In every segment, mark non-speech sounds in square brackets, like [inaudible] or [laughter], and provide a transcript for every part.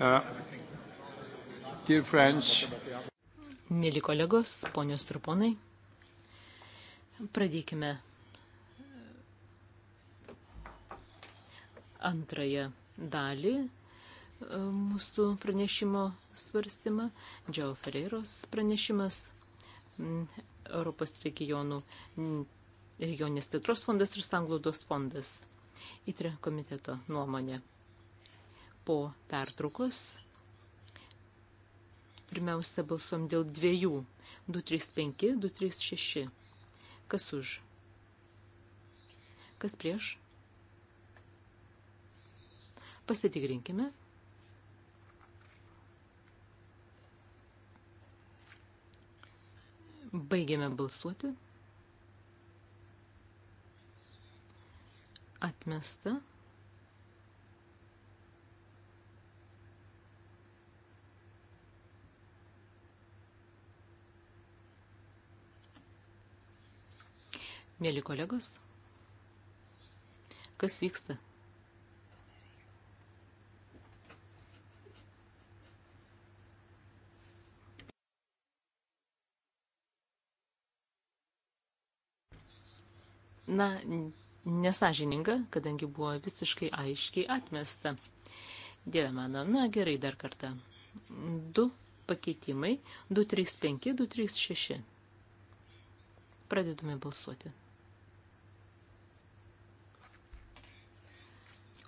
Uh, dear friends. Mėly kolegos, ponios ir ponai, pradėkime uh, antrąją dalį uh, mūsų pranešimo svarstymą. Džiao Ferreiros pranešimas mm, Europos regionų mm, regioninės plėtros fondas ir sanglaudos fondas. Įtre komiteto nuomonė po pertraukos. Pirmiausia, balsuom dėl dviejų. 235, 236. Kas už? Kas prieš? Pasitikrinkime. Baigėme balsuoti. Atmesta. Mėly kolegos, kas vyksta? Na, nesažininga, kadangi buvo visiškai aiškiai atmesta. Dieve mano, na gerai dar kartą. 2 pakeitimai 235, 236. Pradedame balsuoti.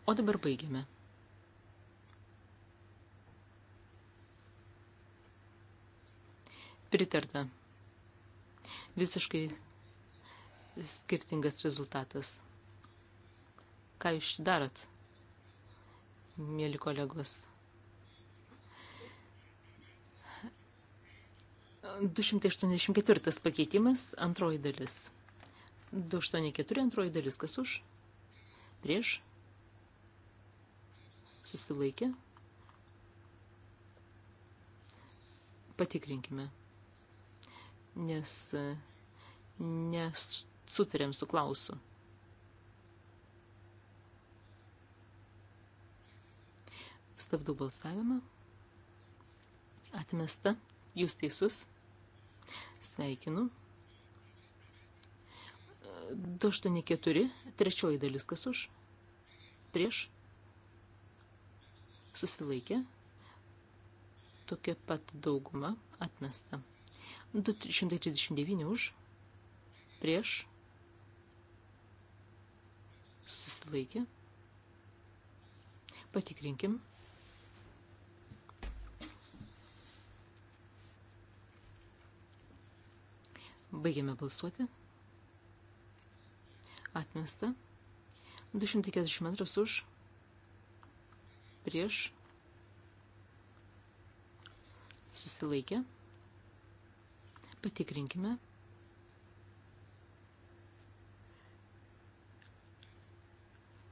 O dabar baigiame. Pritarta. Visiškai skirtingas rezultatas. Ką jūs darot, mėly kolegos? 284 pakeitimas, antroji dalis. 284 antroji dalis, kas už? Prieš? susilaikė. Patikrinkime, nes nesutarėm su klausu. Stabdau balsavimą. Atmesta. Jūs teisus. Sveikinu. 284. Trečioji dalis kas už? Prieš susilaikė, tokia pat dauguma atmesta. 239 už, prieš, susilaikė. Patikrinkim. Baigiame balsuoti. Atmesta. 242 už prieš, susilaikė, patikrinkime.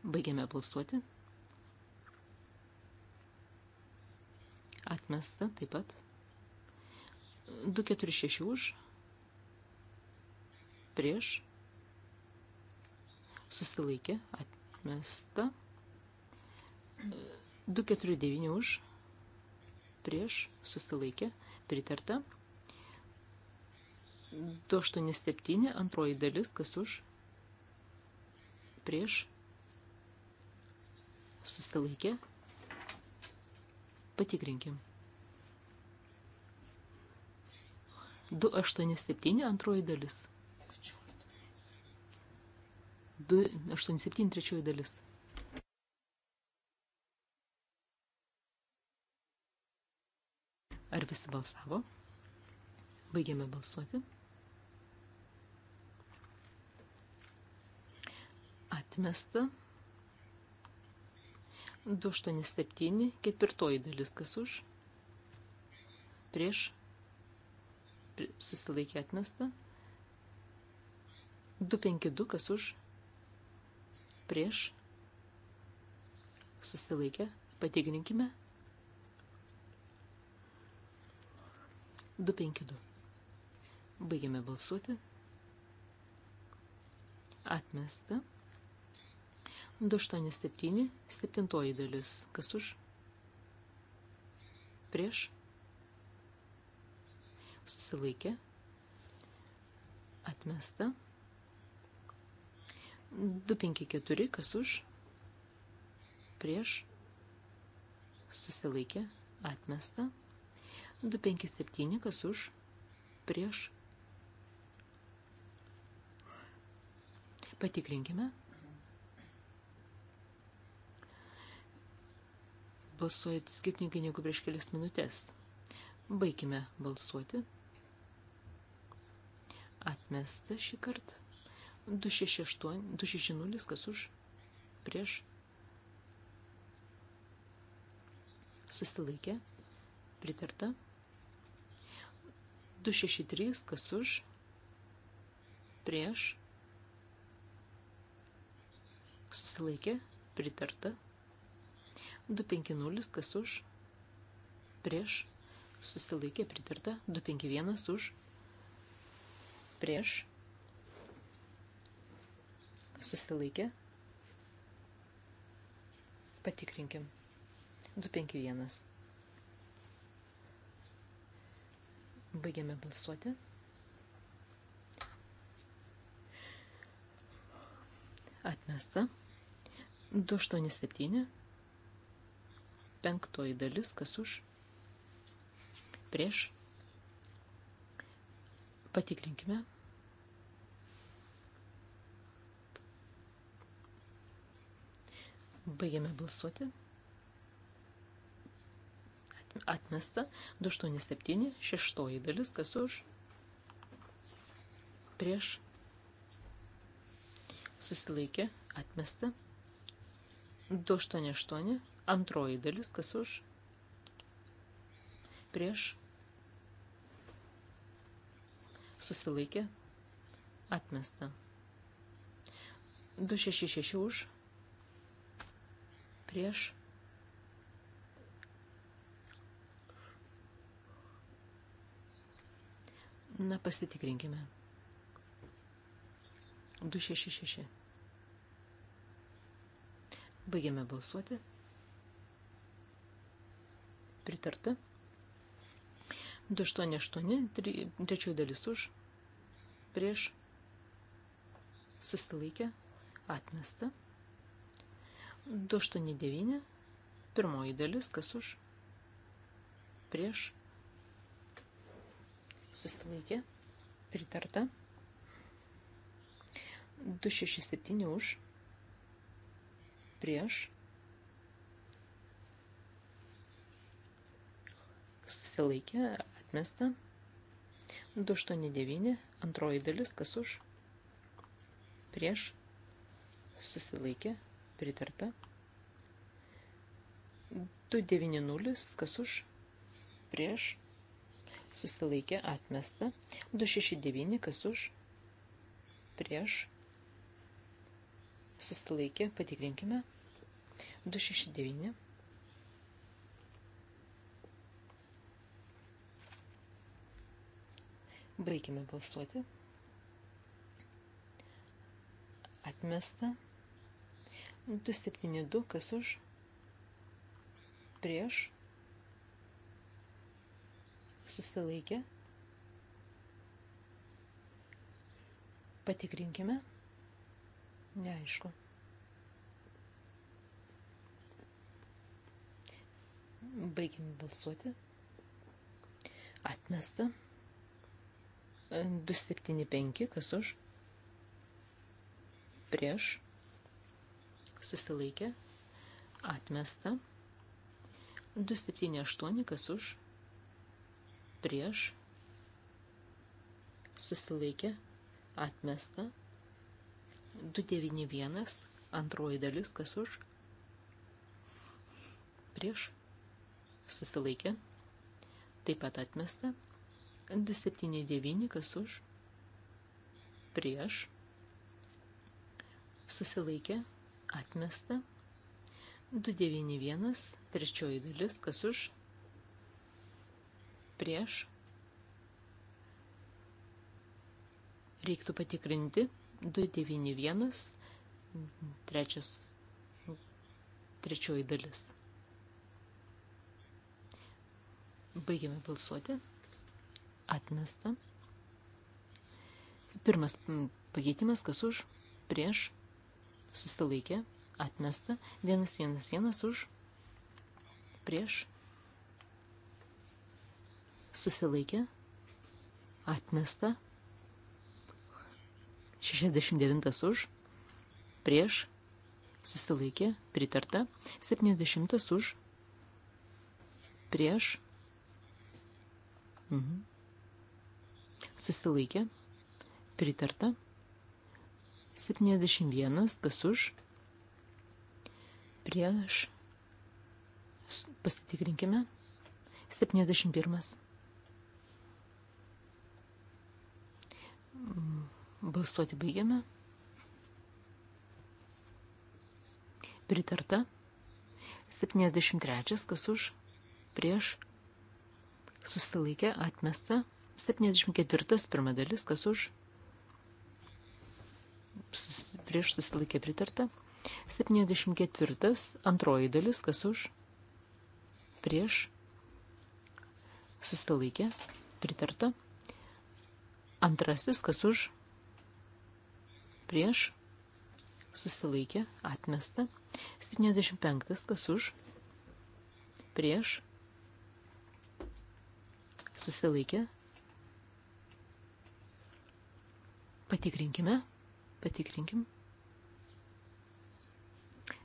Baigiame balsuoti. Atmesta taip pat. 246 už. Prieš. Susilaikė. Atmesta. 246. 249 už, prieš, susilaikė, pritarta. 287, antroji dalis, kas už, prieš, susilaikė, patikrinkim. 287, antroji dalis. 287, trečioji dalis. visi balsavo. Baigėme balsuoti. Atmesta. 287, ketvirtoji dalis, kas už. Prieš. Susilaikė atmesta. 252, kas už. Prieš. Susilaikė. Patikrinkime. 252. 252. Baigiame balsuoti. Atmesta. 287, septintoji dalis. Kas už? Prieš. Susilaikė. Atmesta. 254, kas už? Prieš. Susilaikė. Atmesta. 255 257, kas už, prieš. Patikrinkime. Balsuojate skirtingai negu prieš kelias minutės. Baikime balsuoti. Atmesta šį kartą. 268, 260, kas už, prieš. Susilaikė. Pritarta. 263, kas už, prieš, susilaikė, pritarta. 250, kas už, prieš, susilaikė, pritarta. 251, už, prieš, susilaikė. Patikrinkim. 251. Baigiame balsuoti. Atmesta. 287. Penktoji dalis, kas už. Prieš. Patikrinkime. Baigiame balsuoti. Atmesta 287, šeštoji dalis, kas už, prieš, susilaikė, atmesta 288, antroji dalis, kas už, prieš, susilaikė, atmesta 266 už, prieš, Na, pasitikrinkime. 266. Baigiame balsuoti. Pritarta. 288, trečioji dalis už, prieš, susilaikę, atmesta. 289, pirmoji dalis, kas už, prieš, susilaikė, pritarta. 267 už, prieš, susilaikė, atmesta. 289, antroji dalis, kas už, prieš, susilaikė, pritarta. 290, kas už, prieš, susilaikė atmesta, 269 kas už, prieš, susilaikė, patikrinkime, 269. Baigime balsuoti. Atmesta. 272, kas už, prieš, susilaikė. Patikrinkime. Neaišku. Baigime balsuoti. Atmesta. 275, kas už? Prieš. Susilaikė. Atmesta. 278, kas už? prieš, susilaikė, atmesta, 291, antroji dalis, kas už, prieš, susilaikė, taip pat atmesta, 279, kas už, prieš, susilaikė, atmesta, 291, trečioji dalis, kas už, prieš, prieš. Reiktų patikrinti 291, trečias, trečioji dalis. Baigiame balsuoti. Atmesta. Pirmas pakeitimas, kas už, prieš, susilaikė, atmesta, vienas, vienas, vienas už, prieš, susilaikė, atmesta, 69 už, prieš, susilaikė, pritarta, 70 už, prieš, mhm. susilaikė, pritarta, 71 kas už, prieš, pasitikrinkime, 71. Balsuoti baigiame. Pritarta. 73. Kas už? Prieš. Susilaikė. Atmesta. 74. Pirma dalis. Kas už? Sus, prieš susilaikė pritarta. 74. Antroji dalis. Kas už? Prieš. Susilaikė. Pritarta. Antrasis, kas už, prieš, susilaikė, atmesta. 75, kas už, prieš, susilaikė. Patikrinkime, patikrinkim.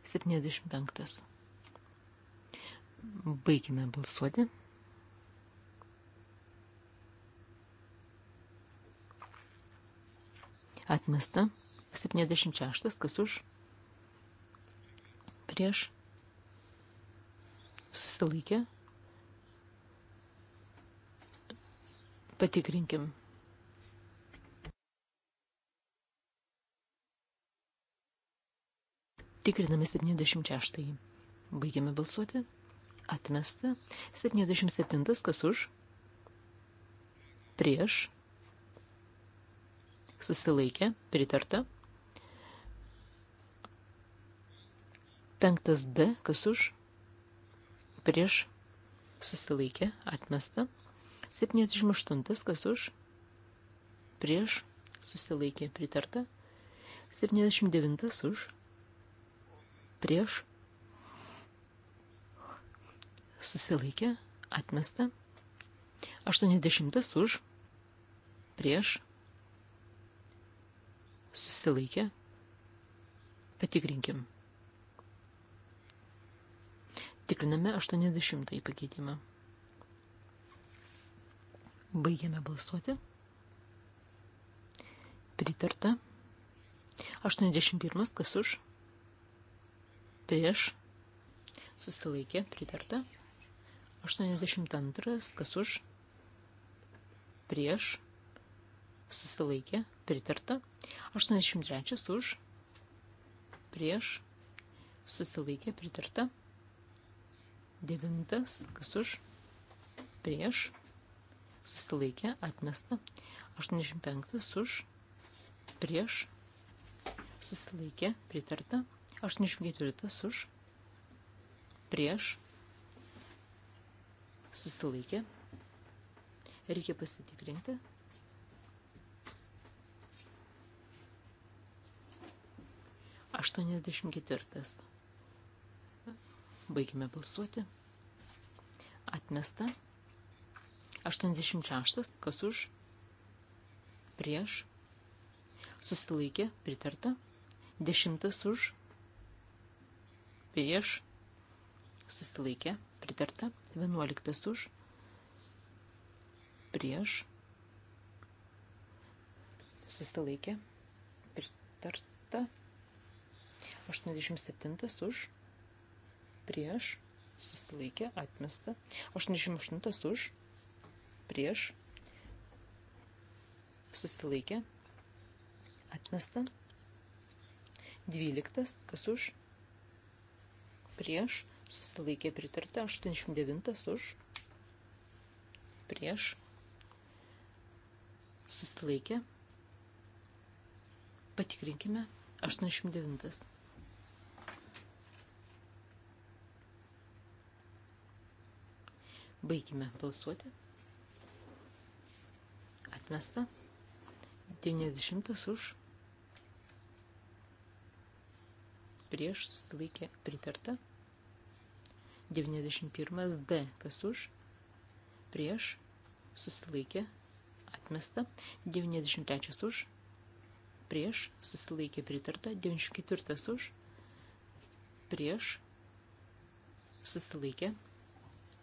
75. Baigime balsuoti. Atmesta. 76. Kas už? Prieš. Susilaikė. Patikrinkim. Tikriname 76. Baigiame balsuoti. Atmesta. 77. Kas už? Prieš susilaikė, pritarta. Penktas D, kas už, prieš, susilaikė, atmesta. 78, kas už, prieš, susilaikė, pritarta. 79 už, prieš, susilaikė, atmesta. 80 už, prieš, susilaikė, patikrinkim. Tikriname 80 pakeitimą. Baigiame balsuoti. Pritarta. 81 kas už. Prieš. Susilaikė. Pritarta. 82 kas už. Prieš susilaikė, pritarta. 83 už, prieš, susilaikė, pritarta. 9 kas už, prieš, susilaikė, atmesta. 85 už, prieš, susilaikė, pritarta. 84 už, prieš, susilaikė. Reikia pasitikrinti. 84. Baigime balsuoti. Atmesta. 86. Kas už? Prieš. Susilaikė. Pritarta. 10. Už. Prieš. Susilaikė. Pritarta. 11. Už. Prieš. Susilaikė. Pritarta. 87 už, prieš, susilaikė, atmesta. 88 už, prieš, susilaikė, atmesta. 12, kas už, prieš, susilaikė, pritarta. 89 už, prieš, susilaikė. Patikrinkime. 89. Baigime balsuoti. Atmesta. 90 už. Prieš susilaikė pritarta. 91 D. Kas už? Prieš susilaikė atmesta. 93 už. Prieš susilaikė pritarta. 94 už. Prieš susilaikė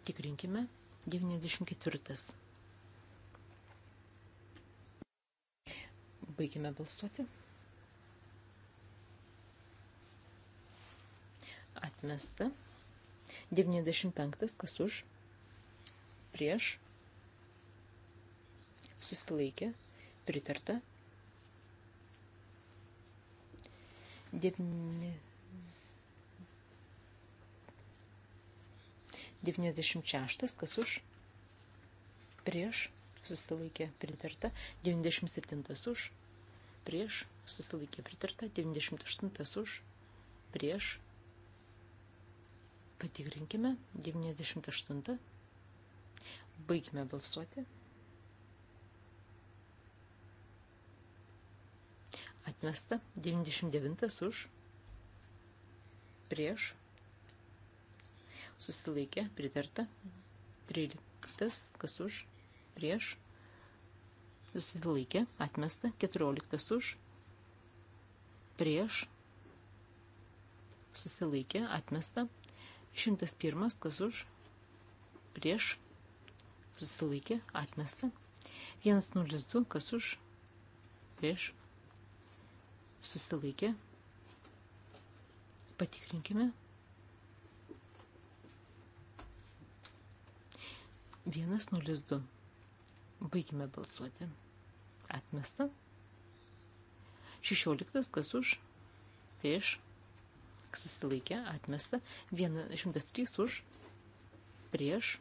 Tikrinkime. 94. Baigime balsuoti. Atmesta. 95. Kas už? Prieš. Susilaikė. Pritarta. 9. 96, kas už, prieš, susilaikė pritarta, 97 už, prieš, susilaikė pritarta, 98 už, prieš, patikrinkime, 98, baigime balsuoti. Atmesta 99 už prieš susilaikė, pritarta. 13, kas už, prieš, susilaikė, atmesta. 14 už, prieš, susilaikė, atmesta. 101, kas už, prieš, susilaikė, atmesta. 102, kas už, prieš, susilaikė. Patikrinkime. 102. Baigime balsuoti. Atmesta. 16. Kas už? Prieš. Susilaikė. Atmesta. 103. Už. Prieš.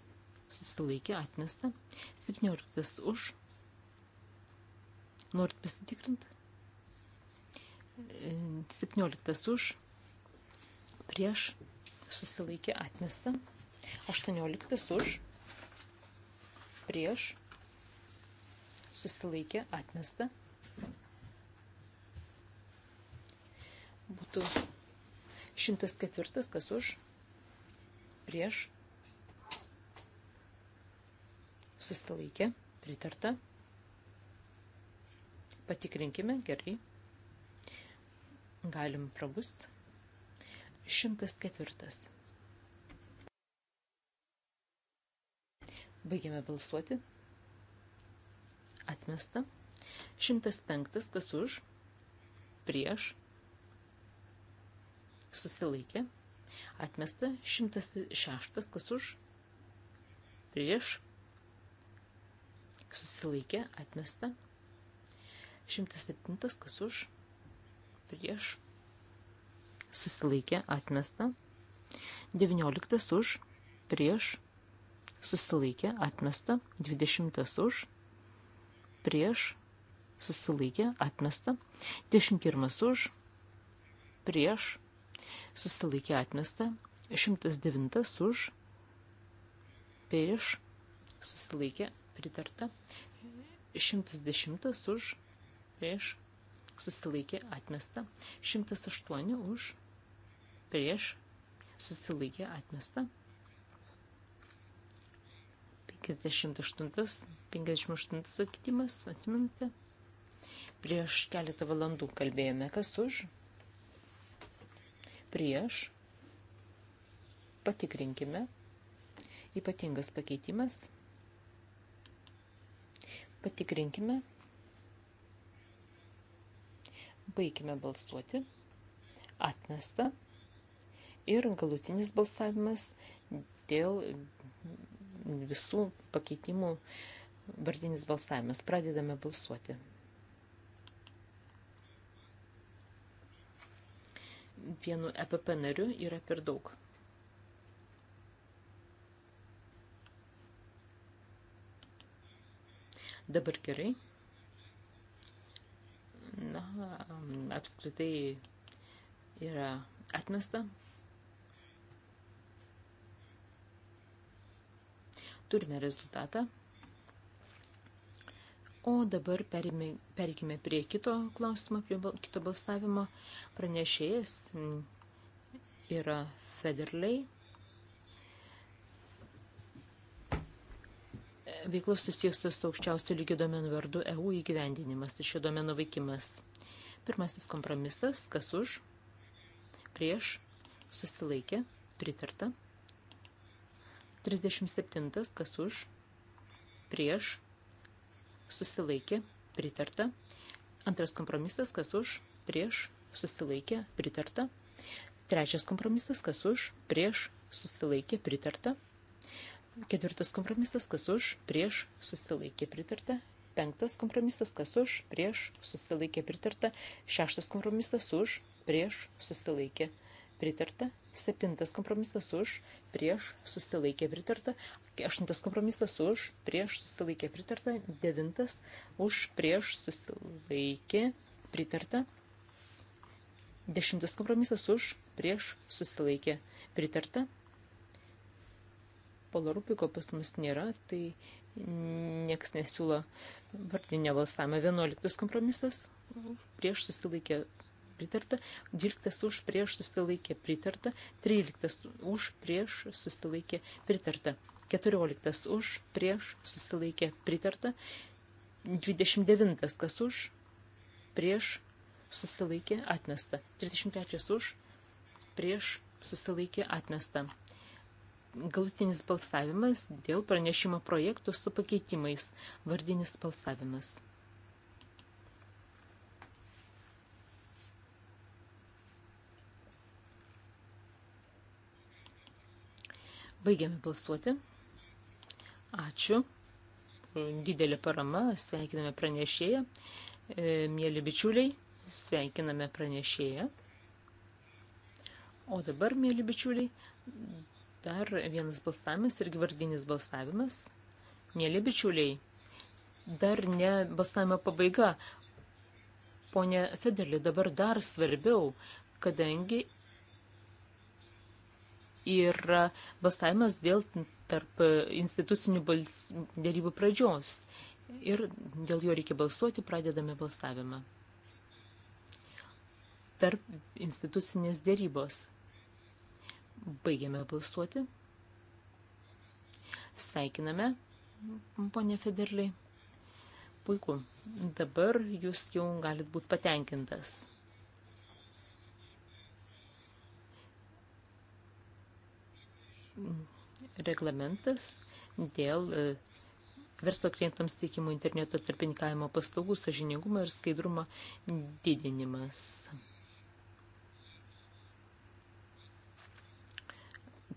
Susilaikė. Atmesta. 17. Už. Norit pasitikrinti? 17. Už. Prieš. Susilaikė. Atmesta. 18. Už prieš, susilaikė, atmesta. Būtų 104, kas už, prieš, susilaikė, pritarta. Patikrinkime, gerai. Galim prabust. 104. Baigiame balsuoti. Atmesta. 105. Kas už? Prieš. Susilaikė. Atmesta. 106. Kas už? Prieš. Susilaikė. Atmesta. 107. Kas už? Prieš. Susilaikė. Atmesta. 19. Už. Prieš susilaikė, atmesta, 20 už, prieš, susilaikė, atmesta, 21 už, prieš, susilaikė, atmesta, 109 už, prieš, susilaikė, pritarta, 110 už, prieš, susilaikė, atmesta, 108 už, prieš, susilaikė, atmesta. 58-58 pakitimas, atsiminate? Prieš keletą valandų kalbėjome, kas už, prieš, patikrinkime, ypatingas pakeitimas, patikrinkime, baigime balsuoti, atmesta ir galutinis balsavimas dėl visų pakeitimų vardinis balsavimas. Pradedame balsuoti. Vienu EPP nariu yra per daug. Dabar gerai. Na, apskritai yra atmesta. Turime rezultatą. O dabar perime, perikime prie kito klausimo, prie kito balsavimo. Pranešėjas yra Federley. Veiklos susijusios su aukščiausio lygio domenų vardu EU įgyvendinimas ir šio domeno vaikimas. Pirmasis kompromisas, kas už, prieš, susilaikė, pritarta. 37. Kas už? Prieš. Susilaikė. Pritarta. Antras kompromisas. Kas už? Prieš. Susilaikė. Pritarta. Trečias kompromisas. Kas už? Prieš. Susilaikė. Pritarta. Ketvirtas kompromisas, kas už, prieš, susilaikė pritarta. Penktas kompromisas, kas už, prieš, susilaikė pritarta. Šeštas kompromisas, už, prieš, susilaikė pritarta pritarta. Septintas kompromisas už, prieš, susilaikė pritarta. Aštuntas kompromisas už, prieš, susilaikė pritarta. Devintas už, prieš, susilaikė pritarta. Dešimtas kompromisas už, prieš, susilaikė pritarta. Polarupiko pas mus nėra, tai nieks nesiūlo vardinio balsavimo. Vienuoliktas kompromisas prieš susilaikė pritarta, 12 už prieš susilaikė pritarta, 13 už prieš susilaikė pritarta, 14 už prieš susilaikė pritarta, 29 kas už prieš susilaikė atmesta, 33 už prieš susilaikė atmesta. Galutinis balsavimas dėl pranešimo projektų su pakeitimais. Vardinis balsavimas. Baigiame balsuoti. Ačiū. Didelė parama. Sveikiname pranešėją. E, mėly bičiuliai, sveikiname pranešėją. O dabar, mėly bičiuliai, dar vienas balsavimas irgi vardinis balsavimas. Mėly bičiuliai, dar ne balsavimo pabaiga. Pone Federli, dabar dar svarbiau, kadangi yra balsavimas dėl tarp institucinių bals... dėrybų pradžios ir dėl jo reikia balsuoti, pradedame balsavimą. Tarp institucinės dėrybos. Baigiame balsuoti. Sveikiname, ponė Federliai. Puiku, dabar jūs jau galit būti patenkintas. reglamentas dėl e, verslo klientams teikimų interneto tarpininkavimo paslaugų sažiningumo ir skaidrumo didinimas.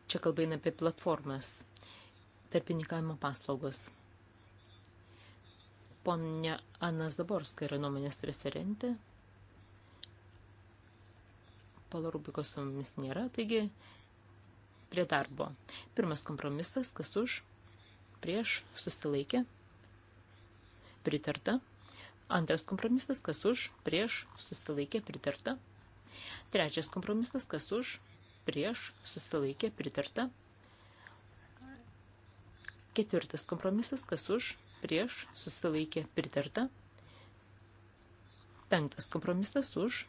Čia kalbame apie platformas, tarpininkavimo paslaugos. Ponė Anna Zaborska yra nuomonės referentė. Palo Rubiko su mumis nėra, taigi prie darbo. Pirmas kompromisas, kas už, prieš, susilaikė, pritarta. Antras kompromisas, kas už, prieš, susilaikė, pritarta. Trečias kompromisas, kas už, prieš, susilaikė, pritarta. Ketvirtas kompromisas, kas už, prieš, susilaikė, pritarta. Penktas kompromisas už,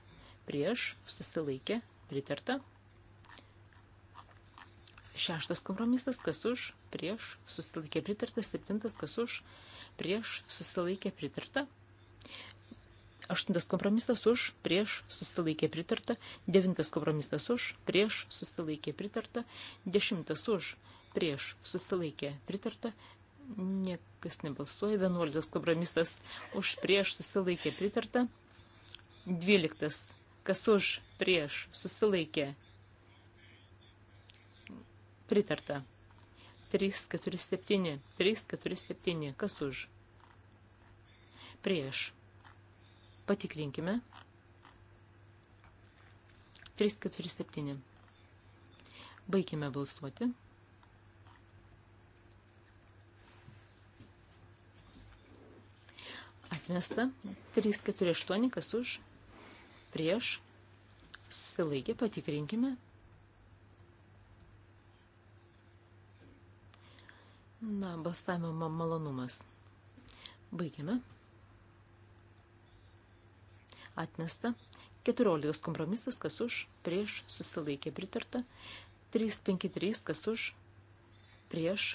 prieš, susilaikė, pritarta. Šeštas kompromisas, kas už, prieš, susilaikė pritarta. Septintas, kas už, prieš, susilaikė pritarta. Aštuntas kompromisas už, prieš, susilaikė pritarta. Devintas kompromisas už, prieš, susilaikė pritarta. Dešimtas už, prieš, susilaikė pritarta. Niekas nebalsuoja. Vienuoliktas kompromisas už, prieš, susilaikė pritarta. Dvyliktas, kas už, prieš, susilaikė pritarta. 347, 347, kas už? Prieš. Patikrinkime. 347. Baikime balsuoti. Atmesta. 348, kas už? Prieš. Susilaikė, patikrinkime. 348. Na, balsavimo malonumas. Baigiame. Atmesta. 14 kompromisas, kas už, prieš, susilaikė pritarta. 353, kas už, prieš,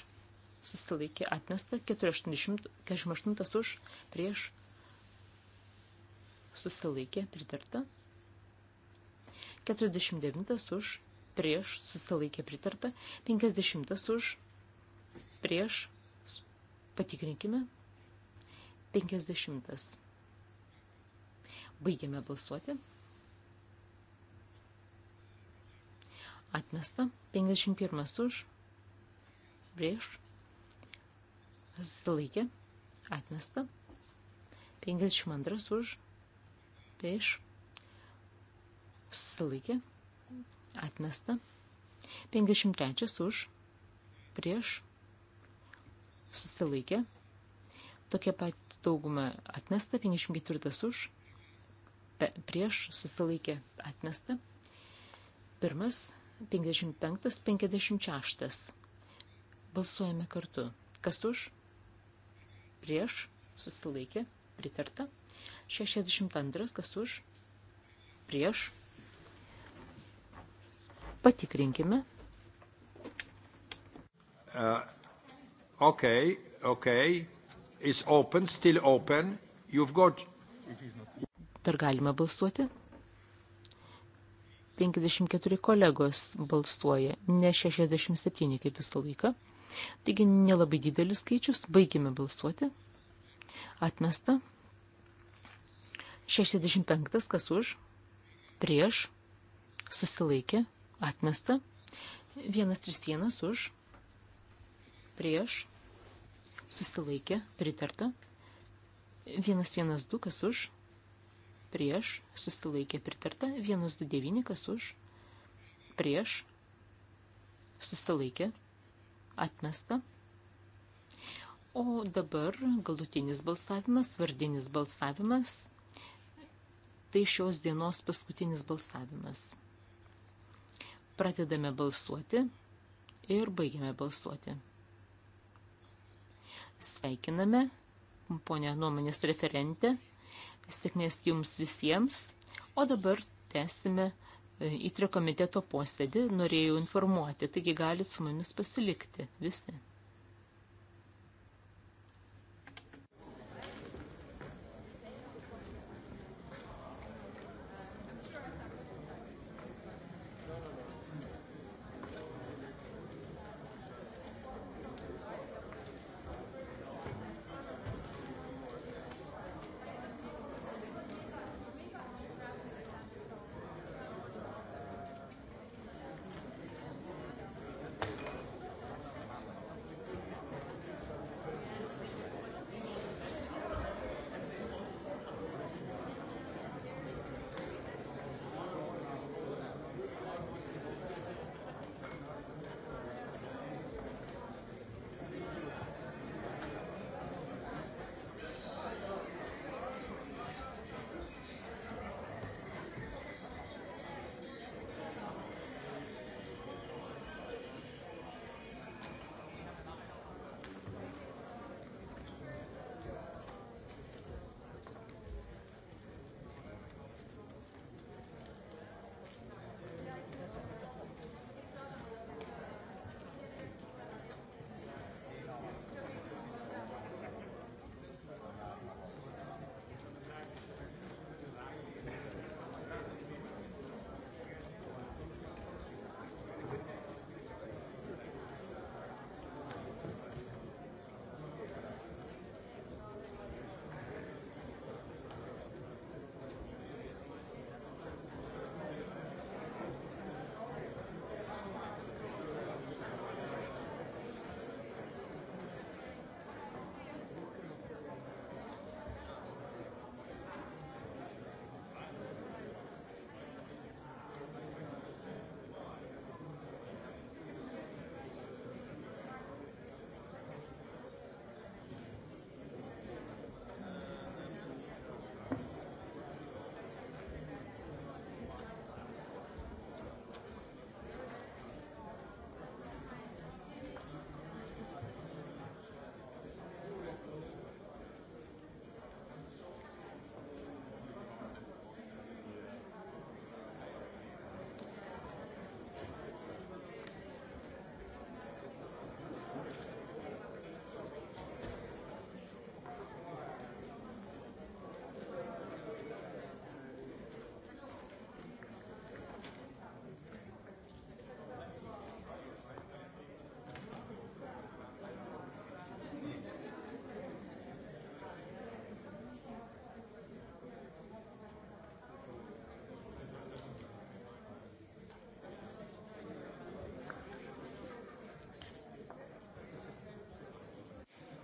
susilaikė atmesta. 488 už, prieš, susilaikė pritarta. 49 už, prieš, susilaikė pritarta. 50 už, prieš, patikrinkime, 50. Baigiame balsuoti. Atmesta, 51 už, prieš, susilaikė, atmesta, 52 už, prieš, susilaikė, atmesta, 53 už, prieš, susilaikė. Tokia pat dauguma atmesta, 54 už, pe, prieš susilaikė atmesta. Pirmas, 55, 56. Balsuojame kartu. Kas už? Prieš susilaikė, pritarta. 62, kas už? Prieš. Patikrinkime. Uh. Okay, okay. It's open, still open. You've got... Dar galime balsuoti? 54 kolegos balsuoja, ne 67 kaip visą laiką. Taigi nelabai didelis skaičius. Baigime balsuoti. Atmesta. 65 kas už. Prieš. Susilaikė. Atmesta. 131 už prieš, susilaikė, pritarta. 112, kas už, prieš, susilaikė, pritarta. 129, kas už, prieš, susilaikė, atmesta. O dabar galutinis balsavimas, vardinis balsavimas, tai šios dienos paskutinis balsavimas. Pradedame balsuoti ir baigiame balsuoti. Sveikiname, ponė nuomonės referente, sėkmės jums visiems, o dabar tęsime e, į trikomiteto posėdį, norėjau informuoti, taigi galit su mumis pasilikti visi.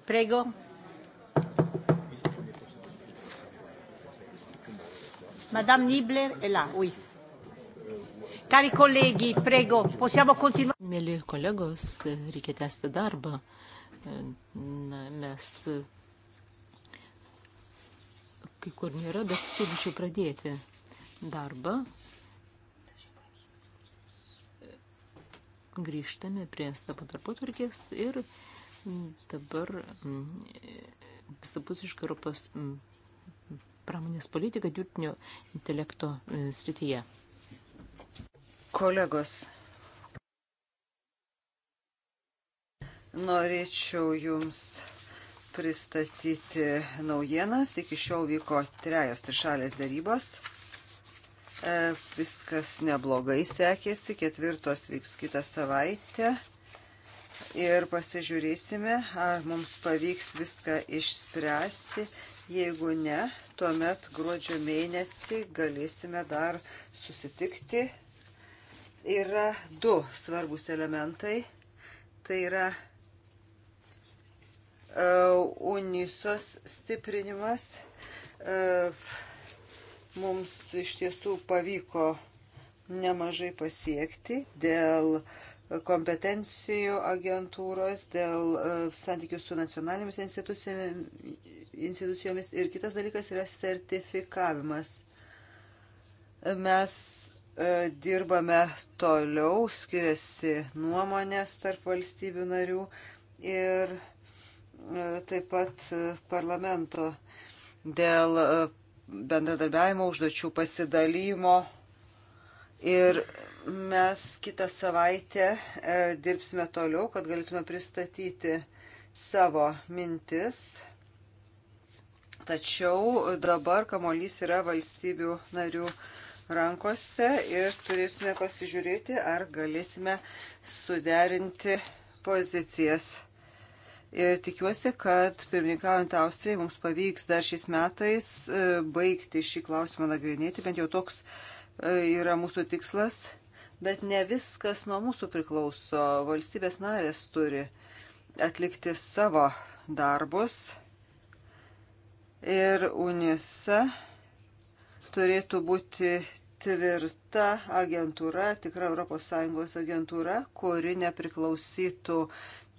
Prego. Madame Nibler è là, oui. Cari colleghi, prego, possiamo continuare. Mėly kolegos, reikia tęsti darbą. Na, mes kai kur nėra, bet siūlyčiau pradėti darbą. Grįžtame prie savo darbotvarkės ir Dabar mm, visapusiška Europos mm, pramonės politika dirbtinio intelekto e, srityje. Kolegos, norėčiau Jums pristatyti naujienas. Iki šiol vyko trejos trišalės darybos. E, viskas neblogai sekėsi, ketvirtos vyks kitą savaitę ir pasižiūrėsime, ar mums pavyks viską išspręsti. Jeigu ne, tuomet gruodžio mėnesį galėsime dar susitikti. Yra du svarbus elementai. Tai yra e, unisos stiprinimas. E, mums iš tiesų pavyko nemažai pasiekti dėl uh, kompetencijų agentūros, dėl e, santykių su nacionalinėmis institucijomis ir kitas dalykas yra sertifikavimas. Mes e, dirbame toliau, skiriasi nuomonės tarp valstybių narių ir e, taip pat parlamento dėl bendradarbiavimo užduočių pasidalymo ir Mes kitą savaitę e, dirbsime toliau, kad galėtume pristatyti savo mintis. Tačiau dabar kamolys yra valstybių narių rankose ir turėsime pasižiūrėti, ar galėsime suderinti pozicijas. Ir tikiuosi, kad pirmininkaujant Austrijai mums pavyks dar šiais metais e, baigti šį klausimą nagrinėti, bent jau toks e, yra mūsų tikslas bet ne viskas nuo mūsų priklauso. Valstybės narės turi atlikti savo darbus ir UNISA turėtų būti tvirta agentūra, tikra ES agentūra, kuri nepriklausytų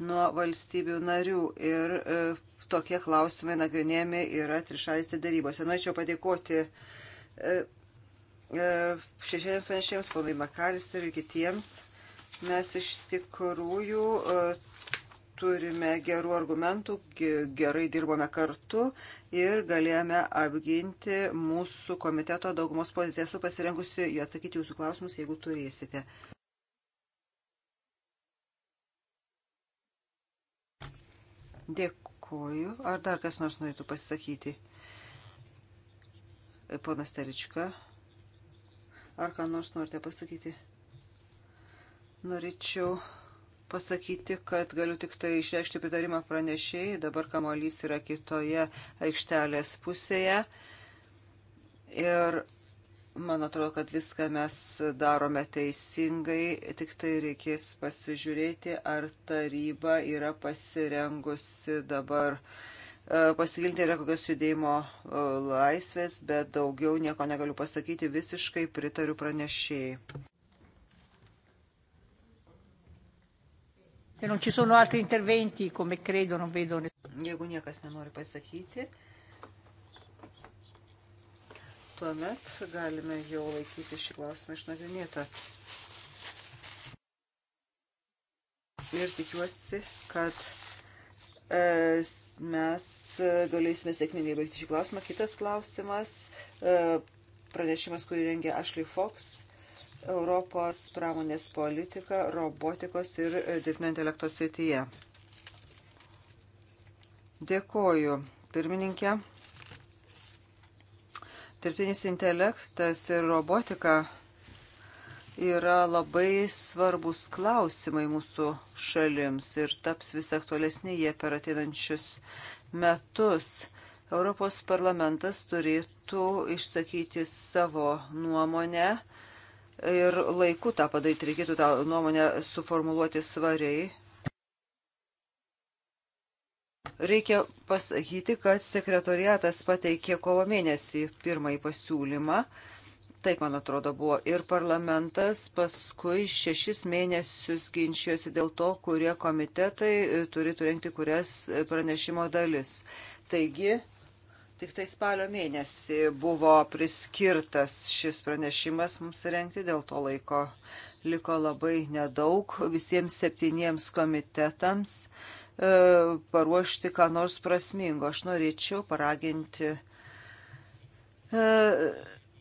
nuo valstybių narių ir e, tokie klausimai nagrinėjami yra trišalėse darybose. Norėčiau padėkoti e, E, šešėlėms pranešėjams, ponui Makalisteriui ir kitiems. Mes iš tikrųjų e, turime gerų argumentų, gerai dirbome kartu ir galėjome apginti mūsų komiteto daugumos poziciją. Esu pasirengusi atsakyti jūsų klausimus, jeigu turėsite. Dėkuoju. Ar dar kas nors norėtų pasisakyti? Ponas Telička. Ar ką nors norite pasakyti? Norėčiau pasakyti, kad galiu tik tai išreikšti pritarimą pranešėjai. Dabar kamuolys yra kitoje aikštelės pusėje. Ir man atrodo, kad viską mes darome teisingai. Tik tai reikės pasižiūrėti, ar taryba yra pasirengusi dabar uh, E, pasigilinti yra kokios judėjimo e, laisvės, bet daugiau nieko negaliu pasakyti, visiškai pritariu pranešėjai. Se non ci sono altri interventi, come credo, non vedo nessuno. Jeigu niekas nenori pasakyti, tuomet galime jau laikyti šį klausimą išnagrinėtą. Ir tikiuosi, kad mes e, galėsime sėkmingai baigti šį klausimą. Kitas klausimas, e, pranešimas, kurį rengė Ashley Fox, Europos pramonės politika robotikos ir e, dirbtinio intelekto srityje. Dėkoju, pirmininkė. Dirbtinis intelektas ir robotika yra labai svarbus klausimai mūsų šalims ir taps vis aktualesnė jie per ateinančius metus. Europos parlamentas turėtų išsakyti savo nuomonę ir laiku tą padaryti, reikėtų tą nuomonę suformuluoti svariai. Reikia pasakyti, kad sekretoriatas pateikė kovo mėnesį pirmąjį pasiūlymą Taip, man atrodo, buvo. Ir parlamentas paskui šešis mėnesius ginčijosi dėl to, kurie komitetai e, turi turėti kurias e, pranešimo dalis. Taigi, tik tai spalio mėnesį buvo priskirtas šis pranešimas mums rengti, dėl to laiko liko labai nedaug visiems septyniems komitetams e, paruošti ką nors prasmingo. Aš norėčiau paraginti. E,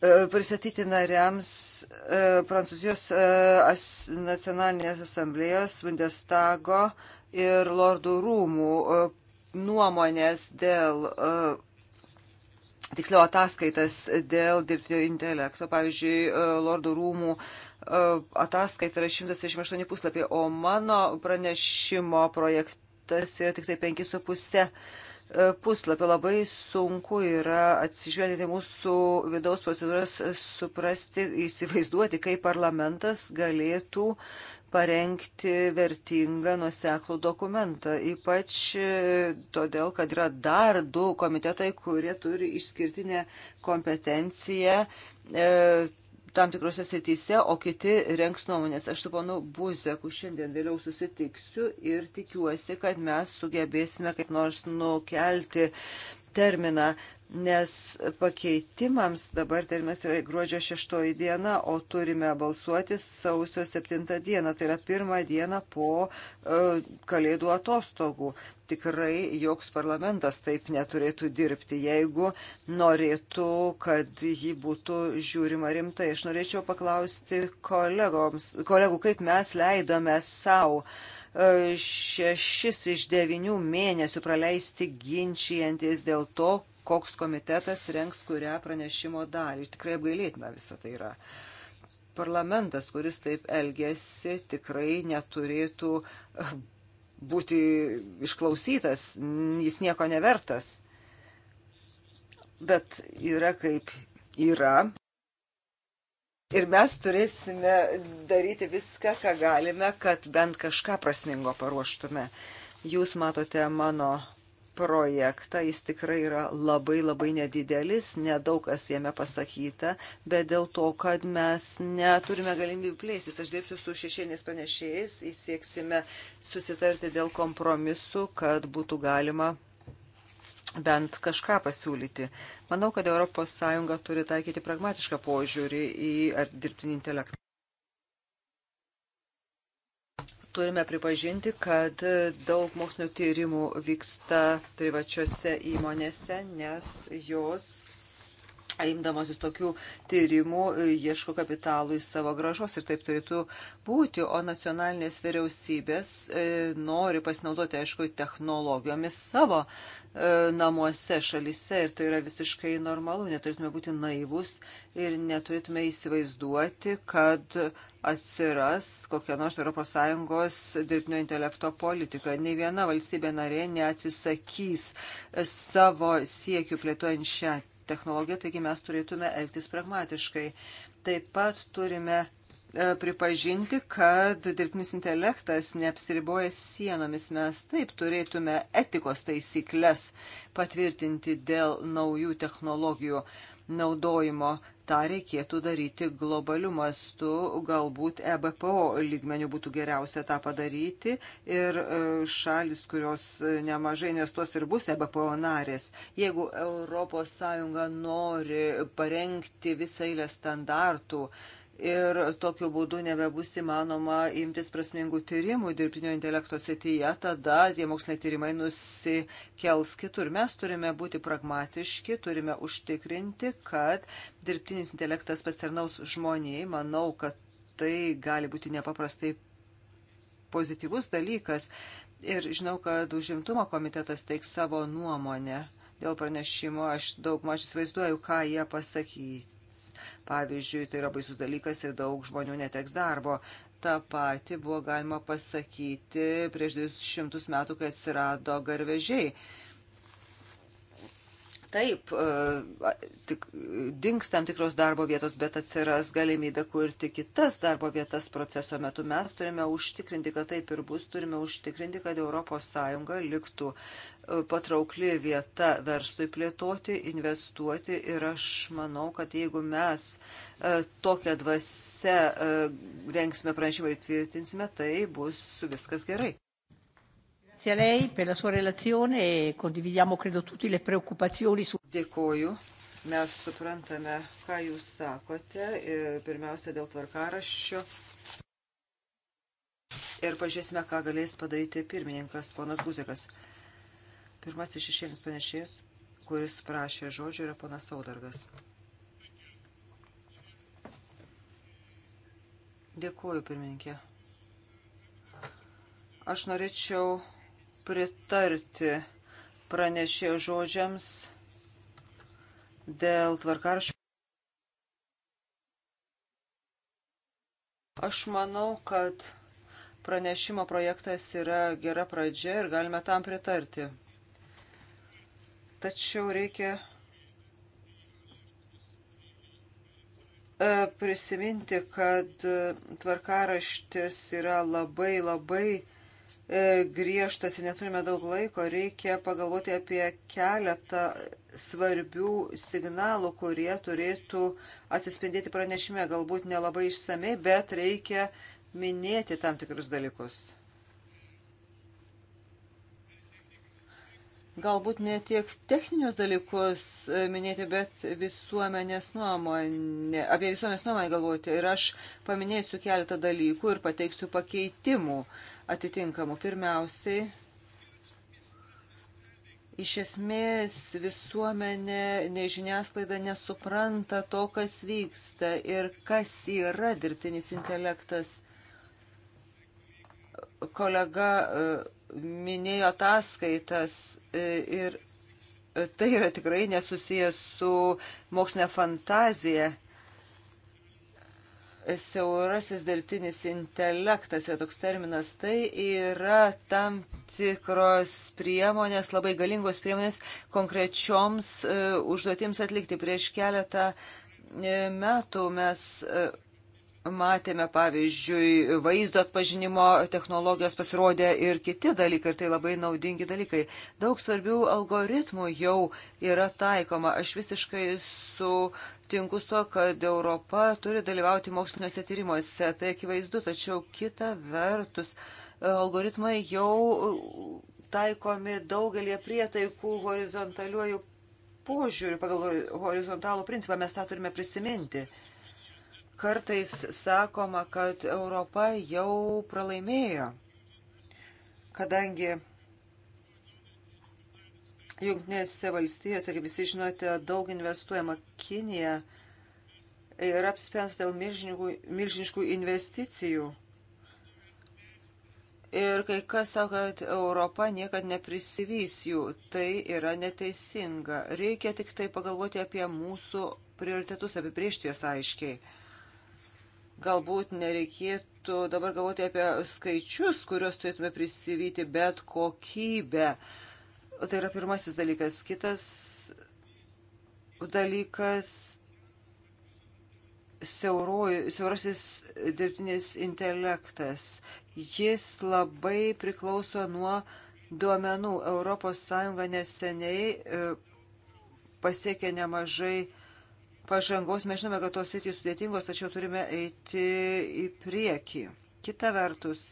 E, pristatyti nariams e, Prancūzijos e, nacionalinės asamblėjos Bundestago ir Lordų rūmų nuomonės dėl, tiksliau ataskaitas dėl dirbtinio intelekto. Pavyzdžiui, Lordų rūmų ataskaita yra 168 puslapiai, o mano pranešimo projektas yra tik tai 5,5 E, puslapio. Labai sunku yra atsižvelgti mūsų vidaus procedūras, suprasti, įsivaizduoti, kaip parlamentas galėtų parengti vertingą nuseklų dokumentą. Ypač e, todėl, kad yra dar du komitetai, kurie turi išskirtinę kompetenciją e, tam tikrose srityse, o kiti renks nuomonės. Aš su panu Buzeku šiandien vėliau susitiksiu ir tikiuosi, kad mes sugebėsime kaip nors nukelti terminą nes pakeitimams dabar terminas yra gruodžio 6 diena, o turime balsuoti sausio 7 dieną, tai yra pirmą dieną po e, kalėdų atostogų. Tikrai joks parlamentas taip neturėtų dirbti, jeigu norėtų, kad jį būtų žiūrima rimtai. Aš norėčiau paklausti kolegoms, kolegų, kaip mes leidome savo e, šešis iš devinių mėnesių praleisti ginčijantis dėl to, koks komitetas renks kurią pranešimo dalį. Ir tikrai apgailėtina visą tai yra. Parlamentas, kuris taip elgesi, tikrai neturėtų būti išklausytas, jis nieko nevertas. Bet yra kaip yra. Ir mes turėsime daryti viską, ką galime, kad bent kažką prasmingo paruoštume. Jūs matote mano projektą. Jis tikrai yra labai labai nedidelis, nedaug kas jame pasakyta, bet dėl to, kad mes neturime galimybių plėstis. Aš dirbsiu su šešėlės panešėjais, įsieksime susitarti dėl kompromisu, kad būtų galima bent kažką pasiūlyti. Manau, kad ES turi taikyti pragmatišką požiūrį į dirbtinį intelektą turime pripažinti, kad daug mokslinio tyrimų vyksta privačiose įmonėse, nes jos imdamosis tokių tyrimų ieško kapitalų į savo gražos ir taip turėtų būti, o nacionalinės vyriausybės e, nori pasinaudoti, aišku, technologijomis savo e, namuose, šalise ir tai yra visiškai normalu, neturėtume būti naivus ir neturėtume įsivaizduoti, kad atsiras kokia nors ES dirbtinio intelekto politika. Ne viena valstybė narė neatsisakys savo siekių plėtojant šią technologiją, taigi mes turėtume elgtis pragmatiškai. Taip pat turime e, pripažinti, kad dirbtinis intelektas neapsiriboja sienomis. Mes taip turėtume etikos taisyklės patvirtinti dėl naujų technologijų naudojimo tą reikėtų daryti globaliu mastu, galbūt EBPO lygmenių būtų geriausia tą padaryti ir e, šalis, kurios e, nemažai investuos ir bus EBPO narės. Jeigu ES nori parengti visą eilę standartų, ir tokiu būdu nebebus įmanoma imtis prasmingų tyrimų dirbtinio intelekto srityje, tada tie moksliniai tyrimai nusikels kitur. Mes turime būti pragmatiški, turime užtikrinti, kad dirbtinis intelektas pasitarnaus žmonijai. Manau, kad tai gali būti nepaprastai pozityvus dalykas. Ir žinau, kad užimtumo komitetas teiks savo nuomonę dėl pranešimo. Aš daug maž įsivaizduoju, ką jie pasakys Pavyzdžiui, tai yra baisus dalykas ir daug žmonių neteks darbo. Ta pati buvo galima pasakyti prieš 200 metų, kai atsirado garvežiai. Taip, e, tik, dinks tam tikros darbo vietos, bet atsiras galimybė kurti kitas darbo vietas proceso metu. Mes turime užtikrinti, kad taip ir bus, turime užtikrinti, kad ES liktų patraukli vieta verslui plėtoti, investuoti ir aš manau, kad jeigu mes e, tokią dvasę e, rengsime pranešimą ir tvirtinsime, tai bus viskas gerai. Grazie a lei per la sua relazione e condividiamo credo tutti le preoccupazioni su... Dėkoju. Mes suprantame, ką jūs sakote, e, pirmiausia dėl tvarkaraščio. Ir pažiūrėsime, ką galės padaryti pirmininkas, ponas Guzikas. Pirmasis šešėlis panešėjas, kuris prašė žodžio, yra ponas Saudargas. Dėkuoju, pirmininkė. Aš norėčiau pritarti pranešėjo žodžiams dėl tvarkaršių. Aš manau, kad pranešimo projektas yra gera pradžia ir galime tam pritarti. Tačiau reikia e, prisiminti, kad e, tvarkaraštis yra labai labai e, griežtas ir neturime daug laiko, reikia pagalvoti apie keletą svarbių signalų, kurie turėtų atsispindėti pranešime, galbūt nelabai išsamei, bet reikia minėti tam tikrus dalykus. galbūt ne tiek techninius dalykus e, minėti, bet visuomenės nuomonė, apie visuomenės nuomonę galvoti. Ir aš paminėsiu keletą dalykų ir pateiksiu pakeitimų atitinkamų. Pirmiausiai, iš esmės visuomenė, nei žiniasklaida nesupranta to, kas vyksta ir kas yra dirbtinis intelektas. Kolega uh, minėjo ataskaitas e, ir tai yra tikrai nesusijęs su mokslinė fantazija. Siaurasis dirbtinis intelektas yra toks terminas. Tai yra tam tikros priemonės, labai galingos priemonės konkrečioms e, užduotims atlikti. Prieš keletą e, metų mes Matėme, pavyzdžiui, vaizdo atpažinimo technologijos pasirodė ir kiti dalykai, ir tai labai naudingi dalykai. Daug svarbių algoritmų jau yra taikoma. Aš visiškai sutinku su to, kad Europa turi dalyvauti moksliniuose tyrimuose. Tai akivaizdu, tačiau kita vertus, algoritmai jau taikomi daugelie prietaikų horizontaliuoju požiūriu, pagal horizontalų principą mes tą turime prisiminti. Kartais sakoma, kad Europa jau pralaimėjo, kadangi Junktinėse valstijose, kaip visi žinote, daug investuojama Kinija ir apspęs dėl milžiniškų investicijų. Ir kai kas sako, kad Europa niekad neprisivys jų, tai yra neteisinga. Reikia tik tai pagalvoti apie mūsų prioritetus, apibriežti juos aiškiai galbūt nereikėtų dabar galvoti apie skaičius, kuriuos turėtume prisivyti, bet kokybę. Tai yra pirmasis dalykas. Kitas dalykas siauroji, siaurasis dirbtinis intelektas. Jis labai priklauso nuo duomenų. ES neseniai e, pasiekė nemažai pažangos. Mes žinome, kad tos sėtys sudėtingos, tačiau turime eiti į priekį. Kita vertus,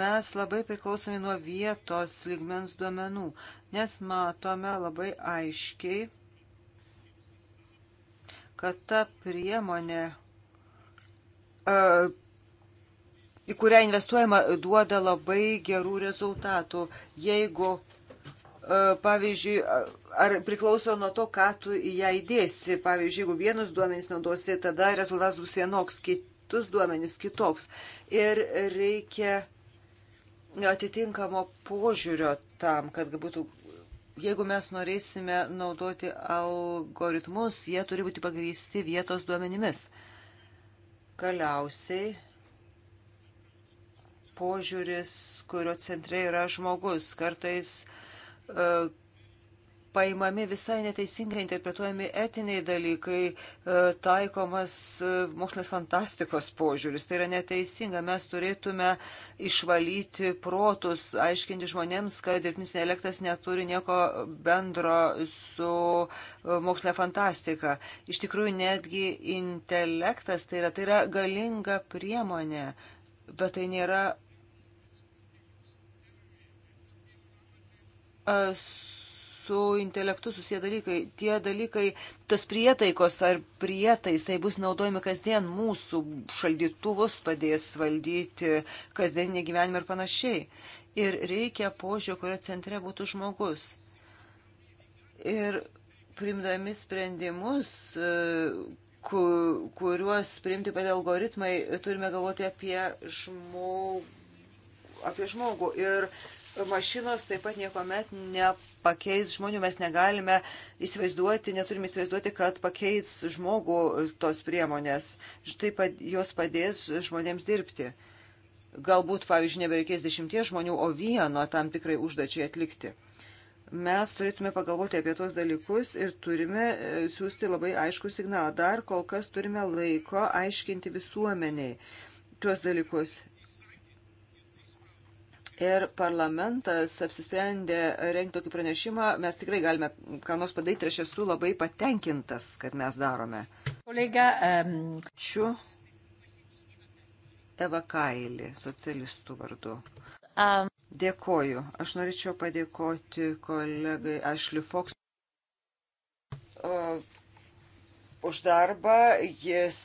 mes labai priklausomi nuo vietos ligmens duomenų, nes matome labai aiškiai, kad ta priemonė, į kurią investuojama, duoda labai gerų rezultatų. Jeigu pavyzdžiui, ar priklauso nuo to, ką tu į ją įdėsi. Pavyzdžiui, jeigu vienus duomenys naudosi, tada rezultatas bus vienoks, kitus duomenys kitoks. Ir reikia atitinkamo požiūrio tam, kad būtų, jeigu mes norėsime naudoti algoritmus, jie turi būti pagrįsti vietos duomenimis. Galiausiai požiūris, kurio centre yra žmogus, kartais uh, E, paimami visai neteisingai interpretuojami etiniai dalykai, e, taikomas e, mokslinės fantastikos požiūris. Tai yra neteisinga. Mes turėtume išvalyti protus, aiškinti žmonėms, kad dirbtinis intelektas neturi nieko bendro su mokslinė fantastika. Iš tikrųjų, netgi intelektas tai yra, tai yra galinga priemonė, bet tai nėra su intelektu susiję dalykai. Tie dalykai, tos prietaikos ar prietaisai bus naudojami kasdien mūsų šaldytuvus, padės valdyti kasdienį gyvenimą ir panašiai. Ir reikia požiūrio, kurio centre būtų žmogus. Ir primdami sprendimus, kuriuos priimti padėl algoritmai, turime galvoti apie žmogų, apie žmogų. Ir mašinos taip pat niekuomet nepakeis žmonių. Mes negalime įsivaizduoti, neturime įsivaizduoti, kad pakeis žmogų tos priemonės. Štai pad, jos padės žmonėms dirbti. Galbūt, pavyzdžiui, nebereikės dešimties žmonių, o vieno tam tikrai užduočiai atlikti. Mes turėtume pagalvoti apie tos dalykus ir turime e, siūsti labai aišku signalą. Dar kol kas turime laiko aiškinti visuomeniai tuos dalykus ir parlamentas apsisprendė rengti tokį pranešimą, mes tikrai galime ką nors padaryti ir aš esu labai patenkintas, kad mes darome. Kolega, um... Ačiū. Eva Kailį, socialistų vardu. Um... Dėkoju. Aš norėčiau padėkoti kolegai Ashley Fox uh, už darbą. Jis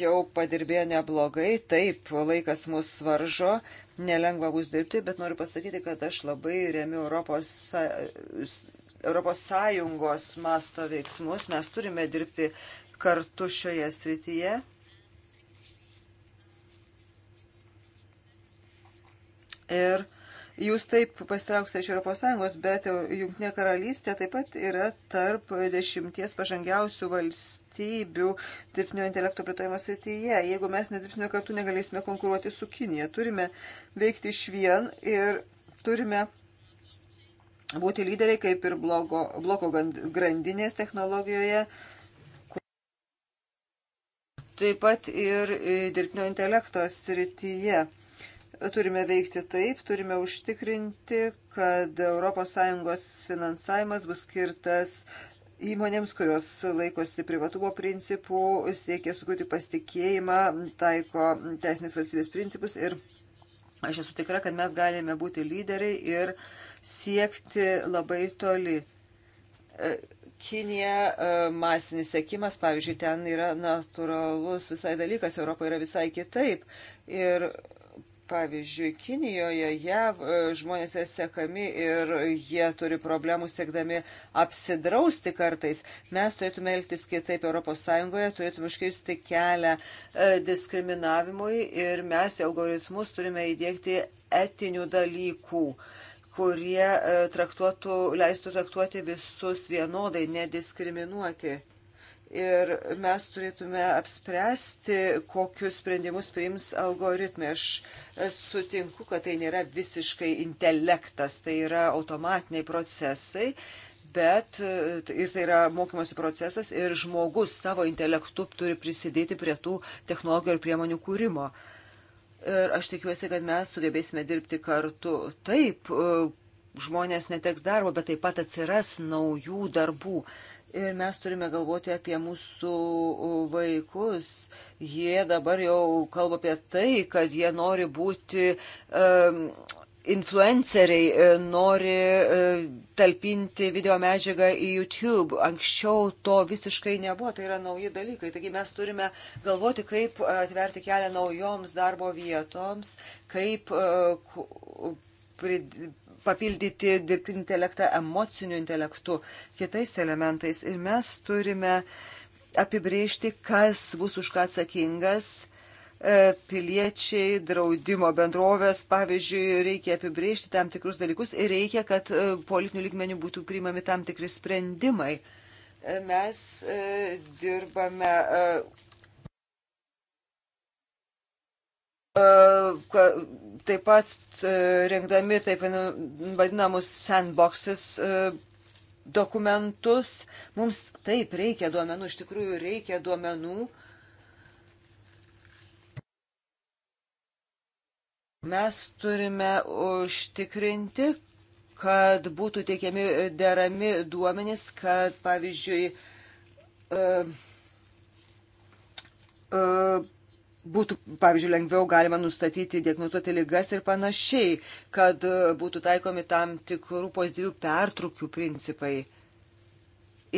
jau padirbėjo neblogai. Taip, laikas mus varžo. Uh, nelengva bus dirbti, bet noriu pasakyti, kad aš labai remiu Europos, Europos Sąjungos masto veiksmus. Mes turime dirbti kartu šioje srityje. Ir uh, jūs taip pastrauksite iš ES, bet Junktinė karalystė taip pat yra tarp dešimties pažangiausių valstybių dirbtinio intelekto plėtojimo srityje. Jeigu mes nedirbsime kartu, negalėsime konkuruoti su Kinija. Turime veikti iš vien ir turime būti lyderiai kaip ir blogo, bloko grandinės technologijoje. Taip pat ir e, dirbtinio intelekto srityje turime veikti taip, turime užtikrinti, kad ES finansavimas bus skirtas įmonėms, kurios laikosi privatumo principų, siekia sukurti pasitikėjimą, taiko teisinės valstybės principus ir aš esu tikra, kad mes galime būti lyderiai ir siekti labai toli. E, Kinija e, masinis sekimas, pavyzdžiui, ten yra natūralus visai dalykas, Europoje yra visai kitaip. Ir Pavyzdžiui, Kinijoje, JAV e, žmonės sekami ir jie turi problemų siekdami apsidrausti kartais. Mes turėtume elgtis kitaip ES, turėtume iškirsti kelią e, diskriminavimui ir mes algoritmus turime įdėkti etinių dalykų kurie e, traktuotų, leistų traktuoti visus vienodai, nediskriminuoti ir mes turėtume apspręsti, kokius sprendimus priims algoritmai. Aš e, sutinku, kad tai nėra visiškai intelektas, tai yra automatiniai procesai, bet e, ir tai yra mokymosi procesas ir žmogus savo intelektu turi prisidėti prie tų technologijų ir priemonių kūrimo. Ir aš tikiuosi, kad mes sugebėsime dirbti kartu. Taip, e, žmonės neteks darbo, bet taip pat atsiras naujų darbų. Uh, Ir mes turime galvoti apie mūsų vaikus. Jie dabar jau kalba apie tai, kad jie nori būti um, influenceriai, e, nori uh, talpinti video medžiagą į YouTube. Anksčiau to visiškai nebuvo, tai yra nauji dalykai. Taigi mes turime galvoti, kaip atverti kelią naujoms darbo vietoms, kaip uh, prid papildyti dirbtinį intelektą emociniu intelektu, kitais elementais. Ir mes turime apibriežti, kas bus už ką atsakingas. E, piliečiai, draudimo bendrovės, pavyzdžiui, reikia apibriežti tam tikrus dalykus ir reikia, kad e, politinių lygmenių būtų priimami tam tikri sprendimai. E, mes dirbame E, taip pat e, rengdami taip vadinamus sandboxes e, dokumentus, mums taip reikia duomenų, iš tikrųjų reikia duomenų. Mes turime užtikrinti, kad būtų teikiami derami duomenys, kad pavyzdžiui, uh, uh, būtų, pavyzdžiui, lengviau galima nustatyti, diagnozuoti lygas ir panašiai, kad e, būtų taikomi tam tikrų pozityvių pertraukių principai.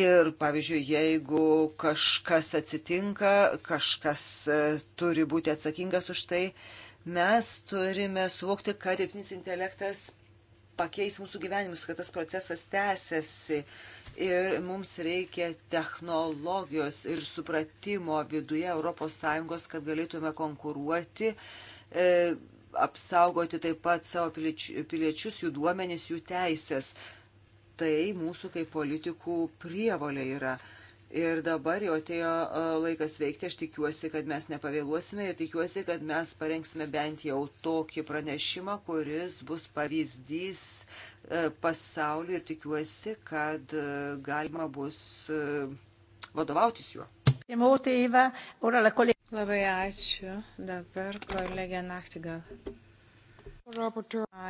Ir, pavyzdžiui, jeigu kažkas atsitinka, kažkas e, turi būti atsakingas už tai, mes turime suvokti, kad dirbtinis intelektas pakeis mūsų gyvenimus, kad tas procesas tęsiasi. Ir mums reikia technologijos ir supratimo viduje ES, kad galėtume konkuruoti, e, apsaugoti taip pat savo piliečius, jų duomenis, jų teisės. Tai mūsų kaip politikų prievolė yra. Ir dabar jau atėjo e, laikas veikti. Aš tikiuosi, kad mes nepavėluosime ir tikiuosi, kad mes parengsime bent jau tokį pranešimą, kuris bus pavyzdys e, pasauliu ir tikiuosi, kad e, galima bus vadovautis juo. Labai ačiū. Dabar kolegė Naktigal.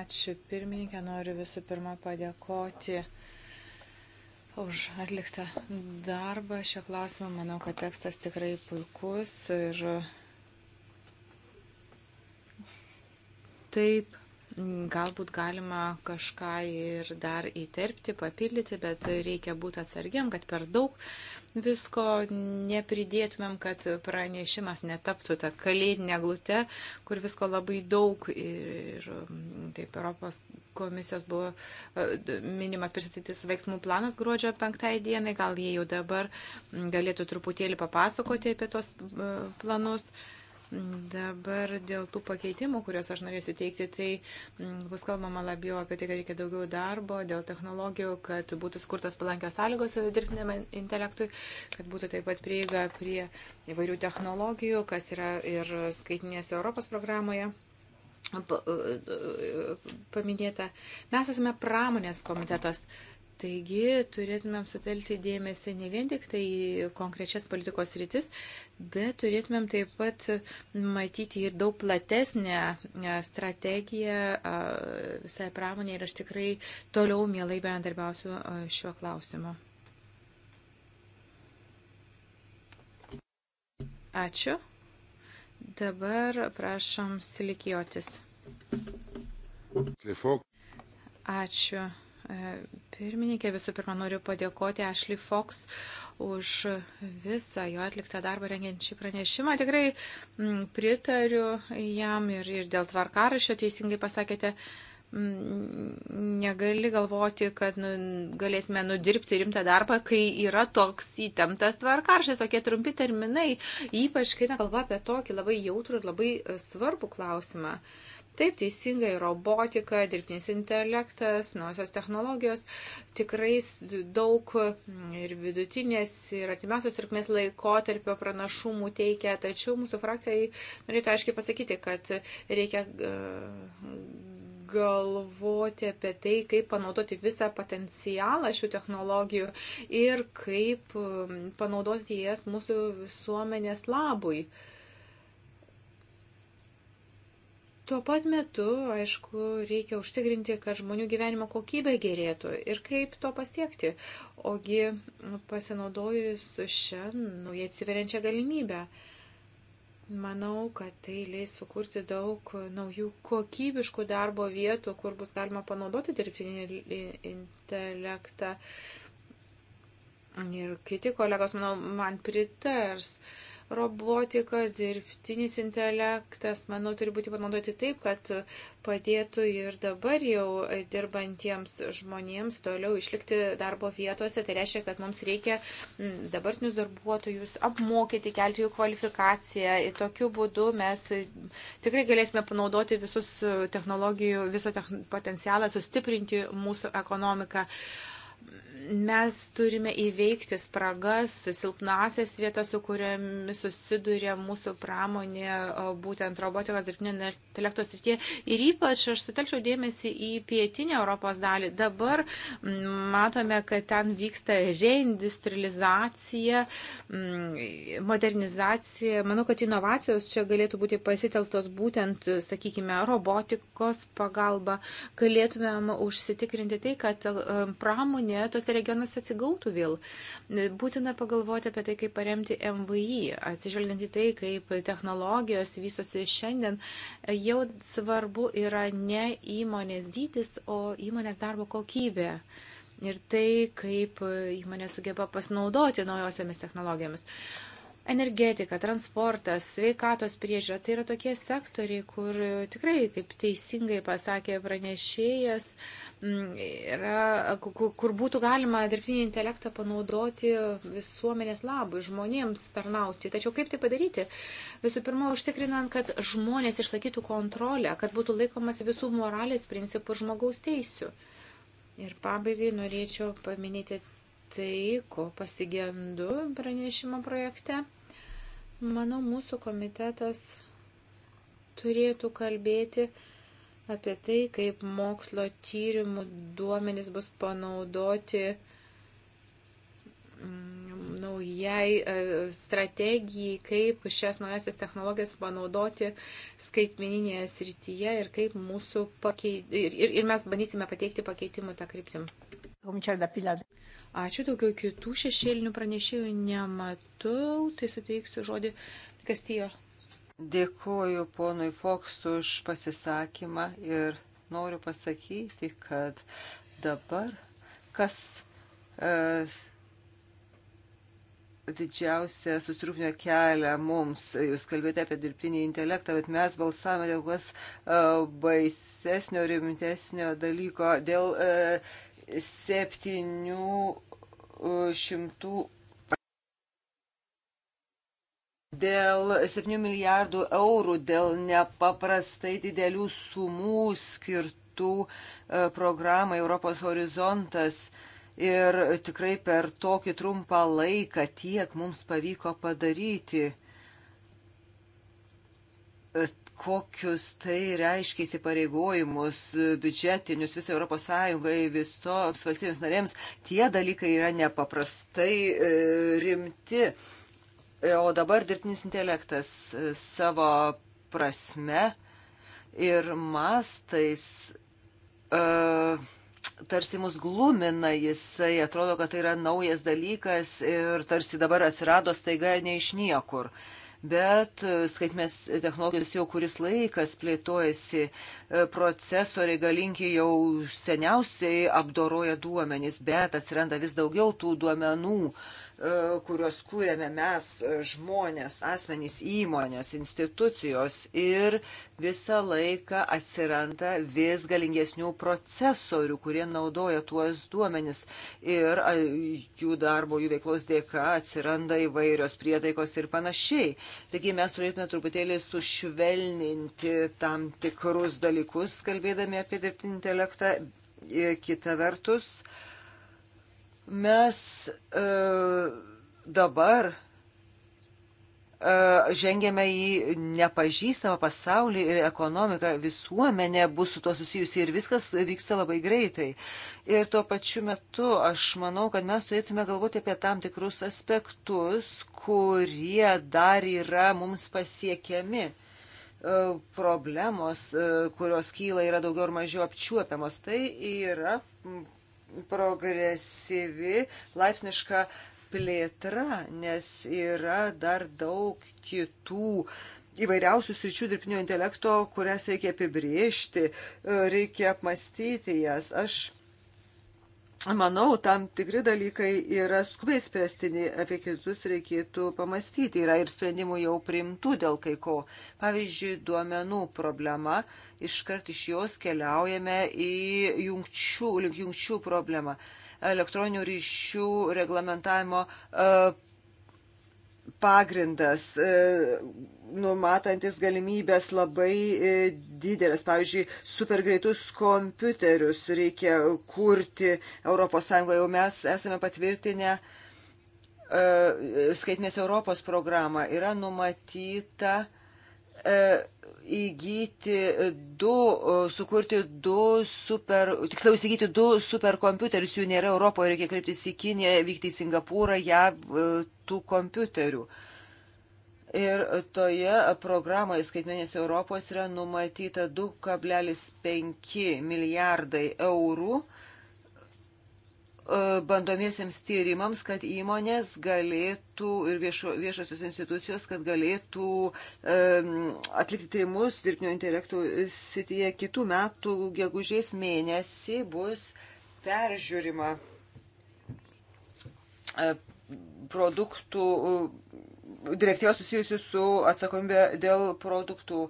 Ačiū pirmininkė, noriu visų pirma padėkoti už atliktą darbą. Šio klausimo manau, kad tekstas tikrai puikus ir taip galbūt galima kažką ir dar įterpti, papildyti, bet reikia būti atsargiam, kad per daug uh, visko nepridėtumėm, kad pranešimas netaptų tą kalėdinę glutę, kur visko labai daug. Ir, ir mm, taip Europos komisijos buvo e, minimas pristatytis veiksmų planas gruodžio penktai dienai. Gal jie jau dabar galėtų truputėlį papasakoti apie tos e, planus. Uh, Dabar dėl tų pakeitimų, kuriuos aš norėsiu teikti, tai mm, bus kalbama labiau apie tai, kad reikia daugiau darbo, dėl technologijų, kad būtų skurtas palankios sąlygos dirbtiniam intelektui, kad būtų taip pat prieiga prie įvairių technologijų, kas yra ir skaitinės Europos programoje e, e, e, paminėta. Mes esame pramonės komitetos. Uh, Taigi turėtumėm sutelkti dėmesį ne vien tik tai konkrečias politikos rytis, bet turėtumėm taip pat matyti ir daug platesnę e, strategiją visai pramonė ir aš tikrai toliau mielai bendarbiausiu šiuo klausimu. Ačiū. Dabar prašom silikijotis. Ačiū. E, pirmininkė. Visų pirma, noriu padėkoti Ashley Fox už visą jo atliktą darbą rengiant šį pranešimą. Tikrai mm, pritariu jam ir, ir dėl tvarkarašio teisingai pasakėte. Mm, negali galvoti, kad nu, galėsime nudirbti rimtą darbą, kai yra toks įtemptas tvarkaršys, tokie trumpi terminai, ypač kai kalba apie tokį labai jautrų ir labai e, svarbų klausimą. Uh, Taip, teisingai, robotika, dirbtinis intelektas, nuosios technologijos, tikrai daug mm, ir vidutinės, ir artimiausios trukmės laikotarpio pranašumų teikia, tačiau mūsų frakcijai norėtų aiškiai pasakyti, kad reikia galvoti apie tai, kaip panaudoti visą potencialą šių technologijų ir kaip mm, panaudoti jas mūsų visuomenės labui. Uh, Tuo pat metu, aišku, reikia užtikrinti, kad žmonių gyvenimo kokybė gerėtų ir kaip to pasiekti, ogi pasinaudojus šią naujai atsiveriančią galimybę. Manau, kad tai leis sukurti daug naujų kokybiškų darbo vietų, kur bus galima panaudoti dirbtinį intelektą. Ir kiti kolegos, manau, man pritars. Uh, robotika, dirbtinis intelektas, manau, turi būti panaudoti taip, kad padėtų ir dabar jau dirbantiems žmonėms toliau išlikti darbo vietose. Tai reiškia, kad mums reikia mm, dabartinius darbuotojus apmokyti, kelti jų kvalifikaciją. Ir tokiu būdu mes tikrai galėsime panaudoti visus e, technologijų, visą potencialą, sustiprinti mūsų ekonomiką Mes turime įveikti spragas, silpnasias vietas, su kuriamis susiduria mūsų pramonė, būtent robotikos dirbtinio intelekto srityje. Ir ypač aš sutelčiau dėmesį į pietinę Europos dalį. Dabar matome, kad ten vyksta reindustrializacija, modernizacija. Manau, kad inovacijos čia galėtų būti pasiteltos būtent, sakykime, robotikos pagalba. Galėtumėm užsitikrinti tai, kad e, pramonė tose tuose regionuose atsigautų vėl. Būtina pagalvoti apie tai, kaip paremti MVI, atsižvelgiant į tai, kaip technologijos visosi šiandien, jau svarbu yra ne įmonės dydis, o įmonės darbo kokybė ir tai, kaip įmonė sugeba pasinaudoti naujosiamis technologijomis energetika, transportas, sveikatos priežiūra, tai yra tokie sektoriai, kur tikrai, kaip teisingai pasakė pranešėjas, mm, yra, kur būtų galima dirbtinį intelektą panaudoti visuomenės labui, žmonėms tarnauti. Tačiau kaip tai padaryti? Visų pirma, užtikrinant, kad žmonės išlaikytų kontrolę, kad būtų laikomas visų moralės principų žmogaus teisių. Ir pabaigai norėčiau paminėti tai, ko pasigendu pranešimo projekte. Manau, mūsų komitetas turėtų kalbėti apie tai, kaip mokslo tyrimų duomenys bus panaudoti mm, naujai e, strategijai, kaip šias naujasias technologijas panaudoti skaitmeninėje srityje ir kaip mūsų pakeit... ir, ir, ir mes bandysime pateikti pakeitimų tą kryptim. Ačiū daugiau kitų šešėlinių pranešėjų nematau, tai suteiksiu žodį Kastijo. Dėkuoju ponui Fox už pasisakymą ir noriu pasakyti, kad dabar kas e, didžiausia susirūpinio kelia mums. Jūs kalbėjote apie dirbtinį intelektą, bet mes balsavome dėl kas e, baisesnio, rimtesnio dalyko, dėl e, 700 e, dėl 7 milijardų eurų, dėl nepaprastai didelių sumų skirtų e, programai Europos horizontas. Ir tikrai per tokį trumpą laiką tiek mums pavyko padaryti e, kokius tai reiškia įsipareigojimus biudžetinius visai Europos Sąjungai, visoms valstybėms narėms, tie dalykai yra nepaprastai e, rimti. E, o dabar dirbtinis intelektas e, savo prasme ir mastais tarsi mus glumina jisai, atrodo, kad tai yra naujas dalykas ir tarsi dabar atsirado staiga ne iš niekur. Uh, bet e, skaitmės technologijos jau kuris laikas plėtojasi, e, procesoriai galingi jau seniausiai apdoroja duomenys, bet atsiranda vis daugiau tų duomenų E, kuriuos kūrėme mes, e, žmonės, asmenys, įmonės, institucijos ir visą laiką atsiranda vis galingesnių procesorių, kurie naudoja tuos duomenis ir jų darbo, jų veiklos dėka atsiranda įvairios prietaikos ir panašiai. Taigi mes turėtume truputėlį sušvelninti tam tikrus dalykus, kalbėdami apie dirbtinį intelektą. E, kita vertus, uh, Mes e, dabar e, žengėme į nepažįstamą pasaulį ir ekonomiką, visuomenė bus su tuo susijusi ir viskas vyksta labai greitai. Ir tuo pačiu metu aš manau, kad mes turėtume galvoti apie tam tikrus aspektus, kurie dar yra mums pasiekiami. E, problemos, e, kurios kyla, yra daugiau ar mažiau apčiuopiamos. Tai yra progresyvi, laipsniška plėtra, nes yra dar daug kitų įvairiausių sričių dirbtinio intelekto, kurias reikia apibriežti, reikia apmastyti jas. Aš manau, tam tikri dalykai yra skubiai spręstini, apie kitus reikėtų pamastyti. Yra ir sprendimų jau priimtų dėl kai ko. Pavyzdžiui, duomenų problema, iškart iš jos keliaujame į jungčių, link jungčių problemą. Elektroninių ryšių reglamentavimo e, pagrindas e, numatantis galimybės labai e, didelės. Pavyzdžiui, supergreitus kompiuterius reikia kurti ES. Jau mes esame patvirtinę e, skaitinės Europos programą. Yra numatyta e, įgyti du, sukurti du super, tiksliau įsigyti du superkompiuterius, jų nėra Europoje, reikia kreiptis į Kiniją, vykti į Singapūrą, ją tų kompiuterių. Uh, Ir toje programoje skaitmenės Europos yra numatyta 2,5 milijardai eurų e, bandomiesiems tyrimams, kad įmonės galėtų ir viešo, viešosios institucijos, kad galėtų um, atlikti tyrimus dirbtinio intelektų sityje kitų metų gegužės mėnesį bus peržiūrima e, produktų direktyva susijusi su atsakomybė dėl produktų.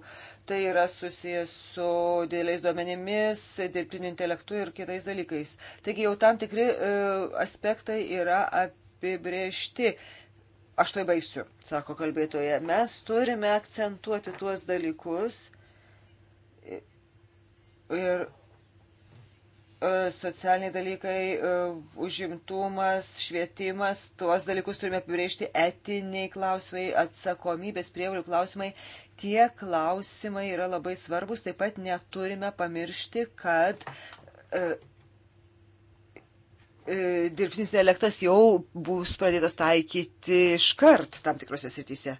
Tai yra susijęs su dėliais duomenimis, dirbtiniu intelektu ir kitais dalykais. Taigi jau tam tikri e, aspektai yra apibriežti. Aš tai baigsiu, sako kalbėtoje. Mes turime akcentuoti tuos dalykus ir E, socialiniai dalykai, e, užimtumas, švietimas, tuos dalykus turime apibrėžti etiniai klausimai, atsakomybės prievalių klausimai. Tie klausimai yra labai svarbus, taip pat neturime pamiršti, kad e, dirbtinis intelektas jau bus pradėtas taikyti iškart tam tikrose srityse.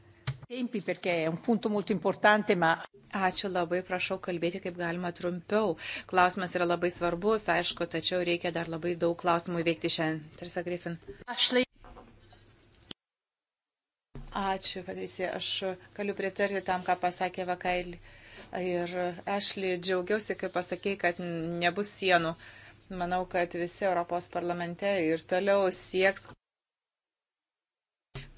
Ačiū labai, prašau kalbėti kaip galima trumpiau. Klausimas yra labai svarbus, aišku, tačiau reikia dar labai daug klausimų įveikti šiandien. Tarsa Griffin. Ačiū, Patricija, aš galiu pritarti tam, ką pasakė Vakailį. Ir Ešli, džiaugiausi, kai pasakėjai, kad nebus sienų. Manau, kad visi Europos parlamente ir toliau sieks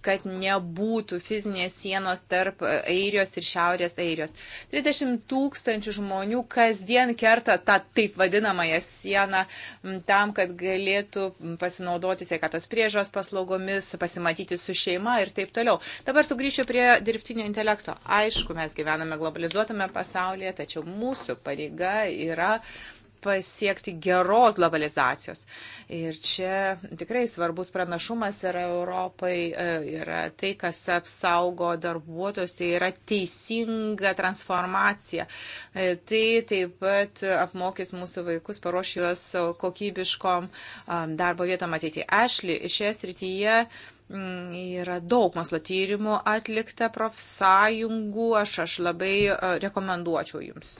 kad nebūtų fizinės sienos tarp Airijos ir Šiaurės Airijos. 30 tūkstančių žmonių kasdien kerta tą taip vadinamąją sieną tam, kad galėtų pasinaudoti sveikatos priežos paslaugomis, pasimatyti su šeima ir taip toliau. Dabar sugrįšiu prie dirbtinio intelekto. Aišku, mes gyvename globalizuotame pasaulyje, tačiau mūsų pareiga yra. Uh, pasiekti geros globalizacijos. Ir čia tikrai svarbus pranašumas yra Europai, e, yra tai, kas apsaugo darbuotojus, tai yra teisinga transformacija. E, tai taip pat apmokys mūsų vaikus, paruoš juos kokybiškom darbo vietom ateityje. Ašli, šioje srityje mm, yra daug mokslo tyrimų atlikta profsąjungų, aš, aš labai e, rekomenduočiau jums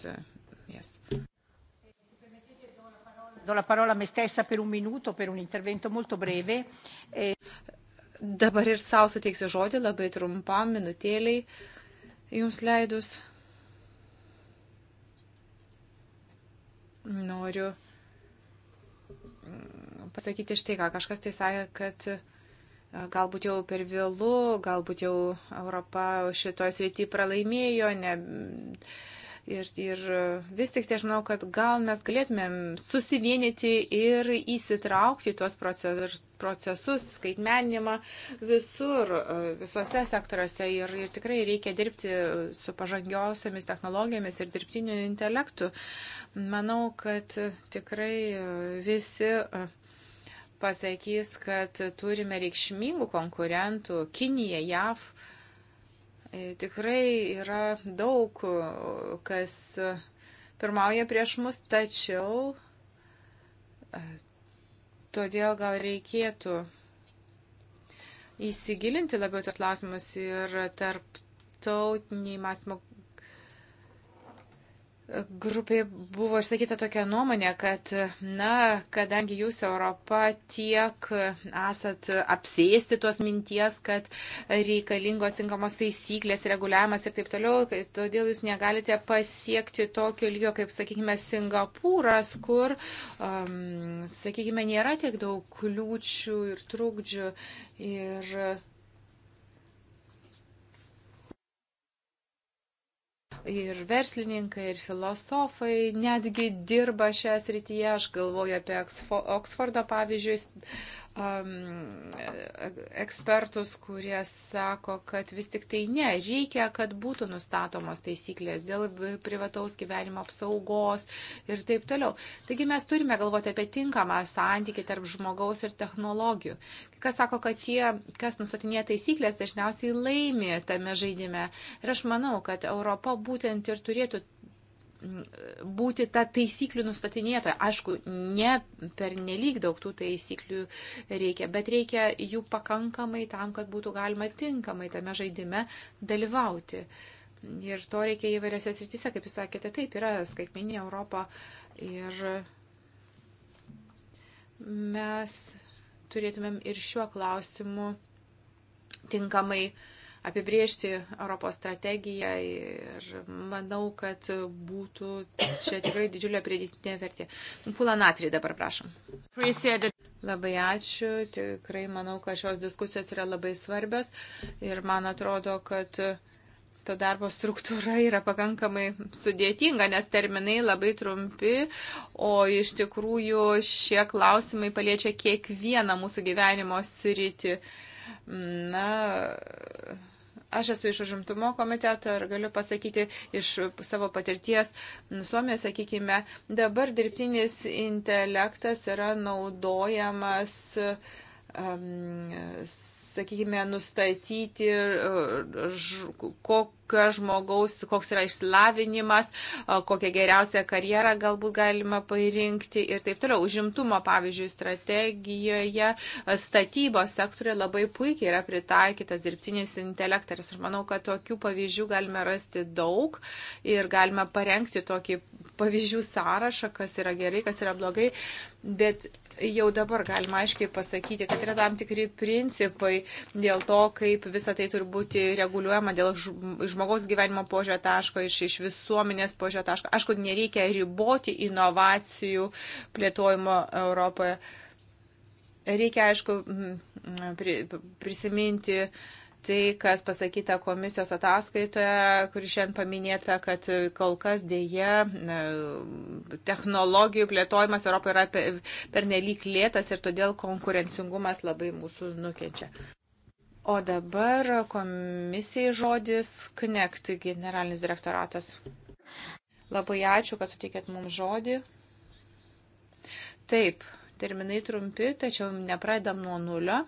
do la parola a me stessa per un minuto, per un intervento molto breve. E... Dabar ir savo suteiksiu žodį labai trumpam minutėliai jums leidus. Noriu mm, pasakyti štai ką. Kažkas tai sakė, kad e, galbūt jau per vėlų, galbūt jau Europa šitoje srityje pralaimėjo, ne Ir, ir vis tik tai aš manau, kad gal mes galėtumėm susivienyti ir įsitraukti tuos procesus, procesus skaitmeninimą visur, e, visose sektoriuose. Ir, ir tikrai reikia dirbti su pažangiausiamis technologijomis ir dirbtiniu intelektu. Manau, kad tikrai e, visi e, pasakys, kad turime reikšmingų konkurentų Kinija, JAV E, tikrai yra daug, e, kas pirmauja prieš mus, tačiau e, todėl gal reikėtų įsigilinti labiau tos klausimus ir tarp tautinį mąstymo grupėje buvo išsakyta tokia nuomonė, kad, na, kadangi jūs Europą tiek esat apsėsti tos minties, kad reikalingos tinkamos taisyklės, reguliavimas ir taip toliau, todėl jūs negalite pasiekti tokio lygio, kaip, sakykime, Singapūras, kur, um, sakykime, nėra tiek daug kliūčių ir trukdžių. Ir ir verslininkai, ir filosofai netgi dirba šią srityje. Aš galvoju apie Oksfordo pavyzdžius, um, ekspertus, kurie sako, kad vis tik tai ne, reikia, kad būtų nustatomos taisyklės dėl privataus gyvenimo apsaugos ir taip toliau. Taigi mes turime galvoti apie tinkamą santykį tarp žmogaus ir technologijų. Kai kas sako, kad tie, kas nustatinėja taisyklės, dažniausiai laimi tame žaidime. Ir aš manau, kad Europa būtent ir turėtų būti tą taisyklių nustatinėtoją. Aišku, ne per nelik daug tų taisyklių reikia, bet reikia jų pakankamai tam, kad būtų galima tinkamai tame žaidime dalyvauti. Ir to reikia įvairiose srityse, kaip jūs sakėte, taip yra skaitmeninė Europa ir mes turėtumėm ir šiuo klausimu tinkamai uh, apibriežti Europos strategiją ir manau, kad būtų čia tikrai didžiulė pridėtinė vertė. Pulanatri dabar prašom. Labai ačiū, tikrai manau, kad šios diskusijos yra labai svarbios ir man atrodo, kad to darbo struktūra yra pakankamai sudėtinga, nes terminai labai trumpi, o iš tikrųjų šie klausimai paliečia kiekvieną mūsų gyvenimo sritį. Na, Aš esu iš užimtumo komiteto ir galiu pasakyti iš savo patirties Suomijos, sakykime, dabar dirbtinis intelektas yra naudojamas um, sakykime, nustatyti, e, kokio žmogaus, koks yra išsilavinimas, e, kokią geriausią karjerą galbūt galima parinkti ir taip toliau. Užimtumo, pavyzdžiui, strategijoje, e, statybos sektorė labai puikiai yra pritaikytas dirbtinis intelektas. Aš manau, kad tokių pavyzdžių galime rasti daug ir galime parengti tokį pavyzdžių sąrašą, kas yra gerai, kas yra blogai, bet jau dabar galima aiškiai pasakyti, kad yra tam tikri principai dėl to, kaip visa tai turi būti reguliuojama dėl žmogaus gyvenimo požio taško, iš, iš visuomenės požio taško. Aišku, nereikia riboti inovacijų plėtojimo Europoje. Reikia, aišku, prisiminti tai, kas pasakyta komisijos ataskaitoje, kuri šiandien paminėta, kad kol kas dėje technologijų plėtojimas Europoje yra pernelyg lėtas ir todėl konkurencingumas labai mūsų nukenčia. O dabar komisijai žodis Knekt, generalinis direktoratas. Labai ačiū, kad sutikėt mums žodį. Taip, terminai trumpi, tačiau nepradam nuo nulio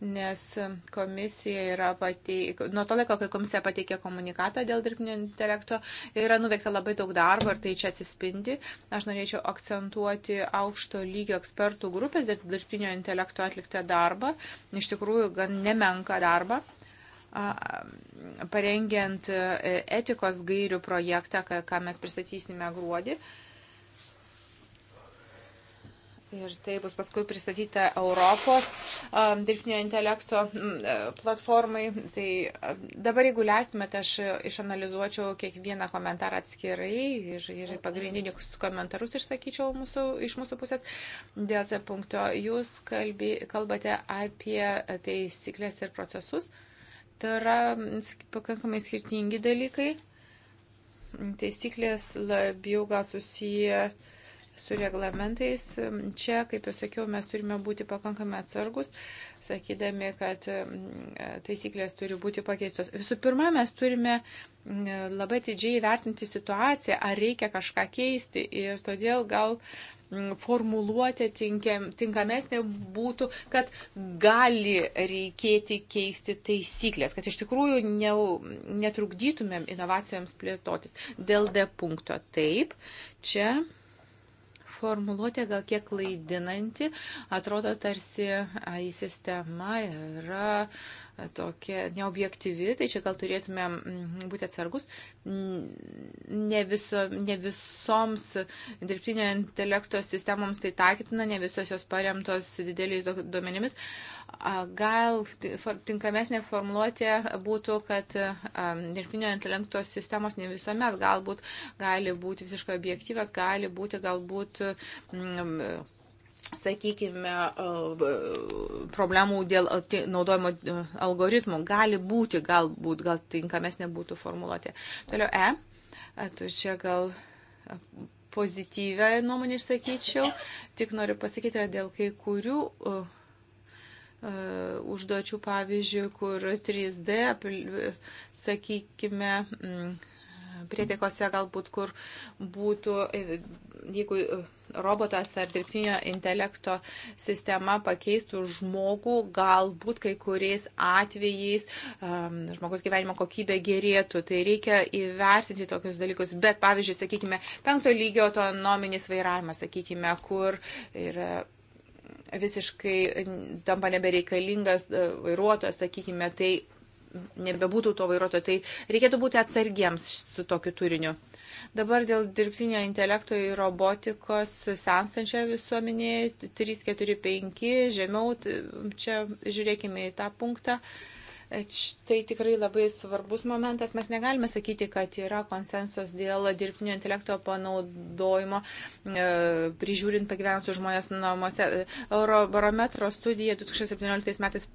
nes komisija yra pateik... nuo to laiko, kai komisija pateikė komunikatą dėl dirbtinio intelekto, yra nuveikta labai daug darbo ir tai čia atsispindi. Aš norėčiau akcentuoti aukšto lygio ekspertų grupės dirbtinio intelekto atliktą darbą, iš tikrųjų gan nemenka darbą parengiant e, etikos gairių projektą, ką mes pristatysime gruodį. Uh, Ir tai bus paskui pristatyta Europos um, dirbtinio intelekto mm, e, platformai. Tai e, dabar, jeigu leistumėte, aš išanalizuočiau kiekvieną komentarą atskirai ir, ir pagrindinius komentarus išsakyčiau mūsų, iš mūsų pusės. Dėl C punkto jūs kalbė, kalbate apie taisyklės ir procesus. Tai yra mm, pakankamai skirtingi dalykai. Taisyklės labiau gal susiję su reglamentais. Čia, kaip jau sakiau, mes turime būti pakankamai atsargus, sakydami, kad e, taisyklės turi būti pakeistos. Visų pirma, mes turime e, labai atidžiai vertinti situaciją, ar reikia kažką keisti. Ir todėl gal formuluotė tinkamesnė būtų, kad gali reikėti keisti taisyklės, kad iš tikrųjų ne, netrukdytumėm inovacijoms plėtotis. Dėl D punkto taip, čia formuluotė gal kiek klaidinanti, atrodo tarsi į sistema yra tokia neobjektyvi, tai čia gal turėtume mm, būti atsargus. Ne, viso, ne visoms dirbtinio intelekto sistemoms tai taikytina, ne visos jos paremtos dideliais duomenimis. Gal tinkamesnė formuluotė būtų, kad dirbtinio intelekto sistemos ne visuomet galbūt gali būti visiškai objektyvas, gali būti galbūt mm, sakykime, e, problemų dėl e, naudojimo e, algoritmų. Gali būti, galbūt, gal tinkamesnė būtų formuluoti. Toliau E. Tu čia gal pozityvę nuomonę išsakyčiau. Tik noriu pasakyti, dėl kai kurių uh, uh, užduočių, pavyzdžiui, kur 3D, sakykime, um, prietiekose galbūt, kur būtų, jeigu uh, robotas ar dirbtinio intelekto sistema pakeistų žmogų, galbūt kai kuriais atvejais um, žmogus gyvenimo kokybė gerėtų. Tai reikia įvertinti tokius dalykus. Bet, pavyzdžiui, sakykime, penkto lygio autonominis vairavimas, sakykime, kur yra e, visiškai tampa nebereikalingas e, vairuotojas, sakykime, tai nebebūtų to vairuotojo, tai reikėtų būti atsargiems su tokiu turiniu. Dabar dėl dirbtinio intelekto ir robotikos sensančioje visuomenėje 3, 4, 5, žemiau, čia žiūrėkime į tą punktą. Uh, E, tai tikrai labai svarbus momentas. Mes negalime sakyti, kad yra konsensus dėl dirbtinio intelekto panaudojimo e, prižiūrint pagyvenusius žmonės namuose. E, Eurobarometro studija 2017 metais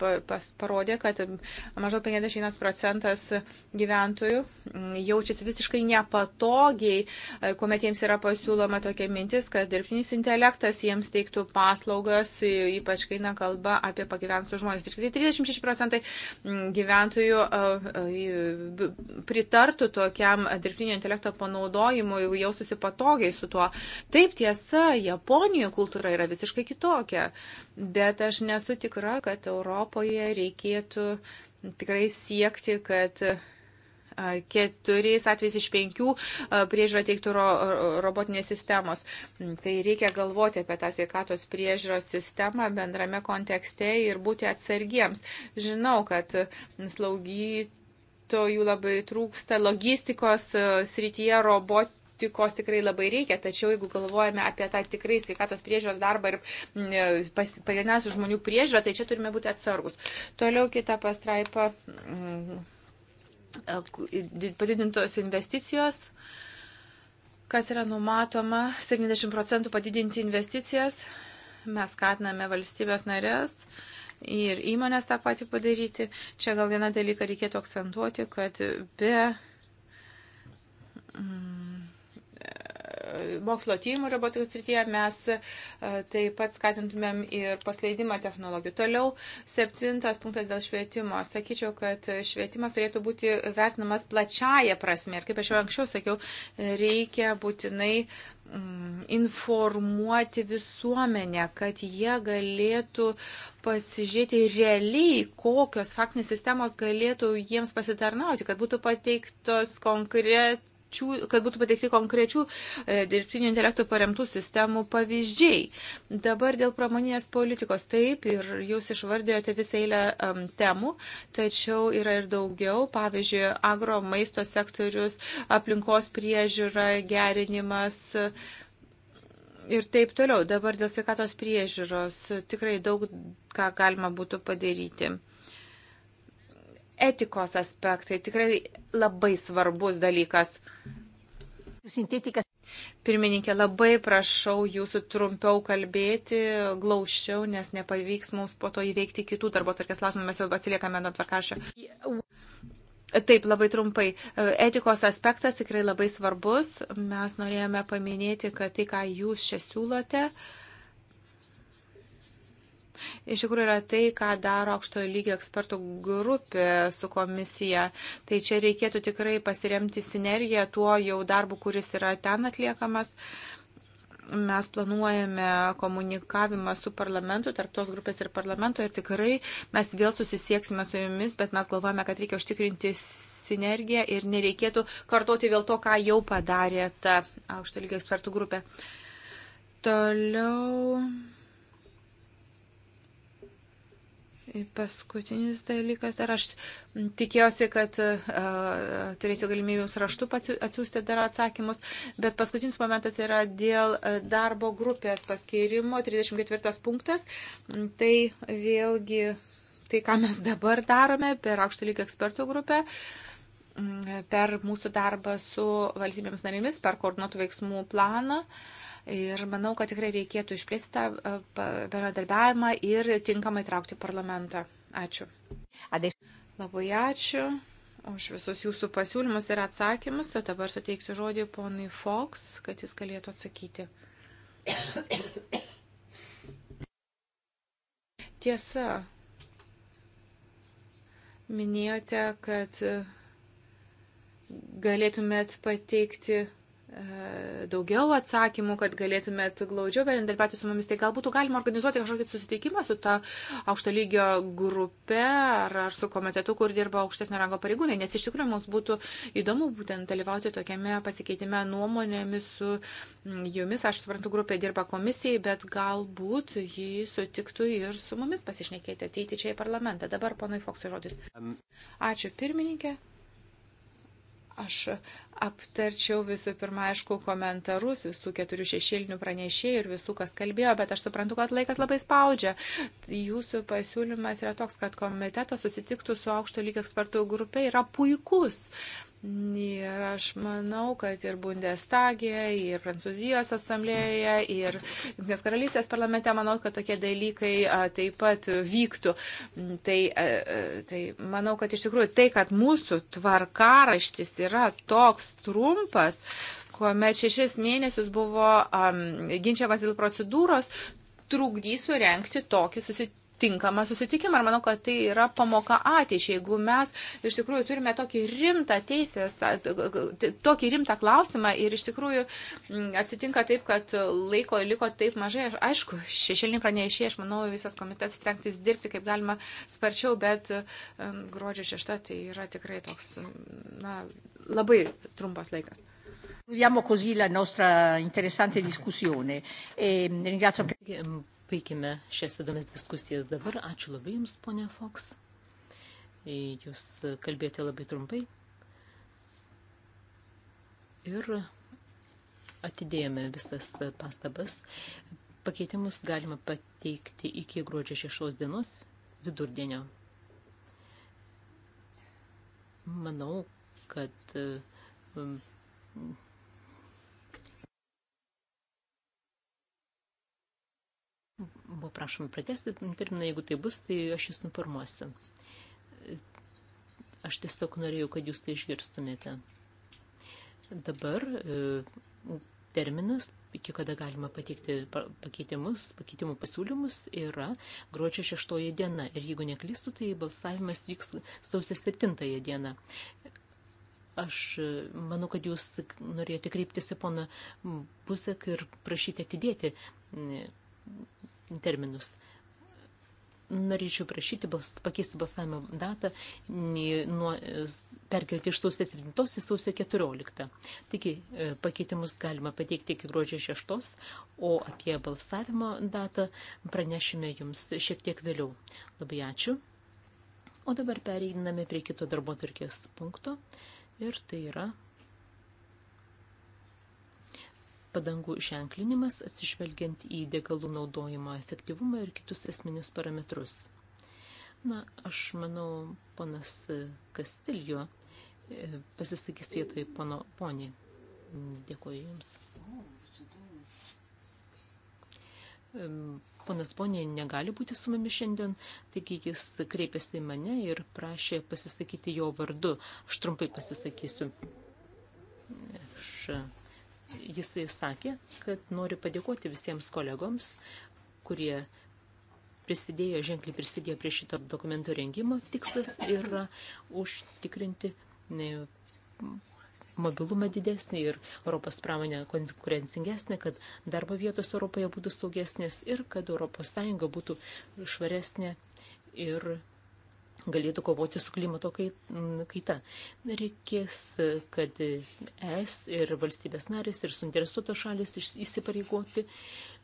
parodė, kad maždaug 51 procentas gyventojų jaučiasi visiškai nepatogiai, kuomet jiems yra pasiūloma tokia mintis, kad dirbtinis intelektas jiems teiktų paslaugas, ypač kai na kalba apie pagyvenusius žmonės. Tik 36 procentai gyventojų pritartų tokiam dirbtinio intelekto panaudojimui, jaustųsi patogiai su tuo. Taip tiesa, Japonijoje kultūra yra visiškai kitokia, bet aš nesu tikra, kad Europoje reikėtų tikrai siekti, kad Keturiais atvejais iš penkių e, priežiūra teiktų ro, robotinės sistemos. Mm, tai reikia galvoti apie tą sveikatos priežiūros sistemą bendrame kontekste ir būti atsargiems. Žinau, kad slaugytojų labai trūksta logistikos e, srityje robot tikos tikrai labai reikia, tačiau jeigu galvojame apie tą tikrai sveikatos priežiūros darbą ir mm, e, pagyvenęs žmonių priežiūrą, tai čia turime būti atsargus. Toliau kita pastraipa mm, E, padidintos investicijos, kas yra numatoma, 70 procentų padidinti investicijas, mes skatiname valstybės narės ir įmonės tą patį padaryti. Čia gal vieną dalyką reikėtų akcentuoti, kad be. Mm, mokslo tyrimų robotikos srityje mes e, taip pat skatintumėm ir pasleidimą technologijų. Toliau septintas punktas dėl švietimo. Sakyčiau, kad švietimas turėtų būti vertinamas plačiaja prasme. Ir kaip aš jau anksčiau sakiau, reikia būtinai mm, informuoti visuomenę, kad jie galėtų pasižiūrėti realiai, kokios faktinės sistemos galėtų jiems pasitarnauti, kad būtų pateiktos konkret, kad būtų pateikti konkrečių e, dirbtinio intelektų paremtų sistemų pavyzdžiai. Dabar dėl pramoninės politikos taip ir jūs išvardėjote visą eilę um, temų, tačiau yra ir daugiau, pavyzdžiui, agro maisto sektorius, aplinkos priežiūra, gerinimas. Ir taip toliau. Dabar dėl sveikatos priežiūros tikrai daug ką galima būtų padaryti etikos aspektai tikrai labai svarbus dalykas. Sintetika. Pirmininkė, labai prašau jūsų trumpiau kalbėti, glaušiau, nes nepavyks mums po to įveikti kitų darbo tvarkės klausimų, mes jau atsiliekame nuo tvarkaršio. Taip, labai trumpai. Etikos aspektas tikrai labai svarbus. Mes norėjome paminėti, kad tai, ką jūs čia siūlote, uh, Iš tikrųjų yra tai, ką daro aukšto lygio ekspertų grupė su komisija. Tai čia reikėtų tikrai pasiremti sinergiją tuo jau darbu, kuris yra ten atliekamas. Mes planuojame komunikavimą su parlamentu, tarp tos grupės ir parlamento ir tikrai mes vėl susisieksime su jumis, bet mes galvojame, kad reikia užtikrinti sinergiją ir nereikėtų kartoti vėl to, ką jau padarė ta aukšto lygio ekspertų grupė. Toliau. Paskutinis dalykas, ar aš tikėjausi, kad uh, turėsiu galimybę jums raštu atsiųsti dar atsakymus, bet paskutinis momentas yra dėl e, darbo grupės paskirimo, 34 punktas. Tai vėlgi tai, ką mes dabar darome per aukšto lygio ekspertų grupę. Uh, per mūsų darbą su valstybėms narėmis, per koordinuotų veiksmų planą. Uh, Ir manau, kad tikrai reikėtų išplėsti tą bendradarbiavimą ir tinkamai traukti parlamentą. Ačiū. Labai ačiū už visus jūsų pasiūlymus ir atsakymus. O dabar suteiksiu žodį ponui Fox, kad jis galėtų atsakyti. Tiesa, minėjote, kad galėtumėt pateikti daugiau atsakymų, kad galėtumėt glaudžiau bendradarbiauti su mumis, tai galbūt galima organizuoti kažkokį susitikimą su ta aukšto lygio grupe ar, ar su komitetu, kur dirba aukštesnio rango pareigūnai, nes iš tikrųjų mums būtų įdomu būtent dalyvauti tokiame pasikeitime nuomonėmis su mm, jumis. Aš suprantu, grupė dirba komisijai, bet galbūt jį sutiktų ir su mumis pasišnekėti ateiti čia į parlamentą. Dabar ponui Foksui žodis. Um. Ačiū pirmininkė. Aš aptarčiau visų pirma, aišku, komentarus visų keturių šešėlinių pranešėjų ir visų, kas kalbėjo, bet aš suprantu, kad laikas labai spaudžia. Jūsų pasiūlymas yra toks, kad komitetas susitiktų su aukšto lygio ekspertų grupė, yra puikus. Uh, Ir aš manau, kad ir Bundestagė, ir Prancūzijos asamblėje, ir Junktinės karalystės parlamente, manau, kad tokie dalykai a, taip pat vyktų. Tai, a, tai manau, kad iš tikrųjų tai, kad mūsų tvarkaraštis yra toks trumpas, kuomet šešis mėnesius buvo um, ginčiamas dėl procedūros, trukdys surenkti tokį susitikimą tinkamą susitikimą. Ir manau, kad tai yra pamoka ateičiai. Jeigu mes iš tikrųjų turime tokį rimtą teisės, tokį rimtą klausimą ir iš tikrųjų atsitinka taip, kad laiko liko taip mažai. Aišku, šešėlinį pranešėjai, aš manau, visas komitetas stengtis dirbti kaip galima sparčiau, bet gruodžio šešta tai yra tikrai toks na, labai trumpas laikas. Chiudiamo così la nostra interessante discussione. E ringrazio anche... Paikime šias įdomias diskusijas dabar. Ačiū labai Jums, ponė Fox. E, Jūs kalbėjote labai trumpai. Ir atidėjome visas pastabas. Pakeitimus galima pateikti iki gruodžio 6 dienos vidurdienio. Manau, kad e, buvo prašoma pratesti terminą, jeigu tai bus, tai aš jūs informuosiu. Aš tiesiog norėjau, kad jūs tai išgirstumėte. Dabar e, terminas, iki kada galima pateikti pakeitimus, pakeitimų pasiūlymus, yra gruodžio 6 diena. Ir jeigu neklystu, tai balsavimas vyks sausio 7 dieną aš e, manau, kad jūs norėjote kreiptis į poną Busek ir prašyti atidėti terminus. Norėčiau prašyti bals, pakeisti balsavimo datą, nuo, perkelti iš sausio 7 į sausio 14. Taigi e, pakeitimus galima pateikti iki gruodžio 6, o apie balsavimo datą pranešime jums šiek tiek vėliau. Labai ačiū. O dabar pereiname prie kito darbo turkės punkto ir tai yra padangų ženklinimas atsižvelgiant į degalų naudojimo efektyvumą ir kitus esminius parametrus. Na, aš manau, ponas Kastiljo e, pasisakys vietoj pono ponį. Dėkuoju Jums. E, ponas ponė negali būti su mumis šiandien, taigi jis kreipėsi į mane ir prašė pasisakyti jo vardu. Aš trumpai pasisakysiu. Aš jisai sakė, kad nori padėkoti visiems kolegoms, kurie prisidėjo, ženkliai prisidėjo prie šito dokumento rengimo. Tikslas yra užtikrinti mobilumą didesnį ir Europos pramonę konkurencingesnį, kad darbo vietos Europoje būtų saugesnės ir kad ES būtų švaresnė ir galėtų kovoti su klimato kaita. Reikės, kad es ir valstybės narės ir suinteresuotos šalis įsipareigoti,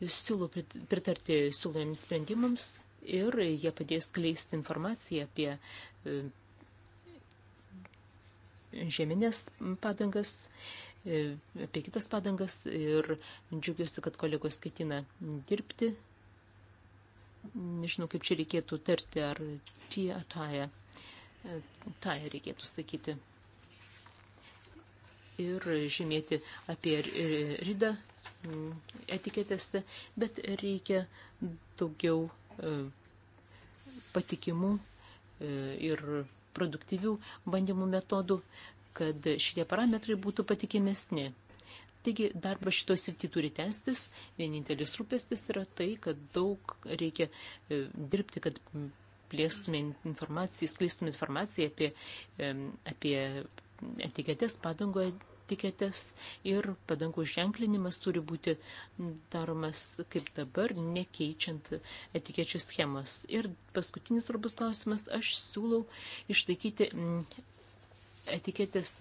siūlo pritarti siūlojams sprendimams ir jie padės kleisti informaciją apie e, žeminės padangas e, apie kitas padangas ir džiugiuosi, kad kolegos ketina dirbti nežinau, kaip čia reikėtų tarti, ar tie, taja, taja reikėtų sakyti. Ir žymėti apie rydą etiketėse, bet reikia daugiau e, patikimų e, ir produktyvių bandymų metodų, kad šitie parametrai būtų patikimesni. Taigi darbas šitoj srity turi tęstis, vienintelis rūpestis yra tai, kad daug reikia e, dirbti, kad plėstume informaciją, skleistume informaciją apie, apie etiketes, padango etiketes ir padangų ženklinimas turi būti daromas kaip dabar, nekeičiant etikečių schemos. Ir paskutinis svarbus klausimas, aš siūlau išlaikyti etiketės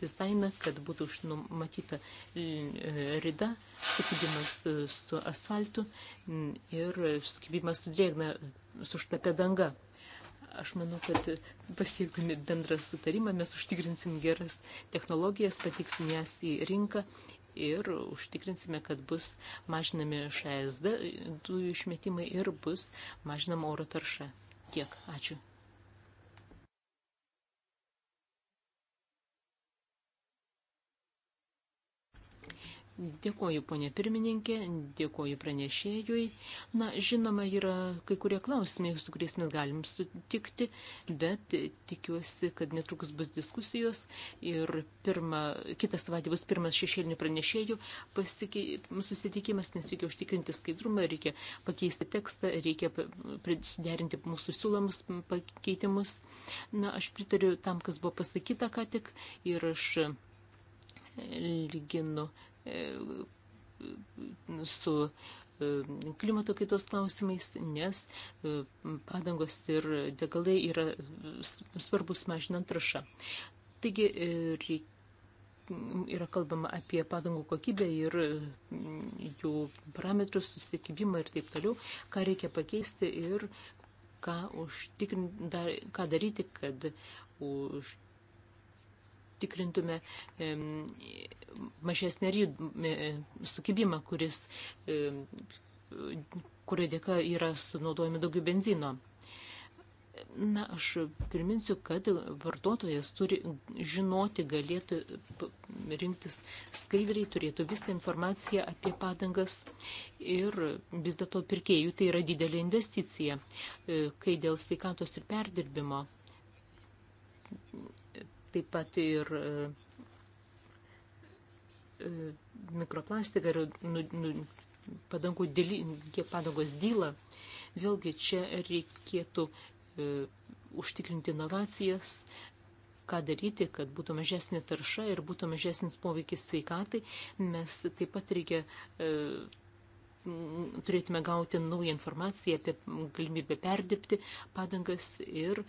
dizainą, kad būtų numatyta e, rida, sukibimas e, su asfaltu ir sukibimas su drėgna, su šlapia danga. Aš manau, kad pasiekdami bendrą sutarimą mes užtikrinsim geras technologijas, patiksim jas į rinką ir užtikrinsime, kad bus mažinami ŠSD dujų išmetimai ir bus mažinama oro tarša. Tiek. Ačiū. Dėkoju, ponė pirmininkė, dėkoju pranešėjui. Na, žinoma, yra kai kurie klausimai, su kuriais mes galim sutikti, bet tikiuosi, kad netrukus bus diskusijos ir pirma, kitą savaitę bus pirmas šešėlinių pranešėjų pasikė, susitikimas, nes reikia užtikrinti skaidrumą, reikia pakeisti tekstą, reikia suderinti mūsų siūlomus pakeitimus. Na, aš pritariu tam, kas buvo pasakyta ką tik ir aš e, lyginu su e, klimato kaitos klausimais, nes e, padangos ir degalai yra svarbus mažinant trašą. Taigi e, yra kalbama apie padangų kokybę ir jų parametrus, susikibimą ir taip toliau, ką reikia pakeisti ir ką, užtikrin, dar, ką daryti, kad už užtikrintume mažesnį e, sukibimą, kuris, e, kurio dėka yra sunaudojami daugiau benzino. Na, aš priminsiu, kad vartotojas turi žinoti, galėtų rinktis skaidriai, turėtų visą informaciją apie padangas ir vis dėlto pirkėjų tai yra didelė investicija, e, kai dėl sveikatos ir perdirbimo taip pat ir e, e, mikroplastiką ir nu, nu, padangų dėly, padangos dylą. Vėlgi čia reikėtų e, užtikrinti inovacijas, ką daryti, kad būtų mažesnė tarša ir būtų mažesnis poveikis sveikatai, mes taip pat reikia e, turėtume gauti naują informaciją apie galimybę perdirbti padangas ir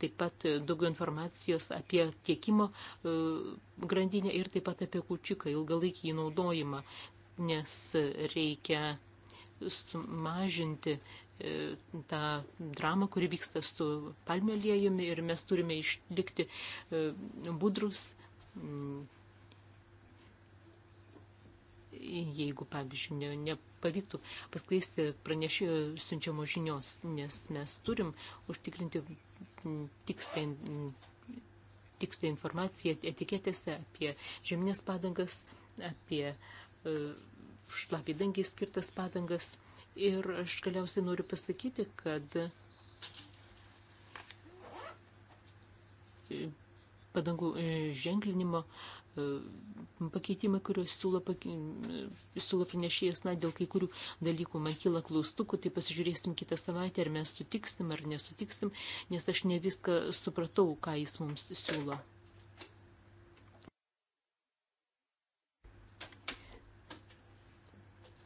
taip pat daugiau informacijos apie tiekimo e, grandinę ir taip pat apie kučiuką ilgalaikį naudojimą, nes reikia sumažinti e, tą dramą, kuri vyksta su palmių aliejumi ir mes turime išlikti e, budrus jeigu, pavyzdžiui, ne, nepavyktų paskleisti pranešėjo siunčiamo žinios, nes mes turim užtikrinti tikslę tikslę informaciją etiketėse apie žeminės padangas, apie e, šlapį dangį skirtas padangas. Ir aš galiausiai noriu pasakyti, kad e, padangų e, ženklinimo uh, pakeitimai, kuriuos siūlo, pake, siūlo pranešėjas, na, dėl kai kurių dalykų man kyla klaustukų, tai pasižiūrėsim kitą savaitę, ar mes sutiksim ar nesutiksim, nes aš ne viską supratau, ką jis mums siūlo.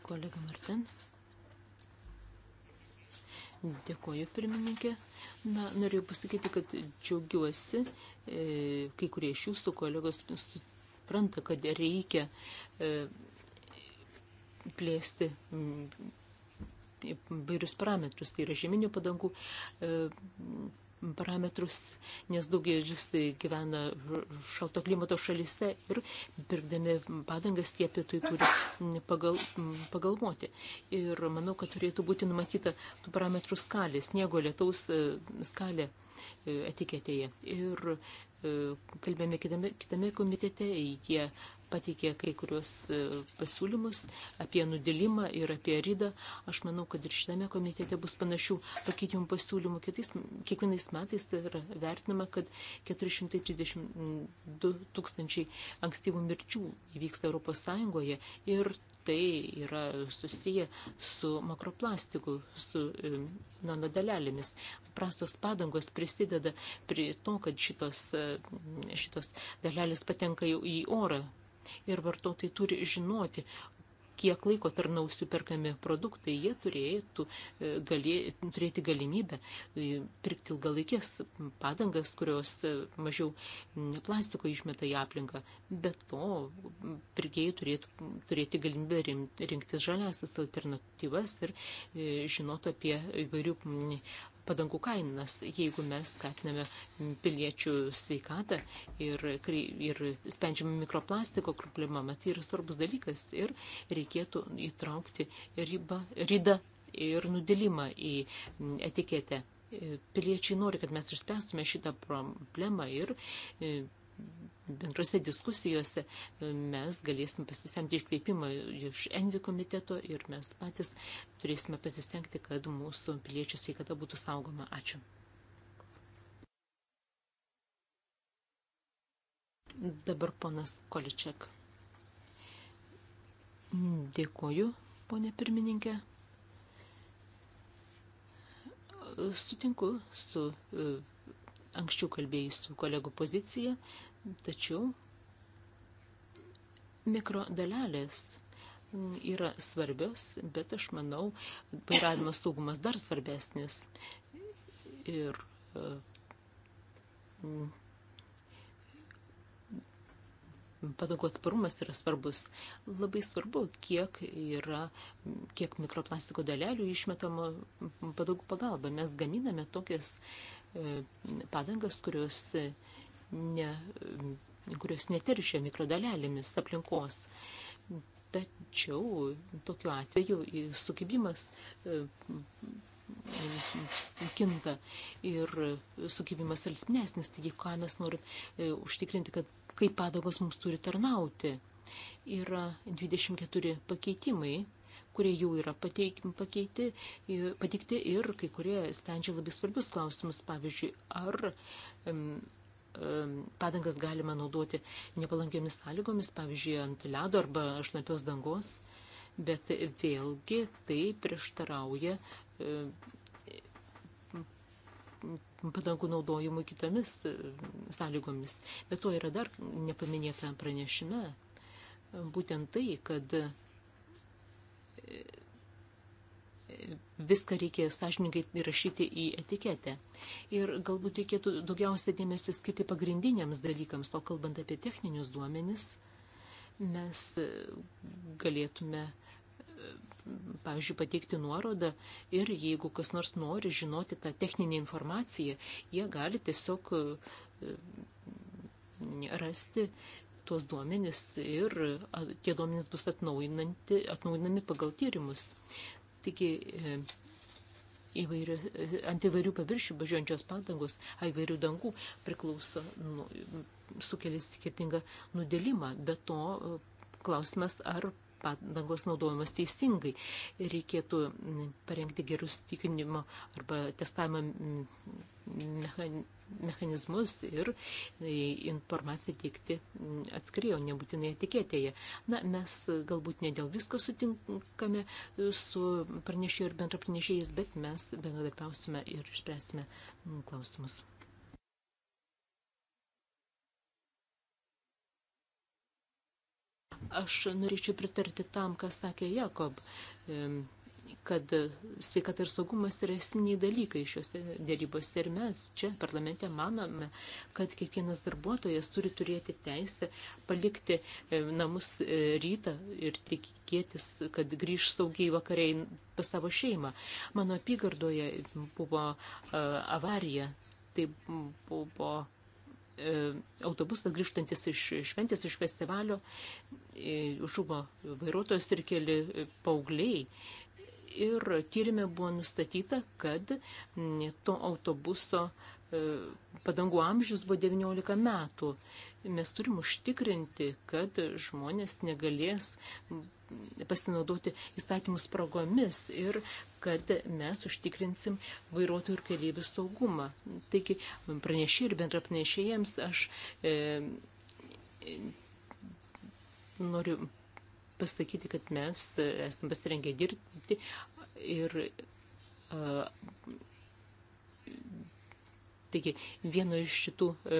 Kolega Martin. Dėkoju, pirmininkė. Na, norėjau pasakyti, kad džiaugiuosi, e, kai kurie iš jūsų kolegos supranta, kad reikia e, plėsti mm, vairius parametrus, tai yra žeminių padangų e, parametrus, nes daugelis gyvena šalto klimato šalyse ir pirkdami padangas tie apie tai turi pagal, pagalvoti. Ir manau, kad turėtų būti numatyta tų parametrų skalė, sniego lietaus e, skalė E, etiketėje. Ir e, kalbėjome kitame, kitame komitete, jie pateikė kai kurios e, pasiūlymus apie nudėlimą ir apie rydą. Aš manau, kad ir šitame komitete bus panašių pakeitimų pasiūlymų. Kitais, kiekvienais metais tai yra vertinama, kad 432 tūkstančiai ankstyvų mirčių įvyksta Europos Sąjungoje ir tai yra susiję su makroplastiku, su e, nanodalelėmis. Prastos padangos prisideda prie to, kad šitos, e, šitos dalelės patenka jau į orą ir vartotojai turi žinoti, kiek laiko tarnaus jų perkami produktai, jie turėtų e, galė, turėti galimybę e, pirkti ilgalaikės padangas, kurios e, mažiau plastiko išmeta į aplinką. Be to, pirkėjai turėtų turėti galimybę rinktis žaliasis alternatyvas ir žinotų apie įvairių padangų kainas, jeigu mes skatiname piliečių sveikatą ir, ir sprendžiame mikroplastiko problemą. Tai yra svarbus dalykas ir reikėtų įtraukti ribą, rydą ir nudėlimą į etiketę. Piliečiai nori, kad mes išspręstume šitą problemą ir e, bendrose diskusijose mes galėsim pasisemti iškvėpimą iš Envi komiteto ir mes patys turėsime pasistengti, kad mūsų piliečių sveikata būtų saugoma. Ačiū. Dabar ponas Količek. Dėkuoju, ponė pirmininkė. Sutinku su e, anksčiau kalbėjusių kolegų poziciją, tačiau mikrodalelės yra svarbios, bet aš manau, vairavimo saugumas dar svarbesnis. Ir e, padangų atsparumas yra svarbus. Labai svarbu, kiek yra, kiek mikroplastiko dalelių išmetama padangų pagalba. Mes gaminame tokias padangas, kurios, ne, kurios neteršia mikrodalelėmis aplinkos. Tačiau tokiu atveju sukibimas e, kinta ir sukibimas silpnesnis, taigi ką mes norim e, užtikrinti, kad kaip padagos mums turi tarnauti. Yra 24 pakeitimai kurie jau yra pateikti, pakeiti, pateikti ir kai kurie sprendžia labai svarbius klausimus, pavyzdžiui, ar um, um, padangas galima naudoti nepalankiomis sąlygomis, pavyzdžiui, ant ledo arba šlapios dangos, bet vėlgi tai prieštarauja um, padangų naudojimui kitomis sąlygomis. Bet to yra dar nepaminėta pranešime, būtent tai, kad viską reikia sąžininkai įrašyti į etiketę. Ir galbūt reikėtų daugiausia dėmesio skirti pagrindiniams dalykams, o kalbant apie techninius duomenis, mes galėtume, pavyzdžiui, pateikti nuorodą ir jeigu kas nors nori žinoti tą techninę informaciją, jie gali tiesiog e, rasti tuos duomenis ir tie duomenis bus atnaujinami pagal tyrimus. Taigi, e, įvairių, e, ant įvairių paviršių bažiuojančios padangos, įvairių dangų priklauso, nu, sukelia skirtingą nudėlimą, bet to e, klausimas, ar padangos naudojamos teisingai. Reikėtų mm, parengti gerus tikinimo arba testavimo mm, mechanizmus ir e, informaciją teikti mm, atskiriai, o nebūtinai etiketėje. Na, mes galbūt ne dėl visko sutinkame e, su pranešėjų ir bendrapranešėjais, bet mes bendradarbiausime ir išspręsime klausimus. Aš norėčiau pritarti tam, ką sakė Jakob, kad sveikata ir saugumas yra esminiai dalykai šiuose dėrybose. Ir mes čia parlamente manome, kad kiekvienas darbuotojas turi turėti teisę palikti namus e, rytą ir tikėtis, kad grįž saugiai vakariai pas savo šeimą. Mano apygardoje buvo e, avarija. Tai buvo E, autobusas grįžtantis iš šventės, iš festivalio, e, žuvo vairuotojas ir keli e, paaugliai. Ir tyrimė buvo nustatyta, kad to autobuso uh, E, padangų amžius buvo 19 metų. Mes turim užtikrinti, kad žmonės negalės pasinaudoti įstatymų spragomis ir kad mes užtikrinsim vairuotojų ir keleivių saugumą. Taigi, pranešėjai ir bendra pranešėjams aš e, e, noriu pasakyti, kad mes esame pasirengę dirbti ir e, Taigi vieno iš šitų, e,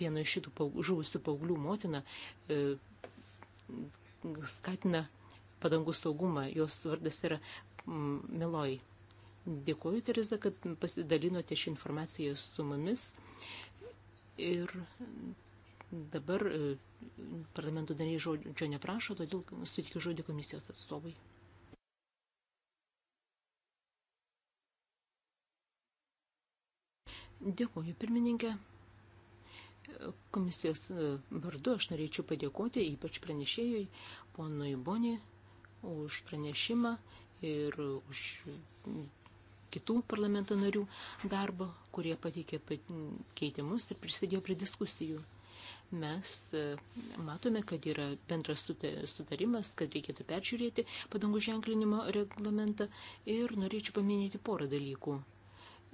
vieno iš šitų žuvusių paauglių motina e, skatina padangų saugumą. Jos vardas yra Meloji. Dėkuoju, Teresa, kad pasidalinote šią informaciją su mumis. Ir dabar e, parlamento nariai žodžio neprašo, todėl sutikiu žodį komisijos atstovui. Dėkuoju, pirmininkė. Komisijos e, vardu aš norėčiau padėkoti ypač pranešėjui, ponui Boni, už pranešimą ir už kitų parlamento narių darbą, kurie pateikė keitimus ir prisidėjo prie diskusijų. Mes e, matome, kad yra bendras sutarimas, kad reikėtų peržiūrėti padangų ženklinimo reglamentą ir norėčiau paminėti porą dalykų.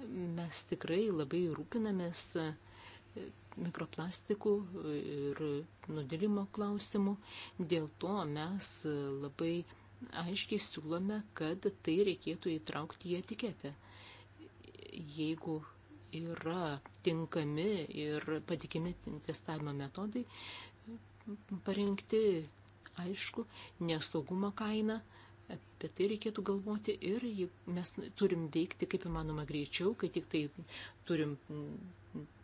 Mes tikrai labai rūpinamės mikroplastikų ir nudėlimo klausimų. Dėl to mes labai aiškiai siūlome, kad tai reikėtų įtraukti į etiketę. Jeigu yra tinkami ir patikimi testavimo metodai, parengti aišku nesaugumo kainą, Apie tai reikėtų galvoti ir mes turim veikti kaip įmanoma greičiau, kai tik tai turim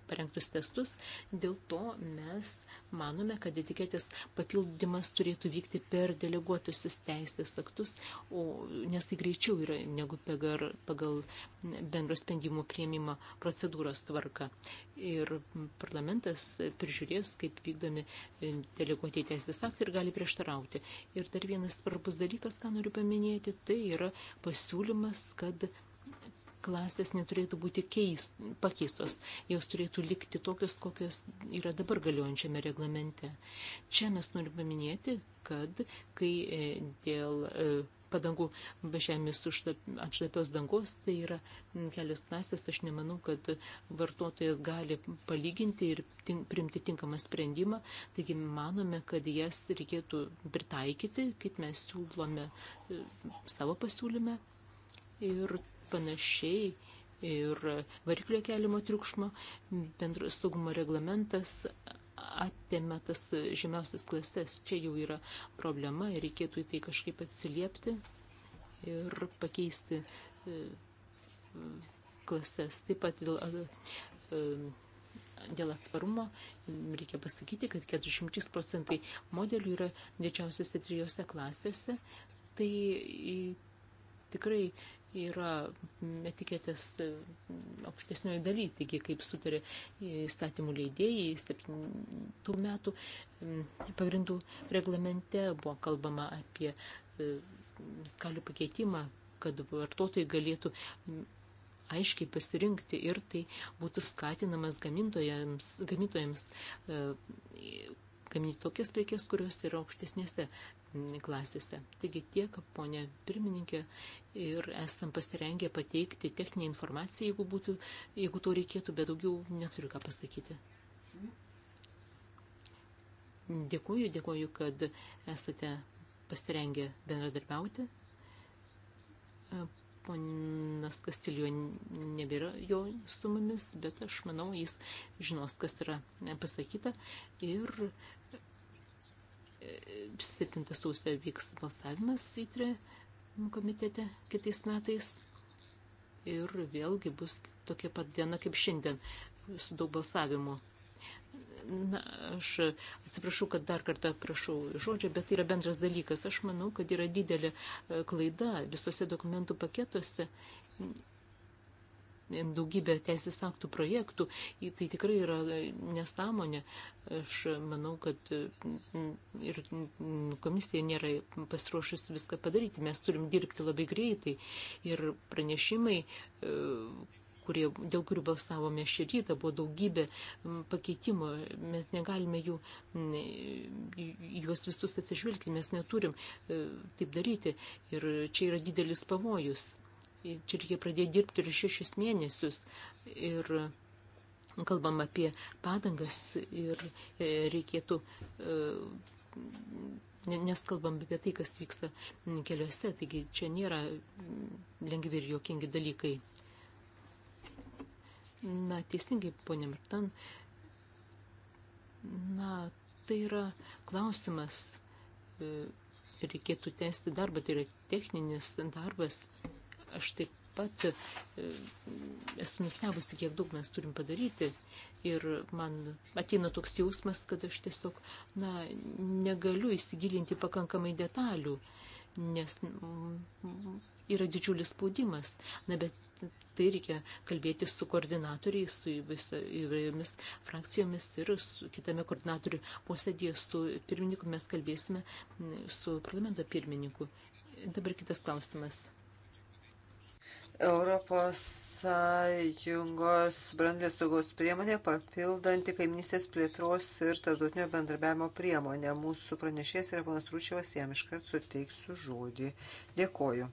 parengtus testus. Dėl to mes manome, kad etiketės papildymas turėtų vykti per deleguotusius teisės aktus, o, nes tai greičiau yra negu pagal, pagal bendro sprendimų prieimimo procedūros tvarką. Ir parlamentas prižiūrės, kaip vykdomi deleguotieji teisės aktai ir gali prieštarauti. Ir dar vienas svarbus dalykas, ką noriu paminėti, tai yra pasiūlymas, kad klasės neturėtų būti keist, pakeistos, jos turėtų likti tokios, kokios yra dabar galiojančiame reglamente. Čia mes norime paminėti, kad kai e, dėl e, padangų žemės ant šlapios dangos, tai yra kelios klasės, aš nemanau, kad vartotojas gali palyginti ir tink, primti tinkamą sprendimą, taigi manome, kad jas reikėtų pritaikyti, kaip mes siūlome e, savo pasiūlyme. Ir panašiai ir variklio keliamo triukšmo, bendras saugumo reglamentas atėmė tas žemiausias klases. Čia jau yra problema ir reikėtų į tai kažkaip atsiliepti ir pakeisti e, klases. Taip pat dėl, e, e, dėl atsparumo reikia pasakyti, kad 40 procentai modelių yra didžiausiose trijose klasėse. Tai tikrai yra etiketės aukštesnioje daly, taigi kaip sutarė įstatymų leidėjai, 7 metų pagrindų reglamente buvo kalbama apie e, skalių pakeitimą, kad vartotojai galėtų aiškiai pasirinkti ir tai būtų skatinamas gamintojams, gamintojams e, gaminti tokias prekes, kurios yra aukštesnėse klasėse. Taigi tiek, ponė pirmininkė, ir esam pasirengę pateikti techninę informaciją, jeigu, būtų, jeigu to reikėtų, bet daugiau neturiu ką pasakyti. Dėkuoju, dėkuoju, kad esate pasirengę bendradarbiauti. Ponas Kastilijo nebėra jo su mumis, bet aš manau, jis žinos, kas yra pasakyta ir 7 sausio vyks balsavimas įtrė komitete kitais metais ir vėlgi bus tokia pat diena kaip šiandien su daug balsavimų. Na, aš atsiprašau, kad dar kartą prašau žodžio, bet tai yra bendras dalykas. Aš manau, kad yra didelė e, klaida visose dokumentų paketuose daugybę teisės aktų projektų, tai tikrai yra nesąmonė. Aš manau, kad mm, ir mm, komisija nėra pasiruošusi viską padaryti. Mes turim dirbti labai greitai ir pranešimai e, kurie, dėl kurių balsavome šį rytą, buvo daugybė mm, pakeitimų. Mes negalime jų, juos visus atsižvelgti, mes neturim e, taip daryti. Ir čia yra didelis pavojus. Čia reikia pradėti dirbti ir šešis mėnesius. Ir kalbam apie padangas ir e, reikėtų, e, nes kalbam apie tai, kas vyksta keliuose, taigi čia nėra mm, lengvi ir jokingi dalykai. Na, teisingai, ponė Mirtan, na, tai yra klausimas, e, reikėtų tęsti darbą, tai yra techninis darbas Aš taip pat e, esu nustebusi, kiek daug mes turim padaryti. Ir man ateina toks jausmas, kad aš tiesiog na, negaliu įsigilinti pakankamai detalių, nes mm, yra didžiulis spaudimas. Na, bet tai reikia kalbėti su koordinatoriais, su įvairiomis frakcijomis ir su kitame koordinatorių posėdėje su pirmininku mes kalbėsime mm, su parlamento pirmininku. Dabar kitas klausimas Europos Sąjungos brandės saugos priemonė papildanti kaiminysės plėtros ir tarptautinio bendrabiavimo priemonę. Mūsų pranešėjas yra panas Rūčiavas, jam iškart suteiksiu žodį. Dėkoju.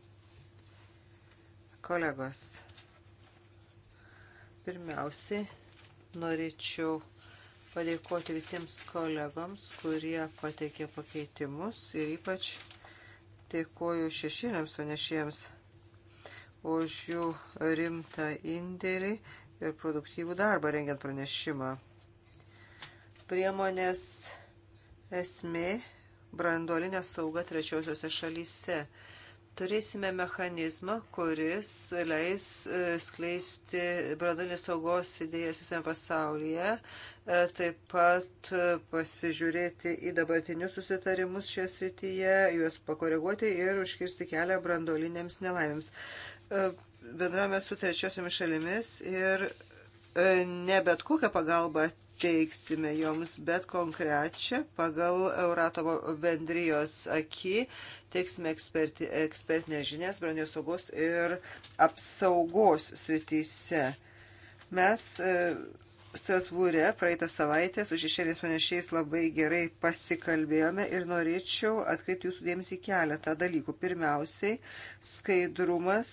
Kolegos, pirmiausiai norėčiau padėkoti visiems kolegoms, kurie pateikė pakeitimus ir ypač dėkoju šešiniams pranešėjams už jų rimtą indėlį ir produktyvų darbą rengiant pranešimą. Priemonės esmė – brandolinė sauga trečiosiuose šalyse. Turėsime mechanizmą, kuris leis e, skleisti brandolinės saugos idėjas visame pasaulyje, e, taip pat e, pasižiūrėti į dabartinius susitarimus šią srityje, juos pakoreguoti ir užkirsti kelią brandolinėms nelaimėms. E, bendravome su trečiosiomis šalimis ir e, ne bet kokią pagalbą teiksime joms, bet konkrečią pagal Euratomo bendrijos akį teiksime eksperti, ekspertinės žinias brandios saugos ir apsaugos srityse. Mes e, Strasbūre praeitą savaitę su šešėlės manešiais labai gerai pasikalbėjome ir norėčiau atkreipti jūsų dėmesį keletą dalykų. Pirmiausiai, skaidrumas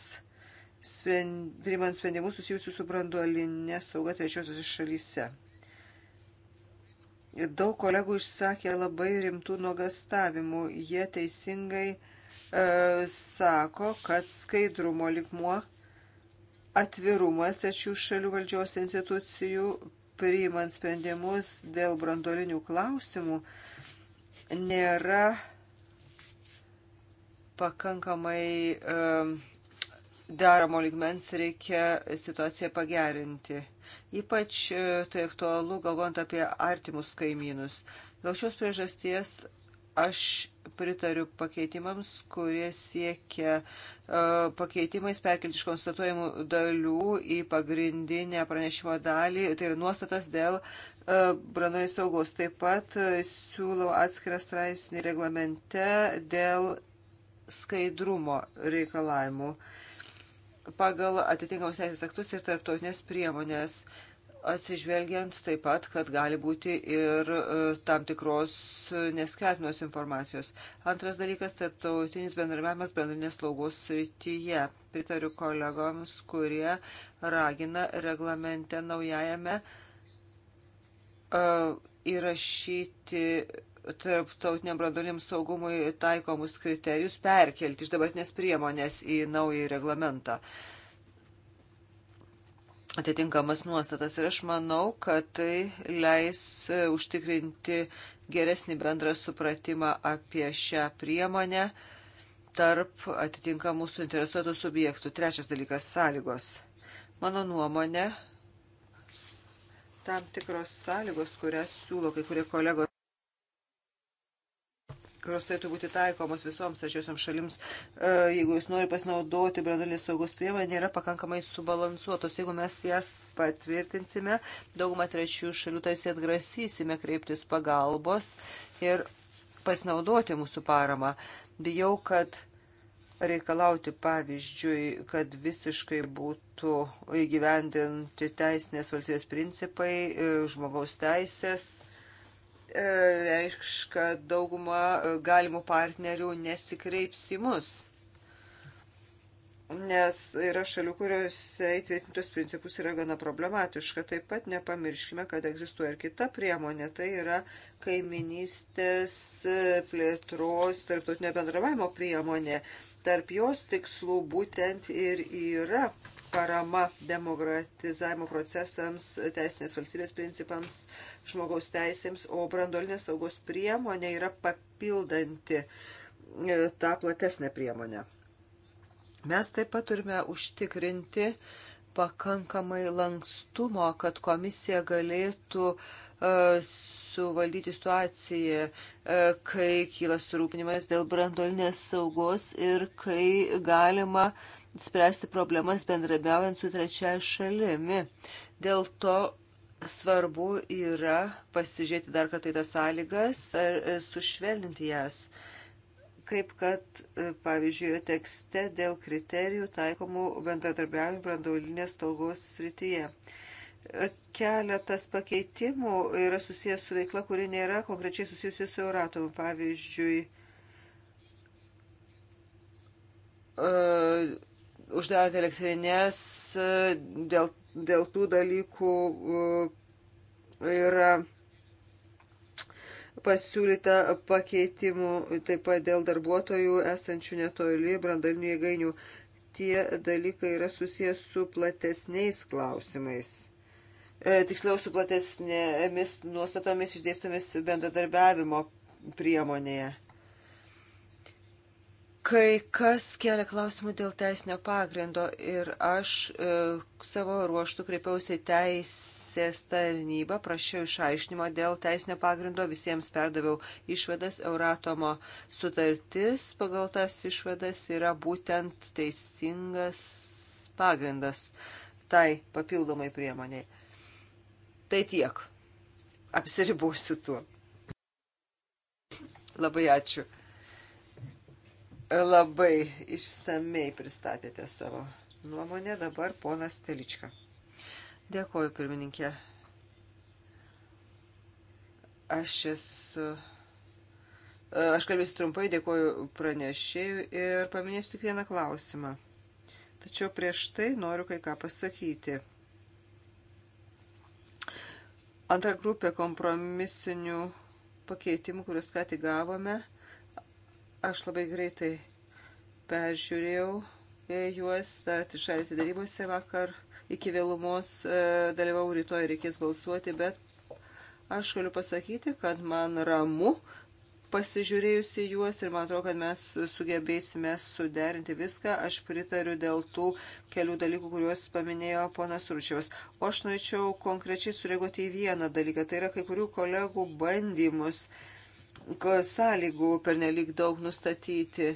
priimant sprendimus susijusius su branduolinė sauga trečiosios šalyse. Daug kolegų išsakė labai rimtų nuogastavimų. Jie teisingai e, sako, kad skaidrumo likmuo atvirumas trečių šalių valdžios institucijų priimant sprendimus dėl brandolinių klausimų nėra pakankamai daramo ligmens reikia situaciją pagerinti. Ypač e, tai aktualu galvojant apie artimus kaimynus. Dėl šios priežasties aš pritariu pakeitimams, kurie siekia e, pakeitimais perkelti iš konstatuojamų dalių į pagrindinę pranešimo dalį, tai yra nuostatas dėl e, branduolinės saugos. Taip pat e, siūlau atskirą straipsnį reglamente dėl skaidrumo reikalavimų pagal atitinkamus teisės aktus ir tarptautinės priemonės. Uh, atsižvelgiant taip pat, kad gali būti ir e, tam tikros e, neskelbtinos informacijos. Antras dalykas - tarptautinis bendravimas bendrinės slaugos srityje. Pritariu kolegoms, kurie ragina reglamente naujajame e, įrašyti tarptautiniam branduoliniam saugumui taikomus kriterijus perkelti iš dabartinės priemonės į naują reglamentą. Uh, atitinkamas nuostatas. Ir aš manau, kad tai leis e, užtikrinti geresnį bendrą supratimą apie šią priemonę tarp atitinkamų suinteresuotų subjektų. Trečias dalykas - sąlygos. Mano nuomonė, tam tikros sąlygos, kurias siūlo kai kurie kolegos kurios turėtų būti taikomos visoms trečiosioms šalims, e, jeigu jūs nori pasinaudoti branduolinės saugos priemonė, yra pakankamai subalansuotos. Jeigu mes jas patvirtinsime, daugumą trečių šalių tarsi atgrasysime kreiptis pagalbos ir pasinaudoti mūsų paramą. Bijau, kad reikalauti, pavyzdžiui, kad visiškai būtų įgyvendinti teisinės valstybės principai, e, žmogaus teisės, E, reikš, kad dauguma e, galimų partnerių nesikreips į mus. Nes yra šalių, kuriuose įtvirtintos principus yra gana problematiška. Taip pat nepamirškime, kad egzistuoja ir kita priemonė. Tai yra kaiminystės e, plėtros tarptautinio bendravimo priemonė. Tarp jos tikslų būtent ir yra parama demokratizavimo procesams, teisinės valstybės principams, žmogaus teisėms, o brandolinės saugos priemonė yra papildanti e, tą platesnę priemonę. Mes taip pat turime užtikrinti pakankamai lankstumo, kad komisija galėtų e, suvaldyti situaciją, e, kai kyla surūpinimas dėl brandolinės saugos ir kai galima uh, spręsti problemas bendrabiaujant su trečiaja šalimi. Dėl to svarbu yra pasižiūrėti dar kartą į tas sąlygas ar e, sušvelninti jas. Kaip kad, e, pavyzdžiui, tekste dėl kriterijų taikomų bendradarbiavimui brandolinės saugos srityje e, keletas pakeitimų yra susijęs su veikla, kuri nėra konkrečiai susijusi su Euratomu. Pavyzdžiui, uždarant elektrinės e, dėl, dėl tų dalykų e, yra pasiūlyta pakeitimų taip pat dėl darbuotojų esančių netoli brandalinių jėgainių. Tie dalykai yra susijęs su platesniais klausimais. E, tiksliau, su platesnėmis nuostatomis išdėstomis bendradarbiavimo priemonėje. Kai kas kelia klausimų dėl teisinio pagrindo ir aš e, savo ruoštų kreipiausi teisės tarnybą, prašiau išaiškinimo dėl teisinio pagrindo, visiems perdaviau išvadas, Euratomo sutartis pagal tas išvadas yra būtent teisingas pagrindas tai papildomai priemoniai. Tai tiek. Apsiribosiu tuo. Labai ačiū labai išsamei pristatėte savo nuomonę. Dabar ponas Telička. Dėkoju, pirmininkė. Aš esu. Aš kalbėsiu trumpai, dėkoju pranešėjui ir paminėsiu tik vieną klausimą. Tačiau prieš tai noriu kai ką pasakyti. Antra grupė kompromisinių pakeitimų, kuriuos ką tik gavome, Aš labai greitai peržiūrėjau e, juos, tad išalėti darybose vakar iki vėlumos e, dalyvau rytoj reikės balsuoti, bet aš galiu pasakyti, kad man ramu pasižiūrėjusi juos ir man atrodo, kad mes sugebėsime suderinti viską. Aš pritariu dėl tų kelių dalykų, kuriuos paminėjo ponas Ručiavas. O aš norėčiau konkrečiai sureaguoti į vieną dalyką. Tai yra kai kurių kolegų bandymus uh, sąlygų pernelik daug nustatyti.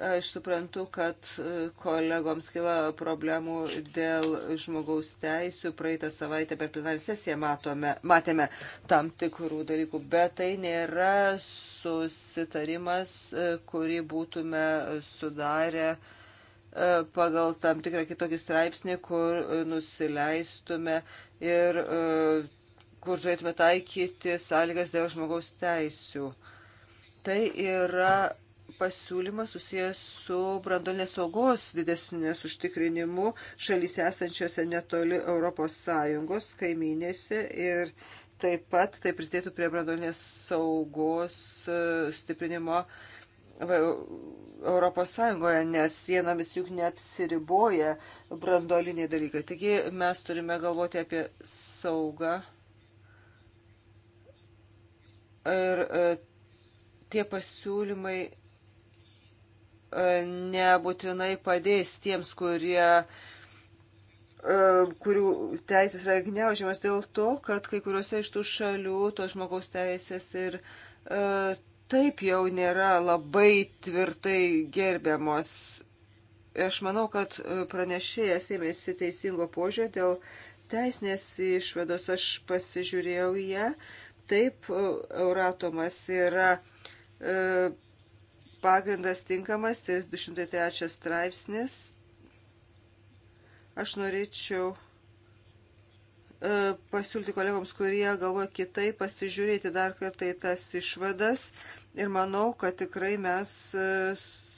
Aš suprantu, kad e, kolegoms kila problemų dėl žmogaus teisų. Praeitą savaitę per plenarinę sesiją matome, matėme tam tikrų dalykų, bet tai nėra susitarimas, e, kurį būtume sudarę e, pagal tam tikrą kitokį straipsnį, kur nusileistume ir kur turėtume taikyti sąlygas dėl žmogaus teisių. Tai yra pasiūlymas susijęs su brandolinės saugos didesnės užtikrinimu šalyse esančiose netoli ES kaiminėse ir taip pat tai prisidėtų prie brandolinės saugos e, stiprinimo ES, nes sienomis juk neapsiriboja brandoliniai dalykai. Taigi mes turime galvoti apie saugą Ir e, tie pasiūlymai e, nebūtinai padės tiems, kurie e, kurių teisės yra gniaužiamas dėl to, kad kai kuriuose iš tų šalių tos žmogaus teisės ir e, taip jau nėra labai tvirtai gerbiamos. Aš manau, kad pranešėjas ėmėsi teisingo požiūrio dėl teisinės išvados. Aš pasižiūrėjau ją, Taip, e, Euratomas yra e, pagrindas tinkamas, tai 203 straipsnis. Aš norėčiau e, pasiūlyti kolegoms, kurie galvoja kitai, pasižiūrėti dar kartą į tas išvadas ir manau, kad tikrai mes e,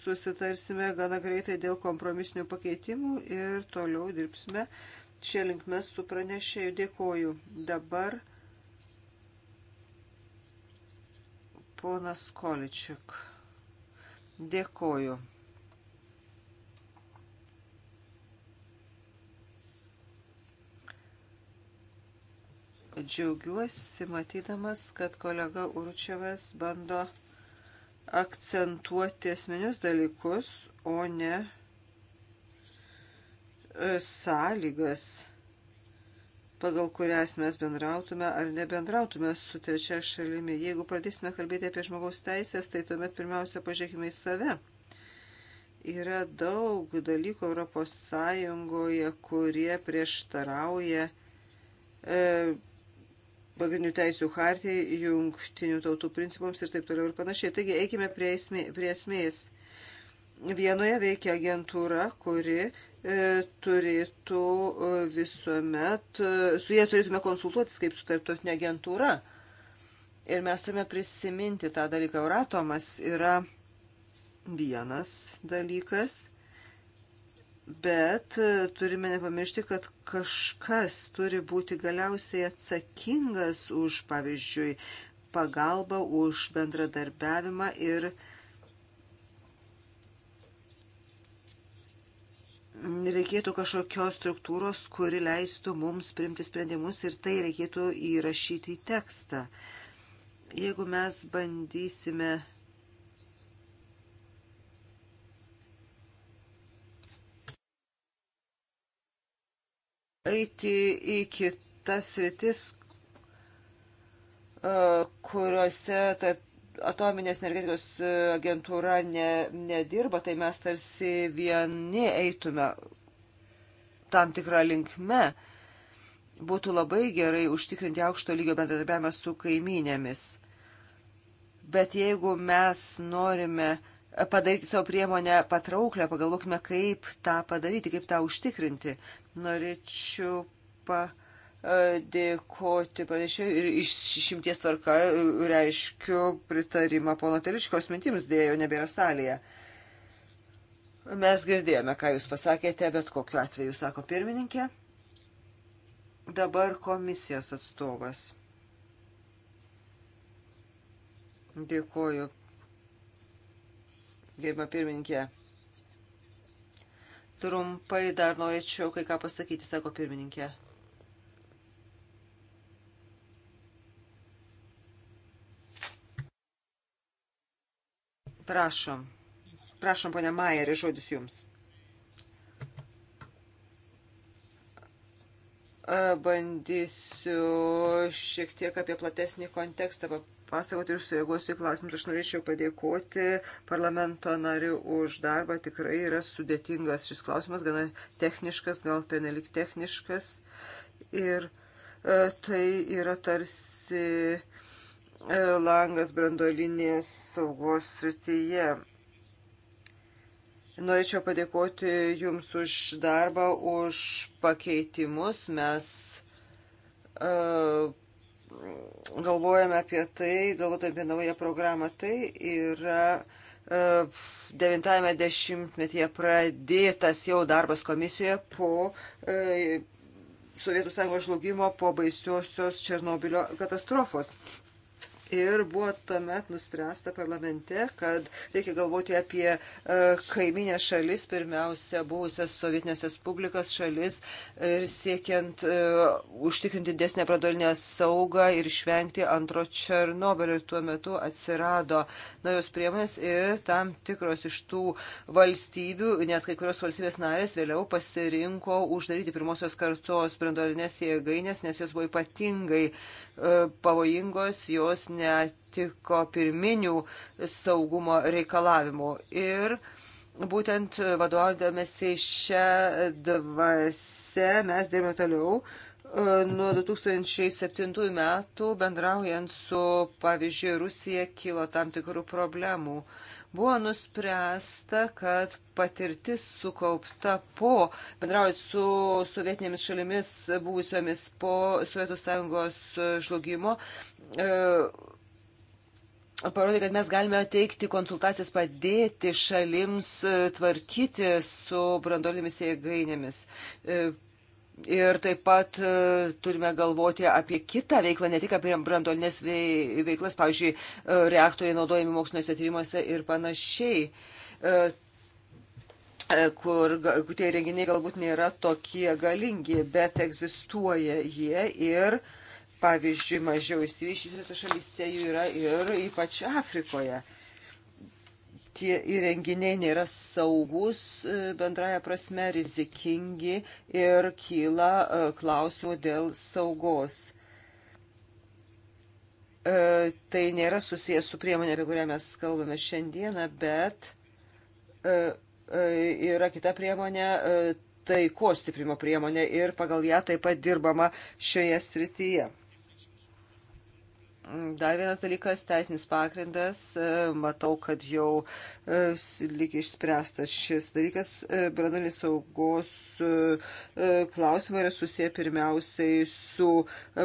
susitarsime gana greitai dėl kompromisinių pakeitimų ir toliau dirbsime. Čia linkme su pranešėju dėkoju. Dabar Ponas Količiuk. Dėkoju. Džiaugiuosi matydamas, kad kolega Určiavas bando akcentuoti esminius dalykus, o ne e, sąlygas pagal kurias mes bendrautume ar nebendrautume su trečia šalimi. Jeigu pradėsime kalbėti apie žmogaus teisės, tai tuomet pirmiausia pažiūrėkime į save. Yra daug dalykų Europos Sąjungoje, kurie prieštarauja e, pagrindinių teisų hartijai, jungtinių tautų principams ir taip toliau ir panašiai. Taigi eikime prie, esmė, prie esmės. Vienoje veikia agentūra, kuri E, turėtų e, visuomet, e, su jie turėtume konsultuotis kaip su tarptautinė agentūra. Ir mes turime prisiminti tą dalyką. Euratomas yra vienas dalykas, bet turime nepamiršti, kad kažkas turi būti galiausiai atsakingas už, pavyzdžiui, pagalbą, už bendradarbiavimą ir uh, reikėtų kažkokios struktūros, kuri leistų mums primti sprendimus ir tai reikėtų įrašyti į tekstą. Jeigu mes bandysime eiti į kitas rytis, kuriuose tarp atominės energetikos e, agentūra ne, nedirba, tai mes tarsi vieni eitume tam tikrą linkme. Būtų labai gerai užtikrinti aukšto lygio bendradarbiavimą su kaiminėmis. Bet jeigu mes norime padaryti savo priemonę patrauklę, pagalvokime, kaip tą padaryti, kaip tą užtikrinti. Norėčiau pa dėkoti pranešėjui ir iš šimties tvarka e, reiškiu pritarimą pono Teliškos mintims, dėjo nebėra salėje. Mes girdėjome, ką jūs pasakėte, bet kokiu atveju, sako pirmininkė. Dabar komisijos atstovas. Dėkoju, gerbama pirmininkė. Trumpai dar norėčiau kai ką pasakyti, sako pirmininkė. Prašom. Prašom, ponia Majerį, žodis jums. Bandysiu šiek tiek apie platesnį kontekstą pasakoti ir sureaguosiu į klausimus. Aš norėčiau padėkoti parlamento nariu už darbą. Tikrai yra sudėtingas šis klausimas, gana techniškas, gal penelik techniškas. Ir e, tai yra tarsi E, langas brandolinės saugos srityje. Norėčiau padėkoti Jums už darbą, už pakeitimus. Mes uh, galvojame apie tai, galvodami apie naują programą. Tai yra uh, devintajame dešimtmetyje pradėtas jau darbas komisijoje po uh, Sovietų sąjungos žlugimo, po baisiosios Černobilio katastrofos ir buvo tuomet nuspręsta parlamente, kad reikia galvoti apie e, kaiminę šalis, pirmiausia, buvusias Sovietinės Respublikos šalis ir siekiant e, užtikrinti didesnę pradolinę saugą ir išvengti antro Černobilio. Tuo metu atsirado naujos priemonės ir tam tikros iš tų valstybių, net kai kurios valstybės narės vėliau pasirinko uždaryti pirmosios kartos brandolinės jėgainės, nes jos buvo ypatingai E, pavojingos, jos netiko pirminių saugumo reikalavimų. Ir būtent vadovaudamėsi šią dvasę mes dirbame toliau. E, nuo 2007 metų bendraujant su, pavyzdžiui, Rusija kilo tam tikrų problemų. Uh, Buvo nuspręsta, kad patirtis sukaupta po, bendraujant su sovietinėmis šalimis buvusiomis po Sovietų sąjungos žlugimo, e, parodė, kad mes galime teikti konsultacijas, padėti šalims e, tvarkyti su brandolimis jėgainėmis. E, Ir taip pat e, turime galvoti apie kitą veiklą, ne tik apie brandolinės veiklas, pavyzdžiui, e, reaktoriai naudojami moksliniuose tyrimuose ir panašiai, e, kur tie renginiai galbūt nėra tokie galingi, bet egzistuoja jie ir, pavyzdžiui, mažiau įsivyščiusiuose šalyse jų yra ir ypač Afrikoje tie įrenginiai nėra saugus e, bendraja prasme, rizikingi ir kyla e, klausimų dėl saugos. E, tai nėra susijęs su priemonė, apie kurią mes kalbame šiandieną, bet yra kita priemonė taikos stiprimo priemonė ir pagal ją taip pat dirbama šioje srityje. Dar vienas dalykas - teisinis pagrindas. E, matau, kad jau e, lyg išspręstas šis dalykas. E, branduolinės saugos klausimai yra susiję pirmiausiai su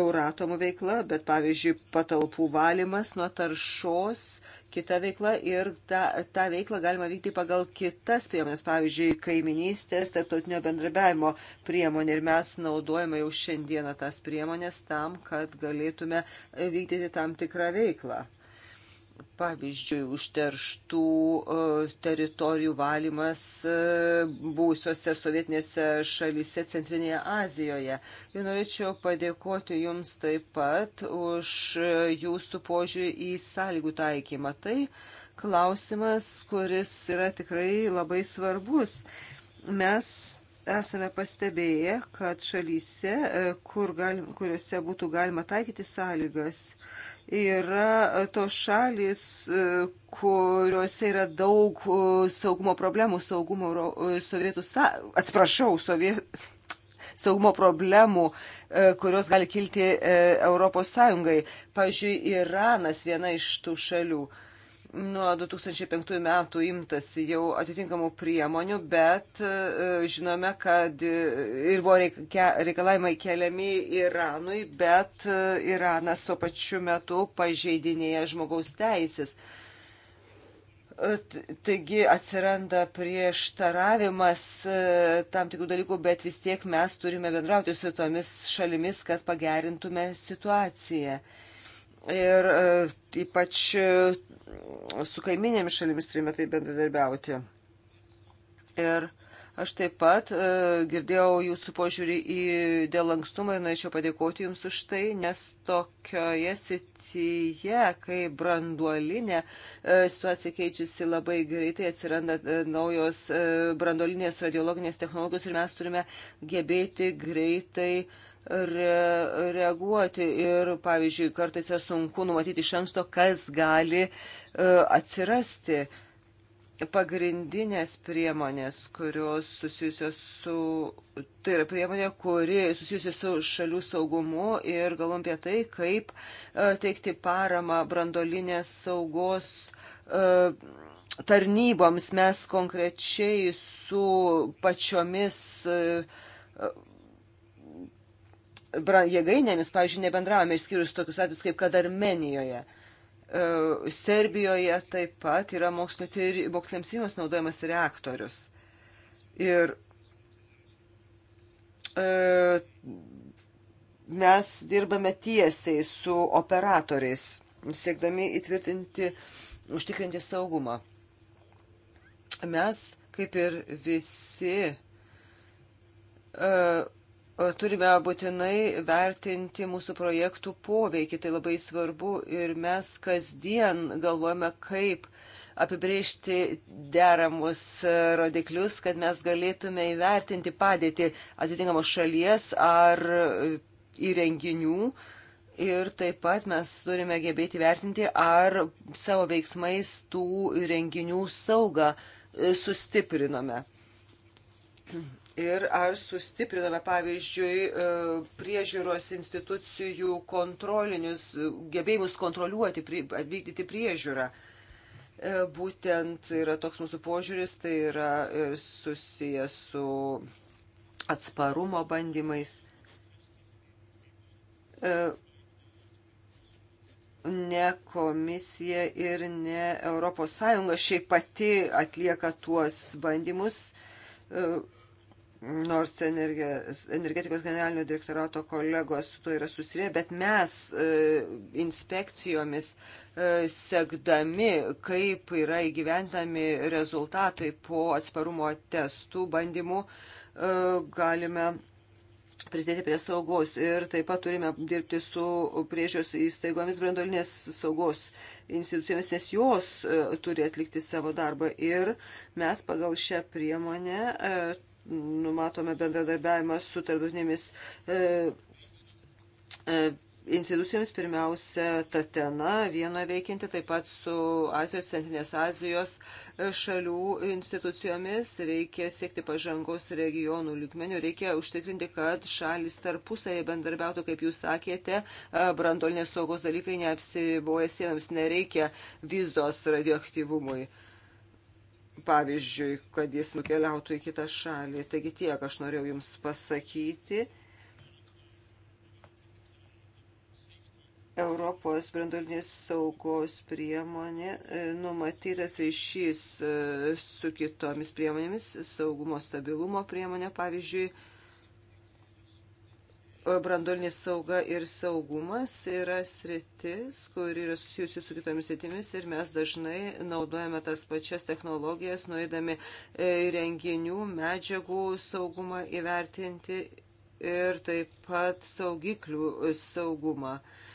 Euratomo veikla, bet pavyzdžiui, patalpų valymas nuo taršos kita veikla ir tą, tą veiklą galima vykti pagal kitas priemonės, pavyzdžiui, kaiminystės, tarptautinio bendrabiavimo priemonė ir mes naudojame jau šiandieną tas priemonės tam, kad galėtume vykdyti tam tikrą veiklą. Pavyzdžiui, užterštų e, teritorijų valymas e, būsiuose sovietinėse šalyse Centrinėje Azijoje. Ir norėčiau padėkoti Jums taip pat už e, Jūsų požiūrį į sąlygų taikymą. Tai klausimas, kuris yra tikrai labai svarbus. Mes esame pastebėję, kad šalyse, kur galim, kuriuose būtų galima taikyti sąlygas, yra e, tos šalis, e, kuriuose yra daug e, saugumo problemų, saugumo sovietų, atsiprašau, sovietų saugumo problemų, kurios gali kilti ES. Pavyzdžiui, Iranas viena iš tų šalių nuo 2005 metų imtasi jau atitinkamų priemonių, bet e, žinome, kad e, ir buvo reikalavimai keliami Iranui, bet e, Iranas tuo pačiu metu pažeidinėja žmogaus teisės. Taigi atsiranda prieštaravimas tam tikrų dalykų, bet vis tiek mes turime bendrauti su tomis šalimis, kad pagerintume situaciją ir e, ypač e, su kaiminėmis šalimis turime tai bendradarbiauti. Ir Aš taip pat e, girdėjau jūsų požiūrį į dėl lankstumą ir norėčiau padėkoti Jums už tai, nes tokioje srityje, kai branduolinė e, situacija keičiasi labai greitai, atsiranda e, naujos e, branduolinės radiologinės technologijos ir mes turime gebėti greitai e, re, reaguoti ir, pavyzdžiui, kartais yra sunku numatyti iš anksto, kas gali e, atsirasti. Pagrindinės priemonės, kurios susijusios su, tai yra priemonė, kuri susijusios su šalių saugumu ir galvom apie tai, kaip e, teikti paramą brandolinės saugos e, tarnyboms. Mes konkrečiai su pačiomis. E, jėgainėmis, pavyzdžiui, nebendravome išskyrus tokius atvejus kaip kad Armenijoje. E, Serbijoje taip pat yra moksliniams tyrimams naudojamas reaktorius. Ir e, mes dirbame tiesiai su operatoriais, siekdami įtvirtinti, užtikrinti saugumą. Mes, kaip ir visi, e, turime būtinai vertinti mūsų projektų poveikį. Tai labai svarbu ir mes kasdien galvojame, kaip apibriežti deramus rodiklius, kad mes galėtume įvertinti padėtį atitinkamos šalies ar įrenginių. Ir taip pat mes turime gebėti vertinti, ar savo veiksmais tų renginių saugą sustiprinome ir ar sustiprinome, pavyzdžiui, e, priežiūros institucijų kontrolinius e, gebėjimus kontroliuoti, vykdyti priežiūrą. E, būtent yra toks mūsų požiūris, tai yra ir susijęs su atsparumo bandymais. Ne komisija ir ne ES šiaip pati atlieka tuos bandymus nors energetikos generalinio direktorato kolegos su to yra susiję, bet mes e, inspekcijomis e, sekdami, kaip yra įgyventami rezultatai po atsparumo testų bandymų, e, galime prisidėti prie saugos ir taip pat turime dirbti su priežios įstaigomis brandolinės saugos institucijomis, nes jos turi atlikti savo darbą ir mes pagal šią priemonę numatome bendradarbiavimą su tarptautinėmis e, e, institucijomis, pirmiausia, Tatena vienoje veikianti, taip pat su Azijos, Centrinės Azijos e, šalių institucijomis. Reikia siekti pažangos regionų lygmenių, reikia užtikrinti, kad šalis tarpusąje bendarbiautų, kaip jūs sakėte, e, brandolinės saugos dalykai neapsiboja sienams, nereikia vizos radioaktyvumui pavyzdžiui, kad jis nukeliautų į kitą šalį. Taigi tiek aš norėjau Jums pasakyti. Europos brandolinės saugos priemonė e, numatytas ryšys e, su kitomis priemonėmis, saugumo stabilumo priemonė, pavyzdžiui, brandolinė sauga ir saugumas yra sritis, kur yra susijusi su kitomis sritimis ir mes dažnai naudojame tas pačias technologijas, nuėdami e, renginių, medžiagų saugumą įvertinti ir taip pat saugiklių saugumą. E,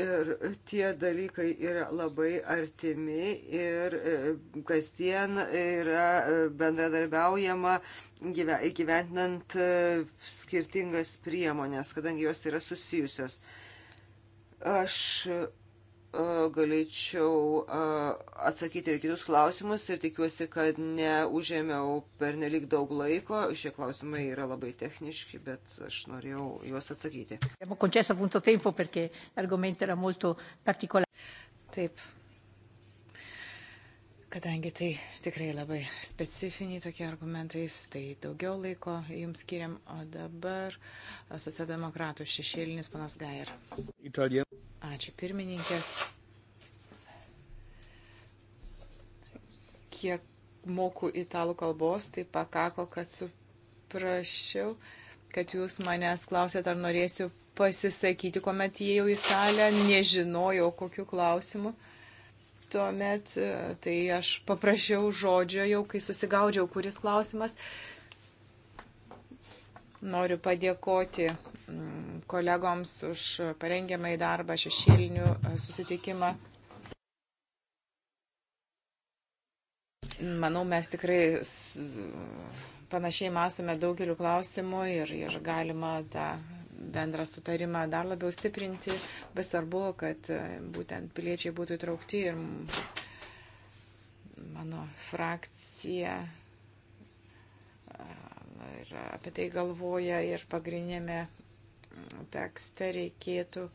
Ir tie dalykai yra labai artimi ir e, kasdien yra e, bendradarbiaujama gyventinant e, skirtingas priemonės, kadangi jos yra susijusios. Aš galėčiau atsakyti ir kitus klausimus ir tikiuosi, kad neužėmiau per nelik daug laiko. Šie klausimai yra labai techniški, bet aš norėjau juos atsakyti. Taip, Kadangi tai tikrai labai specifiniai tokie argumentais, tai daugiau laiko jums skiriam, o dabar socialdemokratų šešėlinis panas Gair. Italija. Ačiū pirmininkė. Kiek moku italų kalbos, tai pakako, kad suprasčiau, kad jūs manęs klausėt, ar norėsiu pasisakyti, kuomet įėjau į salę, nežinojau kokiu klausimu tuomet, e, tai aš paprašiau žodžio jau, kai susigaudžiau, kuris klausimas. Noriu padėkoti mm, kolegoms už parengiamą į darbą šešėlinių e, susitikimą. Manau, mes tikrai panašiai mąstome daugeliu klausimų ir, ir galima tą bendrą sutarimą dar labiau stiprinti, bet svarbu, kad e, būtent piliečiai būtų įtraukti ir mano frakcija e, ir apie tai galvoja ir pagrindinėme tekste reikėtų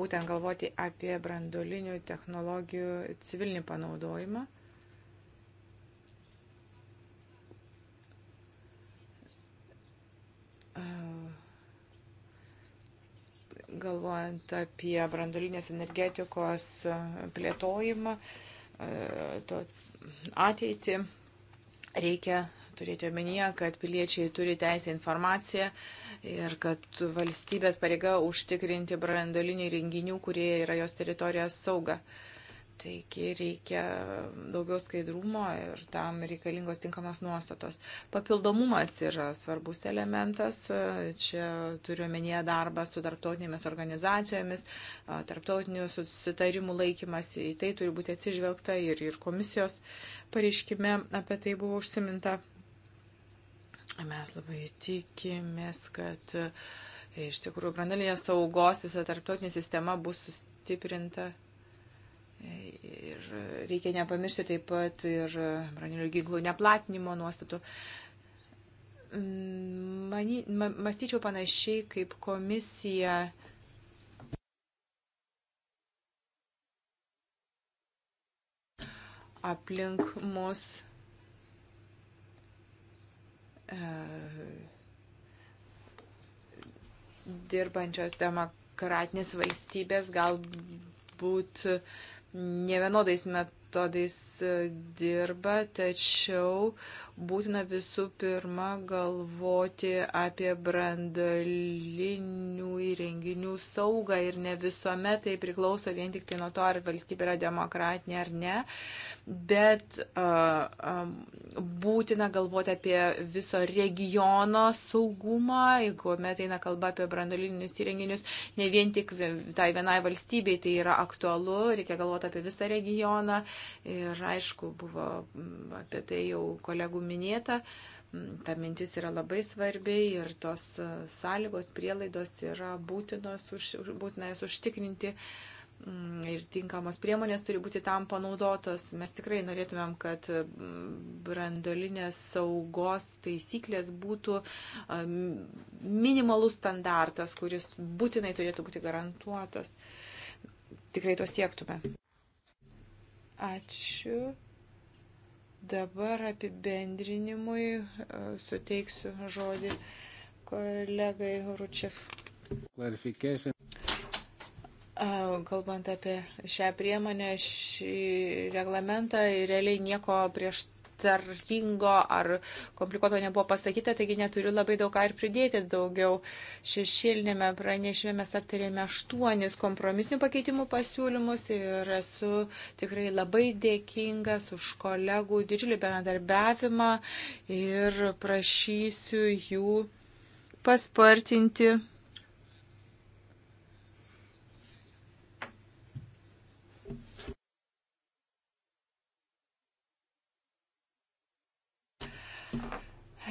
būtent galvoti apie brandolinių technologijų civilinį panaudojimą. galvojant apie brandolinės energetikos e, plėtojimą, e, to ateitį, reikia turėti omenyje, kad piliečiai turi teisę informaciją ir kad valstybės pareiga užtikrinti brandolinių renginių, kurie yra jos teritorijos saugą. Uh, Taigi reikia daugiau skaidrumo ir tam reikalingos tinkamos nuostatos. Papildomumas yra svarbus elementas. Čia turiu omenyje darbą su tarptautinėmis organizacijomis, tarptautinių susitarimų laikymas. Į tai turi būti atsižvelgta ir, ir komisijos pareiškime apie tai buvo užsiminta. Mes labai tikimės, kad iš tikrųjų brandalinės saugos visa tarptautinė sistema bus sustiprinta Ir reikia nepamiršti taip pat ir branilių ginklų neplatinimo nuostatų. Mani, ma, mąstyčiau panašiai kaip komisija. aplink mus e, dirbančios demokratinės valstybės galbūt e, nevienodais metodais e, dirba, tačiau būtina visų pirma galvoti apie brandolinių įrenginių saugą ir ne visuomet tai priklauso vien tik tai nuo to, ar valstybė yra demokratinė ar ne bet būtina galvoti apie viso regiono saugumą, jeigu met eina kalba apie brandolinius įrenginius, ne vien tik tai vienai valstybei tai yra aktualu, reikia galvoti apie visą regioną ir aišku, buvo apie tai jau kolegų minėta. Ta mintis yra labai svarbi ir tos sąlygos, prielaidos yra būtinos, būtina jas užtikrinti. Uh, Mm, ir tinkamos priemonės turi būti tam panaudotos. Mes tikrai norėtumėm, kad mm, brandolinės saugos taisyklės būtų mm, minimalus standartas, kuris būtinai turėtų būti garantuotas. Tikrai to siektume. Ačiū. Dabar apibendrinimui e, suteiksiu žodį kolegai Ručiev. Clarification. Kalbant apie šią priemonę, šį reglamentą, realiai nieko prieš tarpingo ar komplikuoto nebuvo pasakyta, taigi neturiu labai daug ką ir pridėti daugiau. Šešėlinėme pranešime mes aptarėme aštuonis kompromisinių pakeitimų pasiūlymus ir esu tikrai labai dėkingas už kolegų didžiulį bendradarbiavimą ir prašysiu jų paspartinti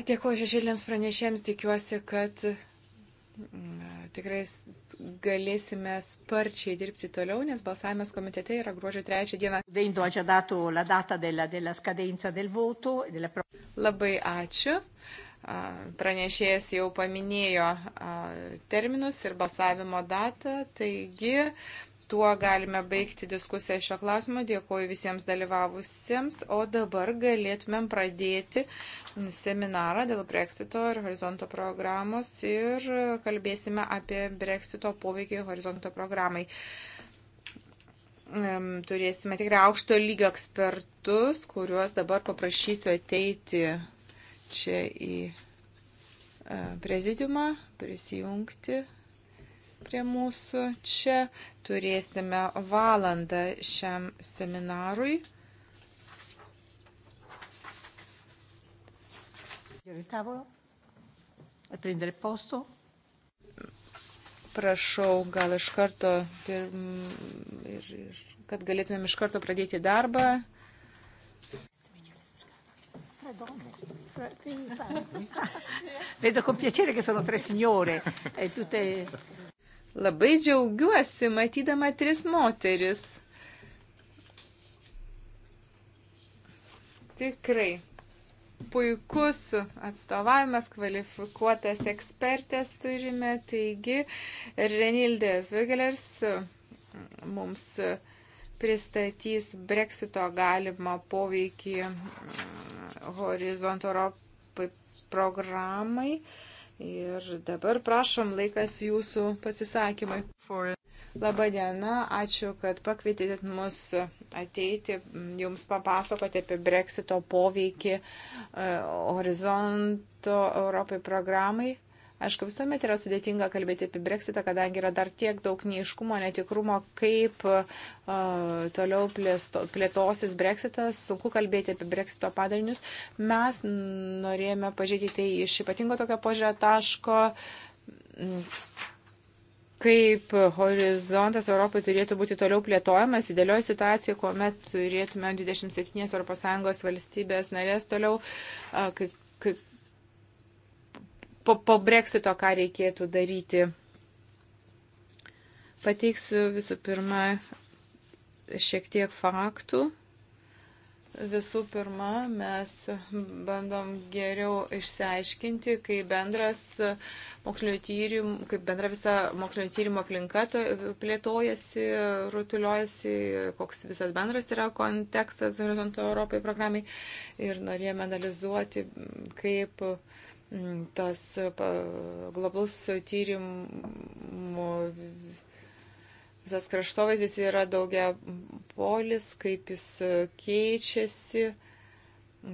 Dėkuoju šešėlėms pranešėms, tikiuosi, kad mm, tikrai galėsime sparčiai dirbti toliau, nes balsavimas komitete yra gruodžio 3 dieną. E Labai ačiū. Pranešėjas jau paminėjo terminus ir balsavimo datą, taigi Tuo galime baigti diskusiją šio klausimo. Dėkuoju visiems dalyvavusiems. O dabar galėtumėm pradėti seminarą dėl Brexito ir horizonto programos ir kalbėsime apie Brexito poveikį horizonto programai. Turėsime tikrai aukšto lygio ekspertus, kuriuos dabar paprašysiu ateiti čia į e, prezidiumą, prisijungti prie mūsų čia. Turėsime valandą šiam seminarui. E, Prašau, gal iš karto, ir, mm, ir, ir, kad galėtumėm iš karto pradėti darbą. Vedo con piacere che sono tre signore, e tutte Labai džiaugiuosi matydama tris moteris. Tikrai puikus atstovavimas, kvalifikuotas ekspertės turime, taigi Renilde Vigelers mums pristatys breksito galimą poveikį horizonto Europai programai. Uh, Ir dabar prašom laikas jūsų pasisakymai. Labą dieną, ačiū, kad pakvietėt mus ateiti, jums papasakoti apie breksito poveikį e, horizonto Europai programai. Aišku, visuomet yra sudėtinga kalbėti apie breksitą, kadangi yra dar tiek daug neiškumo, netikrumo, kaip uh, toliau plėsto, plėtosis breksitas, sunku kalbėti apie breksito padarinius. Mes norėjome pažiūrėti tai iš ypatingo tokio požiūrio taško kaip horizontas Europai turėtų būti toliau plėtojamas, įdėlioje situacijoje, kuomet turėtume 27 ES valstybės narės toliau, uh, kai, kai, po, po breksito, ką reikėtų daryti. Pateiksiu visų pirma šiek tiek faktų. Visų pirma, mes bandom geriau išsiaiškinti, kaip bendras mokslinio tyrimų, kaip bendra visa mokslinio tyrimo aplinka plėtojasi, rutuliojasi, koks visas bendras yra kontekstas Horizonto Europai programai. Ir norėjome analizuoti, kaip uh, Mm, tas globalus tyrimų visas kraštovaizdis yra daugia polis, kaip jis keičiasi.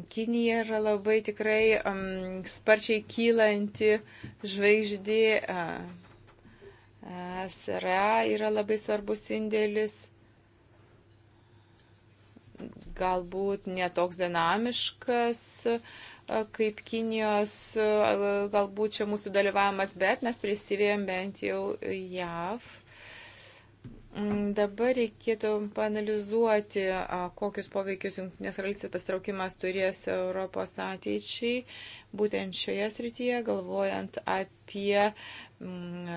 Kinija yra labai tikrai um, sparčiai kylanti žvaigždė. SRA yra labai svarbus indėlis. Galbūt netoks dinamiškas. Uh, kaip Kinijos, galbūt čia mūsų dalyvavimas, bet mes prisivėjom bent jau JAV. Mm, dabar reikėtų panalizuoti, kokius poveikius Junktinės karalystės pasitraukimas turės Europos ateičiai, būtent šioje srityje, galvojant apie mm,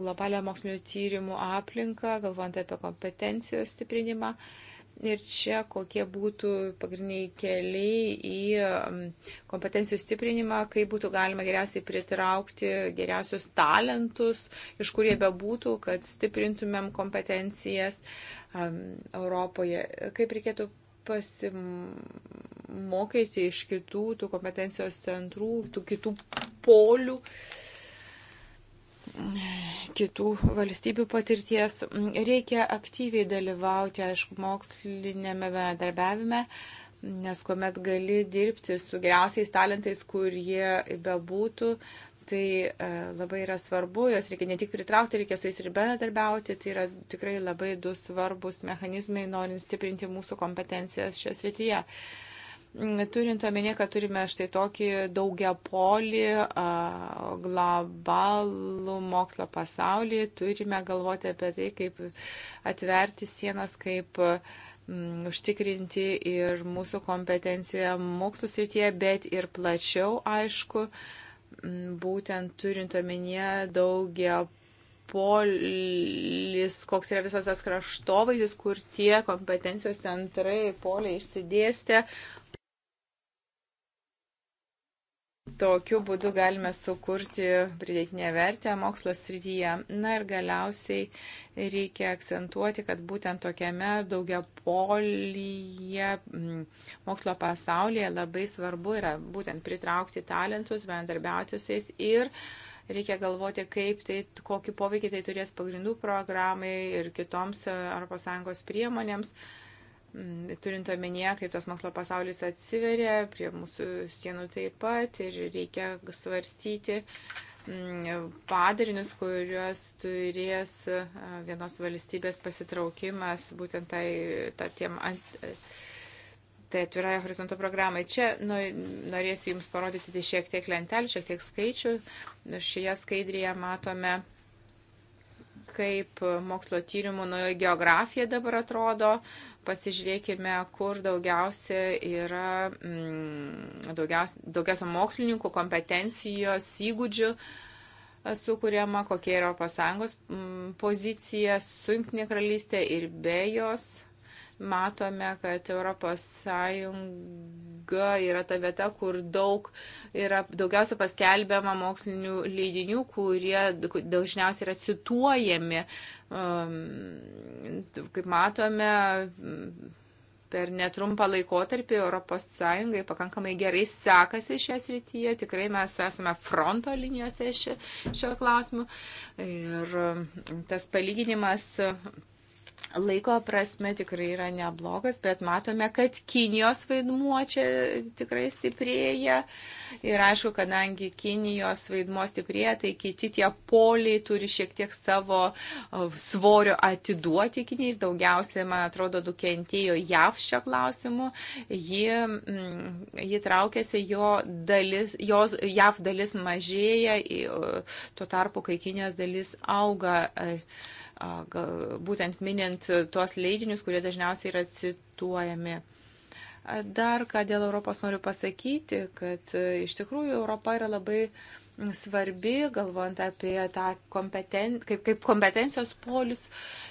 globalią mokslinio tyrimų aplinką, galvojant apie kompetencijos stiprinimą. Uh, Ir čia kokie būtų pagrindiniai keliai į kompetencijų stiprinimą, kaip būtų galima geriausiai pritraukti geriausius talentus, iš kurie bebūtų, kad stiprintumėm kompetencijas Europoje. Kaip reikėtų pasimokyti iš kitų tų kompetencijos centrų, tų kitų polių. Uh, kitų valstybių patirties. Reikia aktyviai dalyvauti, aišku, mokslinėme bendarbiavime, nes kuomet gali dirbti su geriausiais talentais, kur jie bebūtų, tai e, labai yra svarbu, jos reikia ne tik pritraukti, reikia su jais ir bendradarbiauti, tai yra tikrai labai du svarbus mechanizmai, norint stiprinti mūsų kompetencijas šią srityje. Mm, turint omenyje, kad turime štai tokį daugia polį globalų mokslo pasaulį, turime galvoti apie tai, kaip atverti sienas, kaip mm, užtikrinti ir mūsų kompetenciją mokslo srityje, bet ir plačiau, aišku, mm, būtent turint omenyje daugia polis, koks yra visas tas kraštovaizdis, kur tie kompetencijos centrai, poliai išsidėstė. Uh, Tokiu būdu galime sukurti pridėtinę vertę mokslo srityje. Na ir galiausiai reikia akcentuoti, kad būtent tokiame daugia polyje mm, mokslo pasaulyje labai svarbu yra būtent pritraukti talentus, bendarbiauti su jais ir reikia galvoti, kaip tai, kokį poveikį tai turės pagrindų programai ir kitoms ES priemonėms. Uh, Mm, turint omenyje, kaip tas mokslo pasaulis atsiveria, prie mūsų sienų taip pat ir reikia svarstyti mm, padarinius, kuriuos turės vienos valstybės pasitraukimas būtent tai, tai tiem ant. Tai atvirai horizonto programai. Čia nu, norėsiu Jums parodyti tai šiek tiek lentelių, šiek tiek skaičių. Šioje skaidrėje matome kaip mokslo tyrimų nu, geografija dabar atrodo, Pasižiūrėkime, kur daugiausia yra mm, daugiausia, daugiausia mokslininkų kompetencijos įgūdžių e, sukūriama, kokia yra ES mm, pozicija su Junktinė karalystė ir be jos matome, kad ES yra ta vieta, kur daug yra daugiausia paskelbiama mokslinių leidinių, kurie dažniausiai yra cituojami, um, kaip matome, per netrumpą laikotarpį ES pakankamai gerai sekasi šią srityje, tikrai mes esame fronto linijose šio klausimu ir um, tas palyginimas Laiko prasme tikrai yra neblogas, bet matome, kad Kinijos vaidmuo čia tikrai stiprėja. Ir aišku, kadangi Kinijos vaidmuo stiprėja, tai kiti tie poliai turi šiek tiek savo svorio atiduoti Kinijai. Ir daugiausiai, man atrodo, nukentėjo JAV šio klausimu. Ji, mm, ji traukėsi, jo dalis, jos, JAV dalis mažėja, tuo tarpu, kai Kinijos dalis auga. E, būtent minint tuos leidinius, kurie dažniausiai yra cituojami. Dar ką dėl Europos noriu pasakyti, kad e, iš tikrųjų Europa yra labai svarbi, galvojant apie tą kompeten, kaip, kaip kompetencijos polius.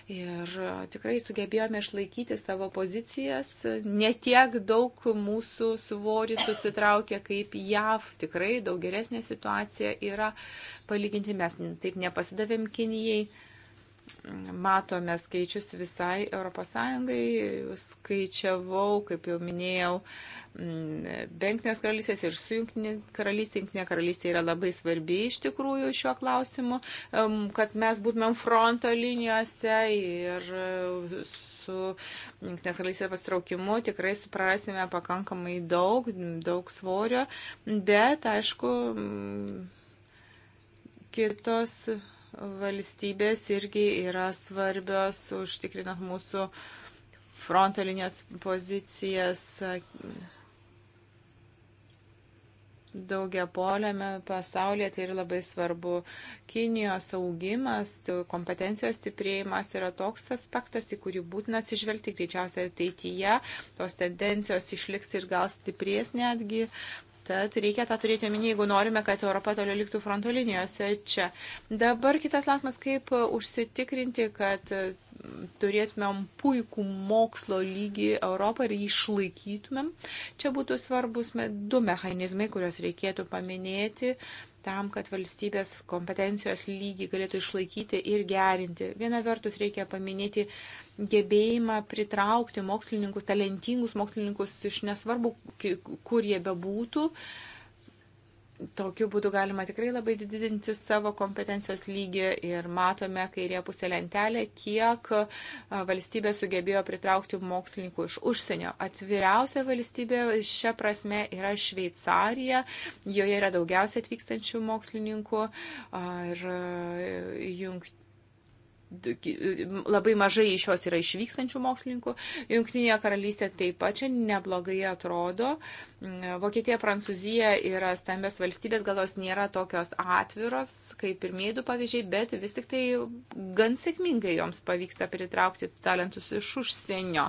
Ir e, tikrai sugebėjome išlaikyti savo pozicijas. Netiek daug mūsų svorį susitraukė kaip JAV. Tikrai daug geresnė situacija yra palyginti mes. Taip nepasidavėm Kinijai matome skaičius visai ES. Skaičiavau, kaip jau minėjau, mm, Benknės karalystės ir su Junktinė karalystė. Junktinė karalystė yra labai svarbi iš tikrųjų šiuo klausimu, kad mes būtumėm fronto linijose ir e, su Junktinės karalystės pastraukimu tikrai suprasime pakankamai daug, daug svorio, bet aišku, kitos valstybės irgi yra svarbios užtikrinant mūsų fronto linijos pozicijas daugia poliame pasaulyje, tai yra labai svarbu. Kinijos augimas, kompetencijos stiprėjimas yra toks aspektas, į kurį būtina atsižvelgti greičiausiai ateityje. Tos tendencijos išliks ir gal stiprės netgi Tad reikia tą turėti omeny, jeigu norime, kad Europa toliau liktų fronto linijose čia. Dabar kitas klausimas, kaip užsitikrinti, kad mm, turėtumėm puikų mokslo lygį Europą ir jį išlaikytumėm. Čia būtų svarbus du mechanizmai, kuriuos reikėtų paminėti tam, kad valstybės kompetencijos lygį galėtų išlaikyti ir gerinti. Viena vertus reikia paminėti gebėjimą pritraukti mokslininkus, talentingus mokslininkus iš nesvarbu, kur jie bebūtų, uh, Tokiu būdu galima tikrai labai didinti savo kompetencijos lygį ir matome kairėje pusė lentelė, kiek valstybė sugebėjo pritraukti mokslininkų iš užsienio. Atviriausia valstybė šia prasme yra Šveicarija, joje yra daugiausia atvykstančių mokslininkų ir jungti labai mažai iš jos yra išvykstančių mokslininkų. Junktinėje karalystė taip pat čia neblogai atrodo. Mm, Vokietija, Prancūzija yra stambios valstybės, gal jos nėra tokios atviros, kaip pirmieji du pavyzdžiai, bet vis tik tai gan sėkmingai joms pavyksta pritraukti talentus iš užsienio.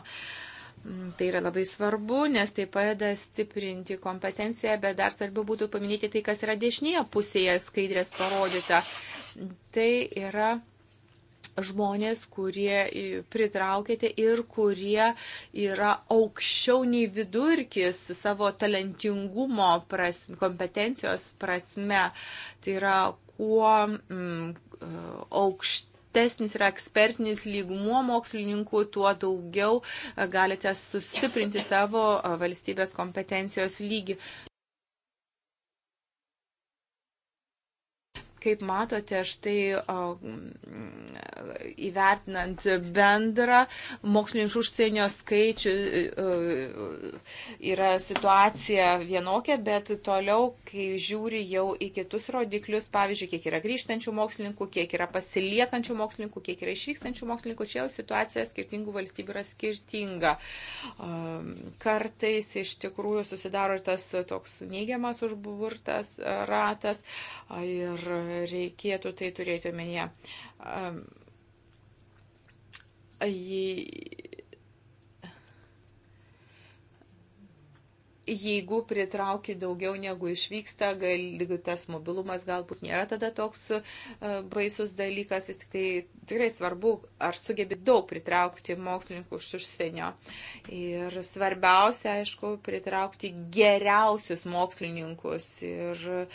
Mm, tai yra labai svarbu, nes tai padeda stiprinti kompetenciją, bet dar svarbu būtų paminėti tai, kas yra dešinėje pusėje skaidrės parodyta. Tai yra žmonės, kurie pritraukėte ir kurie yra aukščiau nei vidurkis savo talentingumo pras, kompetencijos prasme. Tai yra kuo mm, aukščiau aukštesnis yra ekspertinis lygmuo mokslininkų, tuo daugiau galite sustiprinti savo valstybės kompetencijos lygį. Kaip matote, štai o, įvertinant bendrą mokslininkų iš užsienio skaičių yra situacija vienokia, bet toliau, kai žiūri jau į kitus rodiklius, pavyzdžiui, kiek yra grįžtančių mokslininkų, kiek yra pasiliekančių mokslininkų, kiek yra išvykstančių mokslininkų, čia jau situacija skirtingų valstybių yra skirtinga. Kartais iš tikrųjų susidaro ir tas toks neigiamas užburtas ratas ir Reikėtų tai turėti omenyje. Jei jeigu pritrauki daugiau negu išvyksta, gal, tas mobilumas galbūt nėra tada toks e, baisus dalykas, vis tik tai tikrai svarbu, ar sugebi daug pritraukti mokslininkų iš užsienio. Ir svarbiausia, aišku, pritraukti geriausius mokslininkus. Ir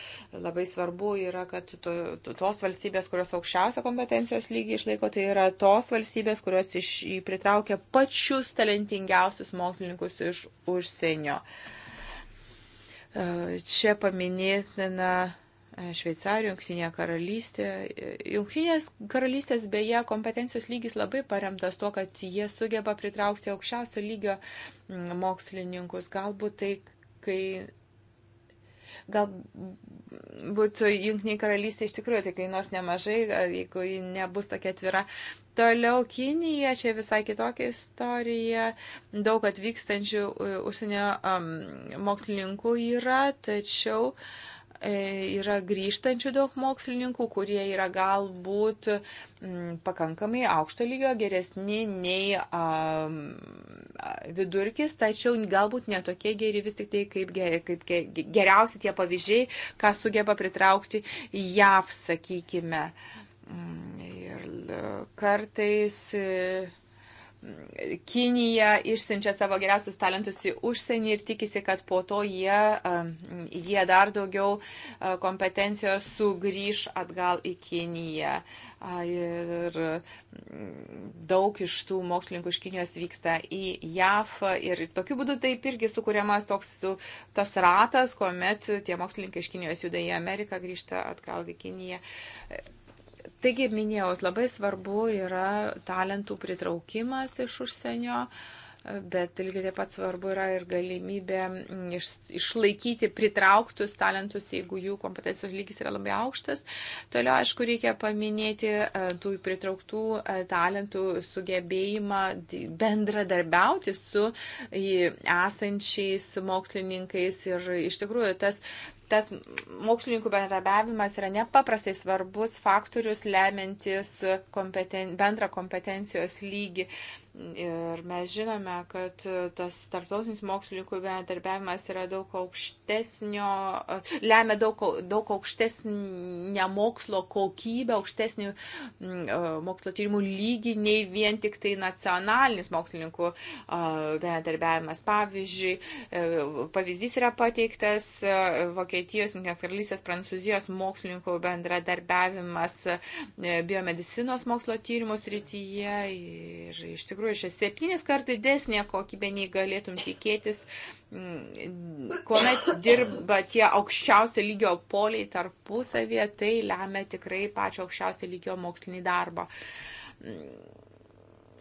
labai svarbu yra, kad to, to, tos valstybės, kurios aukščiausią kompetencijos lygį išlaiko, tai yra tos valstybės, kurios iš, pritraukia pačius talentingiausius mokslininkus iš užsienio. Uh, E, čia paminėtina e, Šveicarija, Junktinė karalystė. E, Junktinės karalystės beje kompetencijos lygis labai paremtas tuo, kad jie sugeba pritraukti aukščiausio lygio mokslininkus. Galbūt tai, kai Galbūt jungtiniai karalystė iš tikrųjų tai kainuos nemažai, jeigu ji nebus tokia atvira. Toliau Kinija, čia visai kitokia istorija. Daug atvykstančių e, užsienio um, mokslininkų yra, tačiau uh, E, yra grįžtančių daug mokslininkų, kurie yra galbūt mm, pakankamai aukšto lygio geresni nei a, vidurkis, tačiau galbūt netokie geri vis tik tai kaip, ger, kaip geriausi tie pavyzdžiai, ką sugeba pritraukti JAV, sakykime. Mm, ir kartais e, Kinija išsiunčia savo geriausius talentus į užsienį ir tikisi, kad po to jie įgyja um, dar daugiau uh, kompetencijos sugrįž atgal į Kiniją. Ir mm, daug iš tų mokslininkų iš Kinijos vyksta į JAF ir tokiu būdu taip irgi sukūriamas toks tas ratas, kuomet tie mokslininkai iš Kinijos juda į Ameriką, grįžta atgal į Kiniją. Taigi, minėjau, labai svarbu yra talentų pritraukimas iš užsienio, bet lygiai taip pat svarbu yra ir galimybė iš, išlaikyti pritrauktus talentus, jeigu jų kompetencijos lygis yra labai aukštas. Toliau, aišku, reikia paminėti e, tų pritrauktų e, talentų sugebėjimą bendradarbiauti su esančiais mokslininkais ir iš tikrųjų tas tas mokslininkų bendrabiavimas yra nepaprastai svarbus faktorius lemiantis kompeten, bendrą kompetencijos lygį. Ir mes žinome, kad tas tarptautinis mokslininkų bendarbiavimas yra daug aukštesnio, lemia daug, daug aukštesnę mokslo kokybę, aukštesnį mm, e, mokslo tyrimų lygį nei vien tik tai nacionalinis mokslininkų e, bendarbiavimas. Pavyzdžiui, e, pavyzdys yra pateiktas Vokietijos, Junktinės karalystės, Prancūzijos mokslininkų bendradarbiavimas biomedicinos mokslo tyrimų srityje. Ir iš tikrųjų, tikrųjų šis septynis kart didesnė kokybė nei galėtum tikėtis, mm, kuomet dirba tie aukščiausio lygio poliai tarpusavėje, tai lemia tikrai pačio aukščiausio lygio mokslinį darbą mm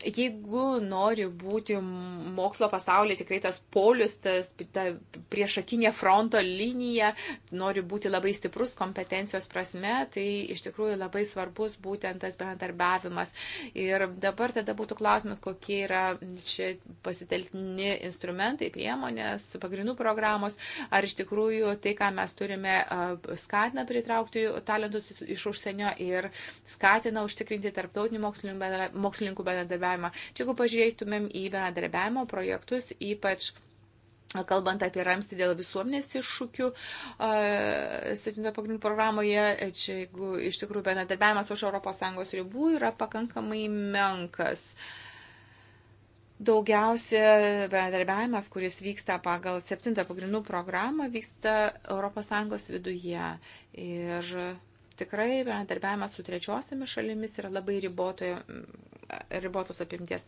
jeigu nori būti mokslo pasaulyje tikrai tas polius, tas, ta priešakinė fronto linija, nori būti labai stiprus kompetencijos prasme, tai iš tikrųjų labai svarbus būtent tas bendarbiavimas. Ir dabar tada būtų klausimas, kokie yra čia pasiteltini instrumentai, priemonės, pagrindų programos, ar iš tikrųjų tai, ką mes turime, skatina pritraukti talentus iš užsienio ir skatina užtikrinti tarptautinį mokslininkų bendradarbiavimą bendradarbiavimą. Čia jeigu pažiūrėtumėm į bendradarbiavimo projektus, ypač Kalbant apie ramstį dėl visuomenės iššūkių, 7 pagrindų programoje, čia jeigu iš tikrųjų bendradarbiavimas už ES ribų yra pakankamai menkas. Daugiausia bendradarbiavimas, kuris vyksta pagal 7 pagrindų programą, vyksta ES viduje. Ir tikrai bendarbiavimas su trečiosiamis šalimis yra labai ribotoje, mm, ribotos apimties.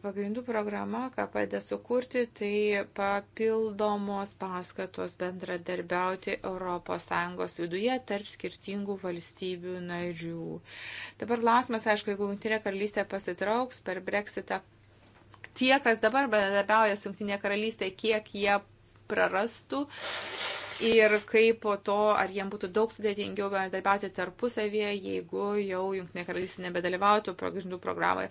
Pagrindų programa, ką padeda sukurti, tai papildomos paskatos bendradarbiauti ES viduje tarp skirtingų valstybių narių. Dabar klausimas, aišku, jeigu Junktinė karalystė pasitrauks per Brexitą, tie, kas dabar bendradarbiauja su Junktinė karalystė, kiek jie prarastų ir kaip po to, ar jiem būtų daug sudėtingiau bendradarbiauti tarpusavėje, jeigu jau Junktinė karalystė nebedalyvautų pagrindų programoje.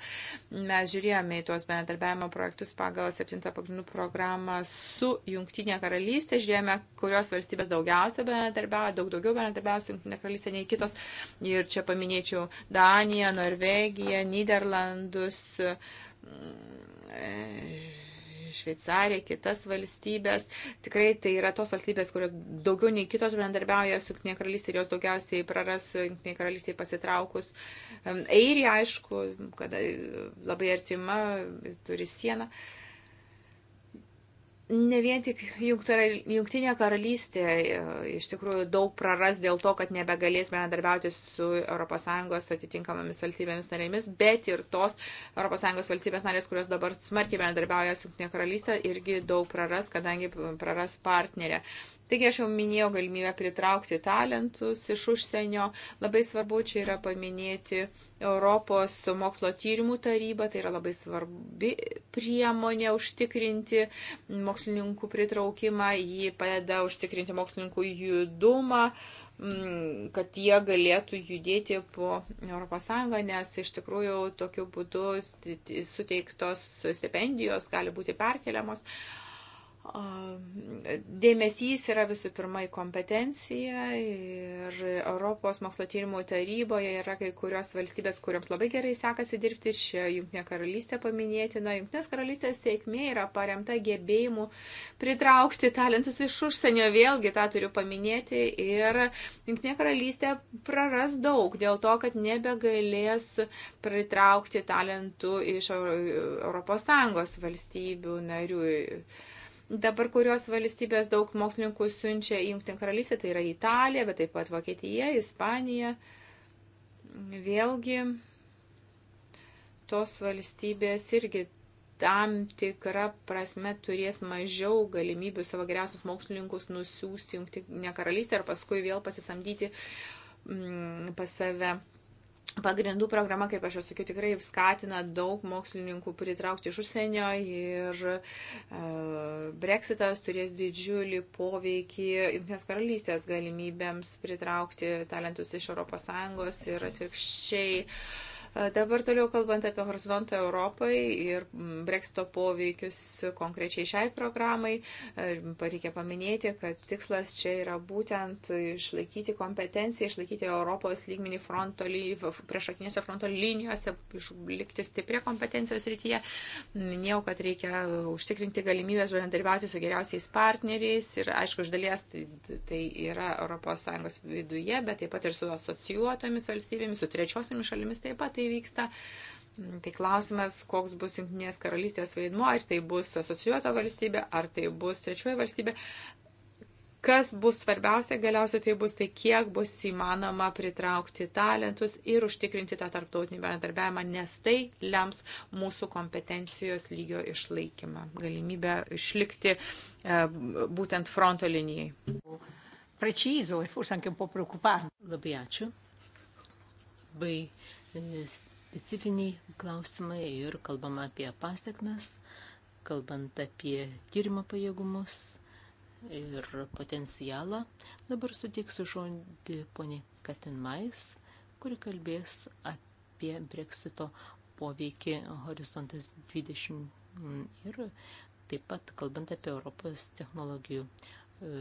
Mes žiūrėjome į tuos bendradarbiavimo projektus pagal 7 pagrindų programą su Junktinė karalystė, žiūrėjome, kurios valstybės daugiausia bendradarbiavo, daug daugiau bendradarbiavo su Junktinė karalystė nei kitos. Ir čia paminėčiau Daniją, Norvegiją, Niderlandus. E, Šveicariją, kitas valstybės. Tikrai tai yra tos valstybės, kurios daugiau nei kitos bendarbiauja su Junktinė karalystė ir jos daugiausiai praras Junktinė karalystė pasitraukus. Airija, aišku, kada labai artima, turi sieną. Uh, ne vien tik Junktinė karalystė e, iš tikrųjų daug praras dėl to, kad nebegalės bendradarbiauti su ES atitinkamomis valstybėmis narėmis, bet ir tos ES valstybės narės, kurios dabar smarkiai bendradarbiauja su Junktinė karalystė, irgi daug praras, kadangi praras partnerę. Taigi aš jau minėjau galimybę pritraukti talentus iš užsienio. Labai svarbu čia yra paminėti Europos mokslo tyrimų tarybą, tai yra labai svarbi priemonė užtikrinti mokslininkų pritraukimą, jį padeda užtikrinti mokslininkų judumą mm, kad jie galėtų judėti po ES, nes iš tikrųjų tokiu būdu suteiktos stipendijos gali būti perkeliamos. Uh, Dėmesys yra visų pirma į kompetenciją ir Europos mokslo tyrimų taryboje yra kai kurios valstybės, kuriams labai gerai sekasi dirbti, čia Junktinė karalystė paminėtina. Junktinės karalystės sėkmė yra paremta gebėjimu pritraukti talentus iš užsienio, vėlgi tą turiu paminėti. Ir Junktinė karalystė praras daug dėl to, kad nebegalės pritraukti talentų iš ES valstybių narių dabar kurios valstybės daug mokslininkų siunčia į Junktinę karalystę, tai yra Italija, bet taip pat Vokietija, Ispanija. Vėlgi, tos valstybės irgi tam tikrą prasme turės mažiau galimybių savo geriausius mokslininkus nusiųsti Junktinę karalystę ir paskui vėl pasisamdyti mm, pas save Pagrindų programa, kaip aš jau sakiau, tikrai skatina daug mokslininkų pritraukti iš užsienio ir e, Brexitas turės didžiulį poveikį Junktinės karalystės galimybėms pritraukti talentus iš ES ir atvirkščiai. Uh, Dabar toliau kalbant apie horizontą Europai ir breksito poveikius konkrečiai šiai programai, reikia paminėti, kad tikslas čia yra būtent išlaikyti kompetenciją, išlaikyti Europos lygmenį fronto, priešakinėse fronto linijose, likti stiprią kompetencijos rytyje. Minėjau, kad reikia užtikrinti galimybės bendradarbiauti su geriausiais partneriais ir, aišku, iš dalies tai, tai yra ES viduje, bet taip pat ir su asocijuotomis valstybėmis, su trečiosiomis šalimis taip pat tai vyksta. Tai klausimas, koks bus Junktinės karalystės vaidmo, ar tai bus asocijuota valstybė, ar tai bus trečioji valstybė. Kas bus svarbiausia, galiausiai tai bus, tai kiek bus įmanoma pritraukti talentus ir užtikrinti tą tarptautinį bendradarbiavimą, nes tai lems mūsų kompetencijos lygio išlaikymą, galimybę išlikti e, būtent fronto linijai. Preciso e forse anche un po' preoccupante. Labai ačiū. Labai specifiniai klausimai ir kalbama apie pasiekmes, kalbant apie tyrimo pajėgumus ir potencialą. Dabar suteiksiu žodį poniai Katinmais, kuri kalbės apie breksito poveikį Horizontas 20 ir taip pat kalbant apie Europos technologijų, e,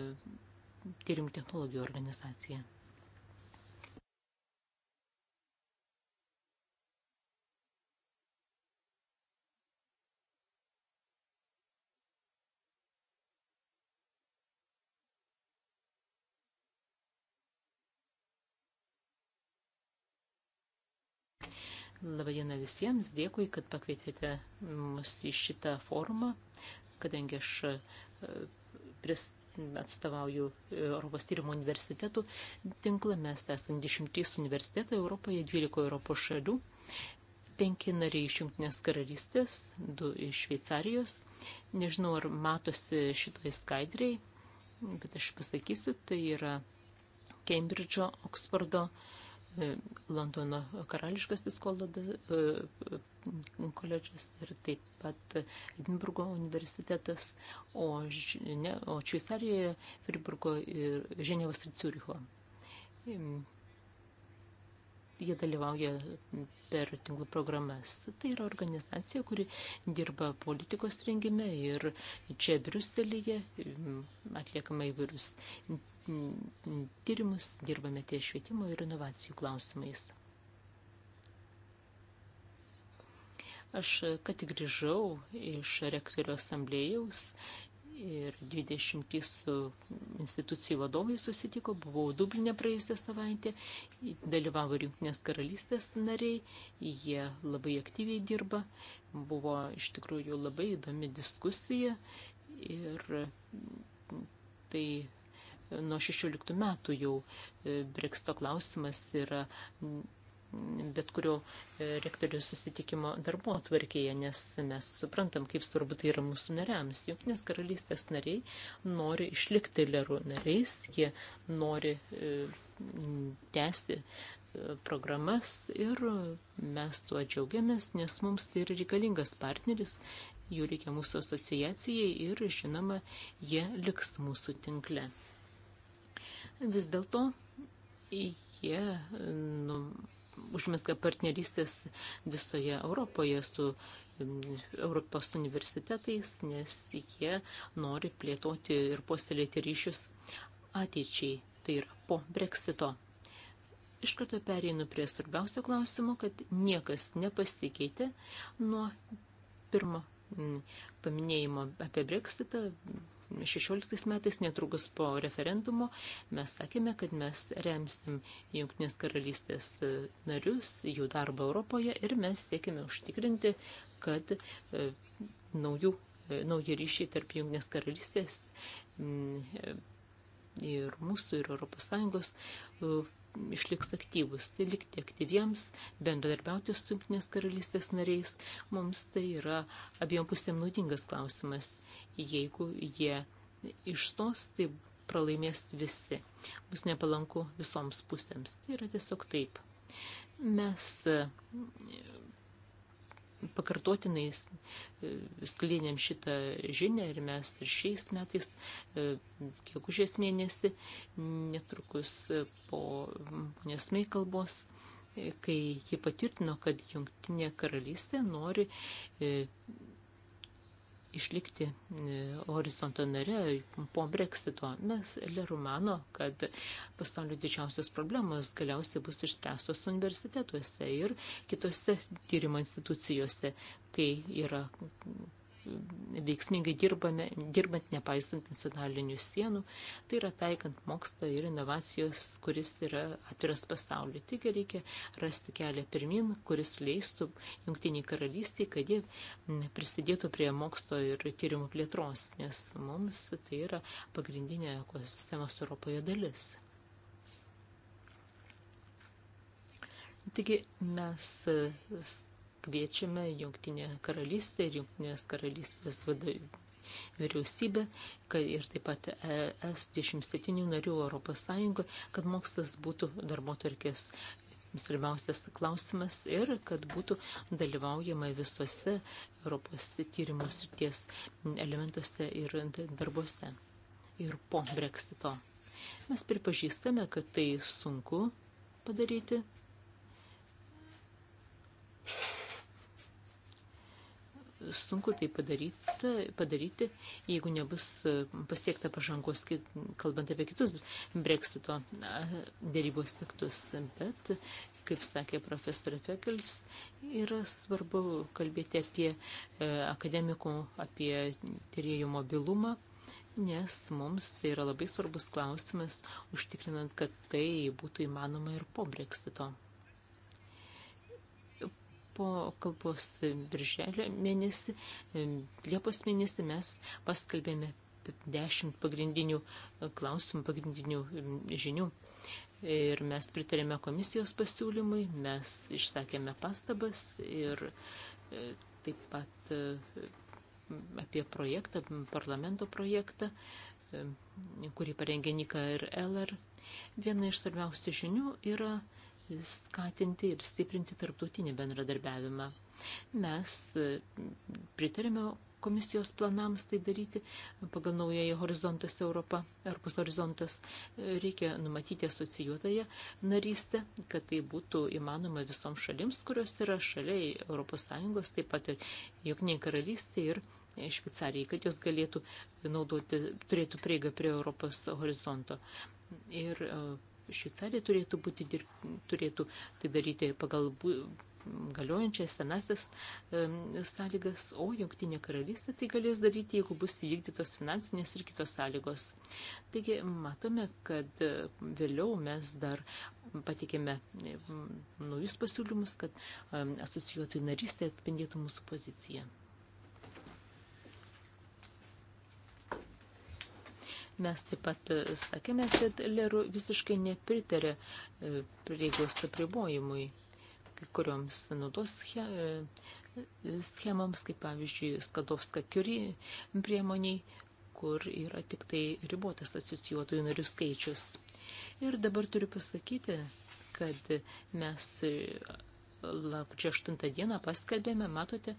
tyrimų technologijų organizaciją. Labadiena visiems, dėkui, kad pakvietėte mus į šitą formą, kadangi aš e, pris, atstovauju e, Europos tyrimo universitetų tinklą, mes esame 10 universitetai Europoje, 12 Europos šalių, 5 nariai iš Junktinės karalystės, 2 iš Šveicarijos. Nežinau, ar matosi šitoj skaidriai, bet aš pasakysiu, tai yra Kembridžo, Oksfordo, uh, E, Londono karališkasis e, e, koledžas ir taip pat Edinburgo universitetas, o, ne, o Šveicarijoje Friburgo ir Ženevos ir Ciuricho. Jie dalyvauja per tinklų programas. Tai yra organizacija, kuri dirba politikos rengime ir čia Briuselėje atliekama įvairius tyrimus, dirbame ties švietimo ir inovacijų klausimais. Aš ką tik grįžau iš rektorio asamblėjaus ir 20 su institucijų vadovai susitiko, buvau Dublinė praėjusią savaitę, dalyvavo Rinktinės karalystės nariai, jie labai aktyviai dirba, buvo iš tikrųjų labai įdomi diskusija ir tai nuo 16 metų jau e, Brexito klausimas yra bet kurio e, rektorių susitikimo darbo atvarkėje, nes mes suprantam, kaip svarbu tai yra mūsų nariams. Junktinės karalystės nariai nori išlikti lerų nariais, jie nori e, tęsti programas ir mes tuo džiaugiamės, nes mums tai yra reikalingas partneris, jų reikia mūsų asociacijai ir, žinoma, jie liks mūsų tinkle vis dėlto jie nu, užmeska partnerystės visoje Europoje su Europos universitetais, nes jie nori plėtoti ir puoselėti ryšius ateičiai, tai yra po breksito. Iš karto pereinu prie svarbiausio klausimo, kad niekas nepasikeitė nuo pirmo paminėjimo apie breksitą 16 metais, netrukus po referendumo, mes sakėme, kad mes remsim Junktinės karalystės e, narius, jų darbą Europoje ir mes siekime užtikrinti, kad e, naujų, e, nauji ryšiai tarp Junktinės karalystės ir mūsų, ir ES išliks aktyvus, tai likti aktyviems, bendradarbiauti su Junktinės karalystės nariais, mums tai yra abiem pusėm naudingas klausimas jeigu jie išstos, tai pralaimės visi. Bus nepalanku visoms pusėms. Tai yra tiesiog taip. Mes e, pakartotinai e, sklinėm šitą žinią ir mes ir šiais metais, kiekužės mėnesį, netrukus e, po nesmai kalbos, kai ji patvirtino, kad Junktinė karalystė nori išlikti e, horizonto nare po breksito. Mes Leru mano, kad pasaulio didžiausios problemos galiausiai bus išspręstos universitetuose ir kitose tyrimo institucijose, kai yra veiksmingai dirbame, dirbant nepaisant nacionalinių sienų, tai yra taikant mokslą ir inovacijos, kuris yra atviras pasauliu. Taigi reikia rasti kelią pirmin, kuris leistų jungtiniai karalystiai, kad jie prisidėtų prie mokslo ir tyrimų plėtros, nes mums tai yra pagrindinė ekosistemos Europoje dalis. Taigi mes kviečiame Junktinę karalystę ir Junktinės karalystės vyriausybę ir taip pat ES 27 narių Europos Sąjungoje, kad mokslas būtų darbotvarkės svarbiausias klausimas ir kad būtų dalyvaujama visose Europos tyrimų srities elementuose ir darbuose ir po breksito. Mes pripažįstame, kad tai sunku padaryti sunku tai padaryti, padaryti, jeigu nebus e, pasiekta pažangos, kalbant apie kitus breksito dėrybos aspektus. Bet, kaip sakė profesorė Fekels, yra svarbu kalbėti apie e, akademikų, apie tyrėjų mobilumą nes mums tai yra labai svarbus klausimas, užtikrinant, kad tai būtų įmanoma ir po breksito po kalbos birželio mėnesį, Liepos mėnesį mes paskelbėme dešimt pagrindinių e, klausimų, pagrindinių žinių. Ir mes pritarėme komisijos pasiūlymui, mes išsakėme pastabas ir e, taip pat e, apie projektą, parlamento projektą, kurį parengė Nika ir Eller. Viena iš svarbiausių žinių yra skatinti ir stiprinti tarptautinį bendradarbiavimą. Mes e, pritarėme komisijos planams tai daryti pagal naująją Horizontas Europą, Europos horizontas e, reikia numatyti asocijuotąją narystę, kad tai būtų įmanoma visoms šalims, kurios yra šalia ES, taip pat ir Jokniai karalystė ir Šveicarijai, kad jos galėtų naudoti, turėtų prieigą prie Europos horizonto. Ir e, Šveicarija turėtų, būti, turėtų tai daryti pagal galiojančias senasias sąlygas, o jungtinė karalystė tai galės daryti, jeigu bus įvykdytos finansinės ir kitos sąlygos. Taigi matome, kad e, vėliau mes dar patikėme e, naujus pasiūlymus, kad asocijuotojų narystė atspindėtų mūsų poziciją. Mes taip pat e, sakėme, kad Leru visiškai nepritarė e, prieigos apribojimui kai kurioms naudos e, schemoms, kaip pavyzdžiui Skadovska Curie priemoniai, kur yra tik tai ribotas asocijuotojų narių skaičius. Ir dabar turiu pasakyti, kad mes lapkričio 8 dieną paskelbėme, matote,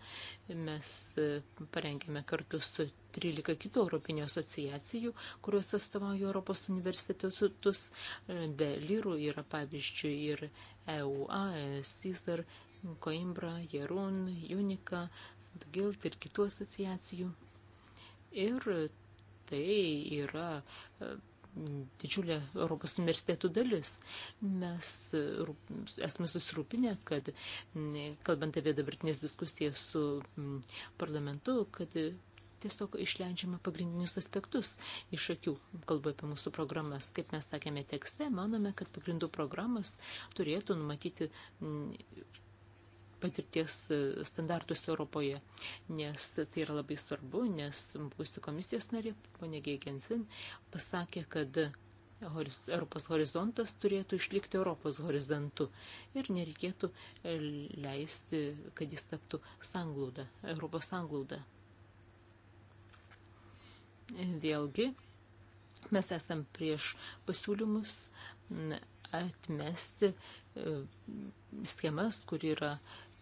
mes e, parengėme kartu su 13 kitų Europinių asociacijų, kurios atstovauja Europos universitetus. E, be lyrų yra pavyzdžiui ir EUA, e CISAR, Coimbra, Jerun, Unica, Gilt ir kitų asociacijų. Ir tai yra didžiulė Europos universitetų dalis. Mes esame susirūpinę, kad, kalbant apie dabartinės diskusijas su parlamentu, kad tiesiog išleidžiame pagrindinius aspektus iš akių, kalba apie mūsų programas. Kaip mes sakėme tekste, manome, kad pagrindų programas turėtų numatyti patirties e, standartus Europoje, nes tai yra labai svarbu, nes mūsų komisijos narė, ponė Geigenfin, pasakė, kad Europos horizontas turėtų išlikti Europos horizontu ir nereikėtų e, leisti, kad jis taptų sanglauda, Europos sanglauda. Vėlgi, mes esam prieš pasiūlymus atmesti e, schemas, kur yra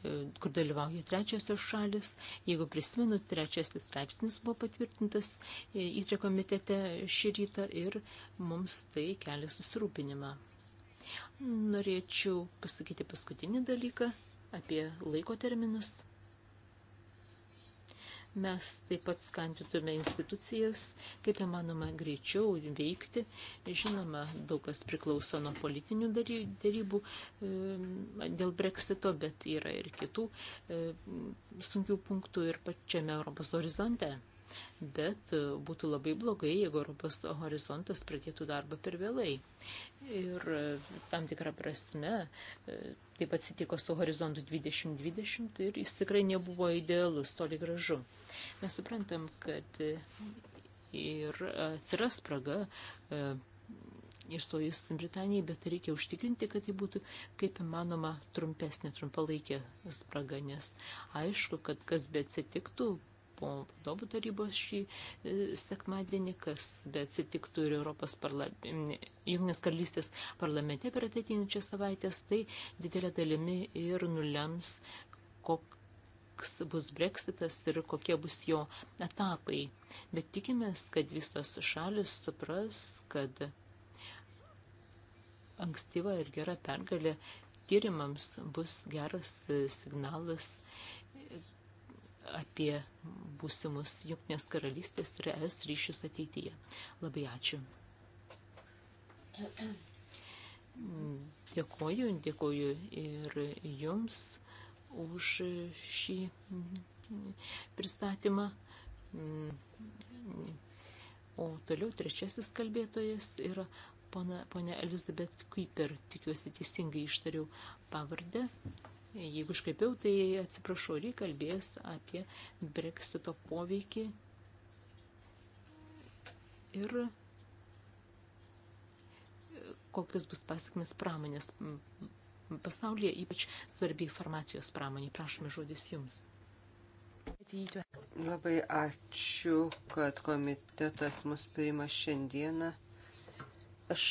E, kur dalyvauja trečiosios šalis. Jeigu prisimenu, trečiasis straipsnis buvo patvirtintas e, įtrio komitete šį rytą ir mums tai kelia susirūpinimą. Norėčiau pasakyti paskutinį dalyką apie laiko terminus. Mes taip pat skandytume institucijas, kaip įmanoma greičiau veikti. Žinoma, daug kas priklauso nuo politinių darybų e, dėl breksito, bet yra ir kitų e, sunkių punktų ir pačiame Europos horizonte. Bet e, būtų labai blogai, jeigu Europos horizontas pradėtų darbą per vėlai. Ir e, tam tikrą prasme e, taip atsitiko su horizontu 2020 ir jis tikrai nebuvo idealus, toli gražu. Mes suprantam, kad ir atsiras spraga išstojus Britanijai, bet reikia užtikrinti, kad tai būtų kaip įmanoma trumpesnė, trumpalaikė spraga, nes aišku, kad kas be atsitiktų, po vadovų tarybos šį e, sekmadienį, kas beatsitiktų ir Europos parlamente, Junginės karalystės parlamente per ateitinčią savaitęs, tai didelė dalimi ir nulems, koks bus breksitas ir kokie bus jo etapai. Bet tikimės, kad visos šalis supras, kad ankstyva ir gera pergalė tyrimams bus geras e, signalas apie būsimus Junktinės karalystės ir ES ryšius ateityje. Labai ačiū. Dėkoju, dėkoju ir jums už šį pristatymą. O toliau trečiasis kalbėtojas yra ponia Elizabeth Kuiper, tikiuosi teisingai ištariau pavardę. Jeigu iškaipiau, tai atsiprašau, ir kalbės apie breksito poveikį ir kokios bus pasiekmes pramonės pasaulyje, ypač svarbi informacijos pramonė. Prašome žodis jums. Labai ačiū, kad komitetas mus priima šiandieną. Aš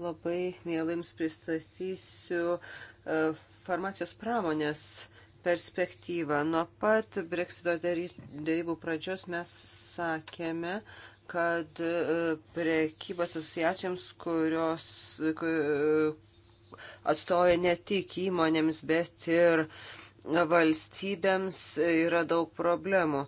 labai mielai jums pristatysiu e, farmacijos pramonės perspektyvą. Nuo pat Brexito dėrybų pradžios mes sakėme, kad e, prekybos asociacijoms, kurios atstovauja ne tik įmonėms, bet ir valstybėms, yra daug problemų.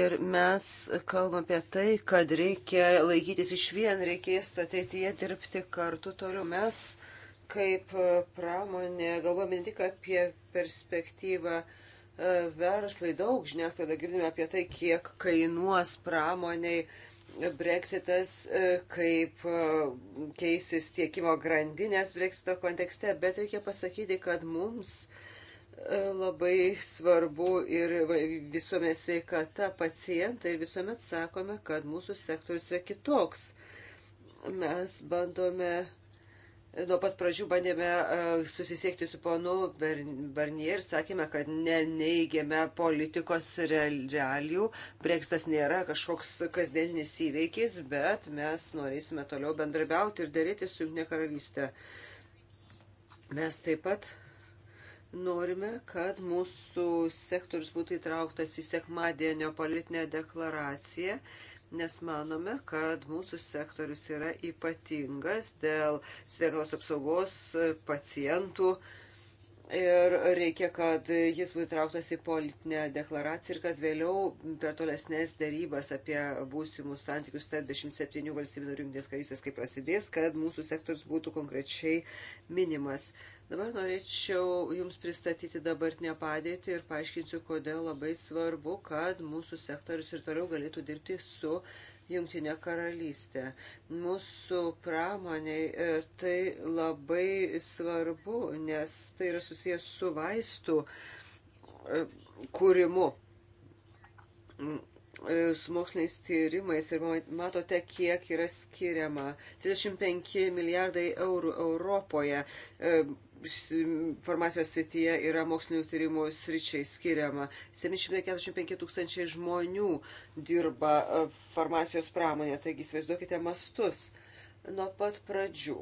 Ir mes kalbam apie tai, kad reikia laikytis iš vien, reikės ateityje dirbti kartu toliau. Mes uh, kaip e, pramonė, galvojame ne tik apie perspektyvą e, verslui, daug žiniasklaida girdime apie tai, kiek kainuos pramoniai breksitas, e, kaip keisis tiekimo grandinės breksito kontekste, bet reikia pasakyti, kad mums labai svarbu ir visuomet sveikata pacientai ir visuomet sakome, kad mūsų sektorius yra kitoks. Mes bandome Nuo pat pradžių bandėme e, susisiekti su ponu Barnier ir sakėme, kad neneigiame politikos realijų. Brexitas nėra kažkoks kasdieninis įveikis, bet mes norėsime toliau bendrabiauti ir dėrėti su Junktinė karalystė. Mes taip pat norime, kad mūsų sektorius būtų įtrauktas į sekmadienio politinę deklaraciją nes manome, kad mūsų sektorius yra ypatingas dėl sveikatos apsaugos pacientų ir reikia, kad jis būtų trauktas į politinę deklaraciją ir kad vėliau per tolesnės dėrybas apie būsimus santykius tarp 27 valstybių narių jungtinės karysės, kai prasidės, kad mūsų sektorius būtų konkrečiai minimas. Dabar norėčiau Jums pristatyti dabartinę padėtį ir paaiškinsiu, kodėl labai svarbu, kad mūsų sektorius ir toliau galėtų dirbti su Jungtinė karalystė. Mūsų pramoniai e, tai labai svarbu, nes tai yra susijęs su vaistų e, kūrimu, e, su moksliniais tyrimais ir matote, kiek yra skiriama. 35 milijardai eurų Europoje informacijos srityje yra mokslinių tyrimų sričiai skiriama. 745 tūkstančiai žmonių dirba e, farmacijos pramonė, taigi įsivaizduokite mastus nuo pat pradžių.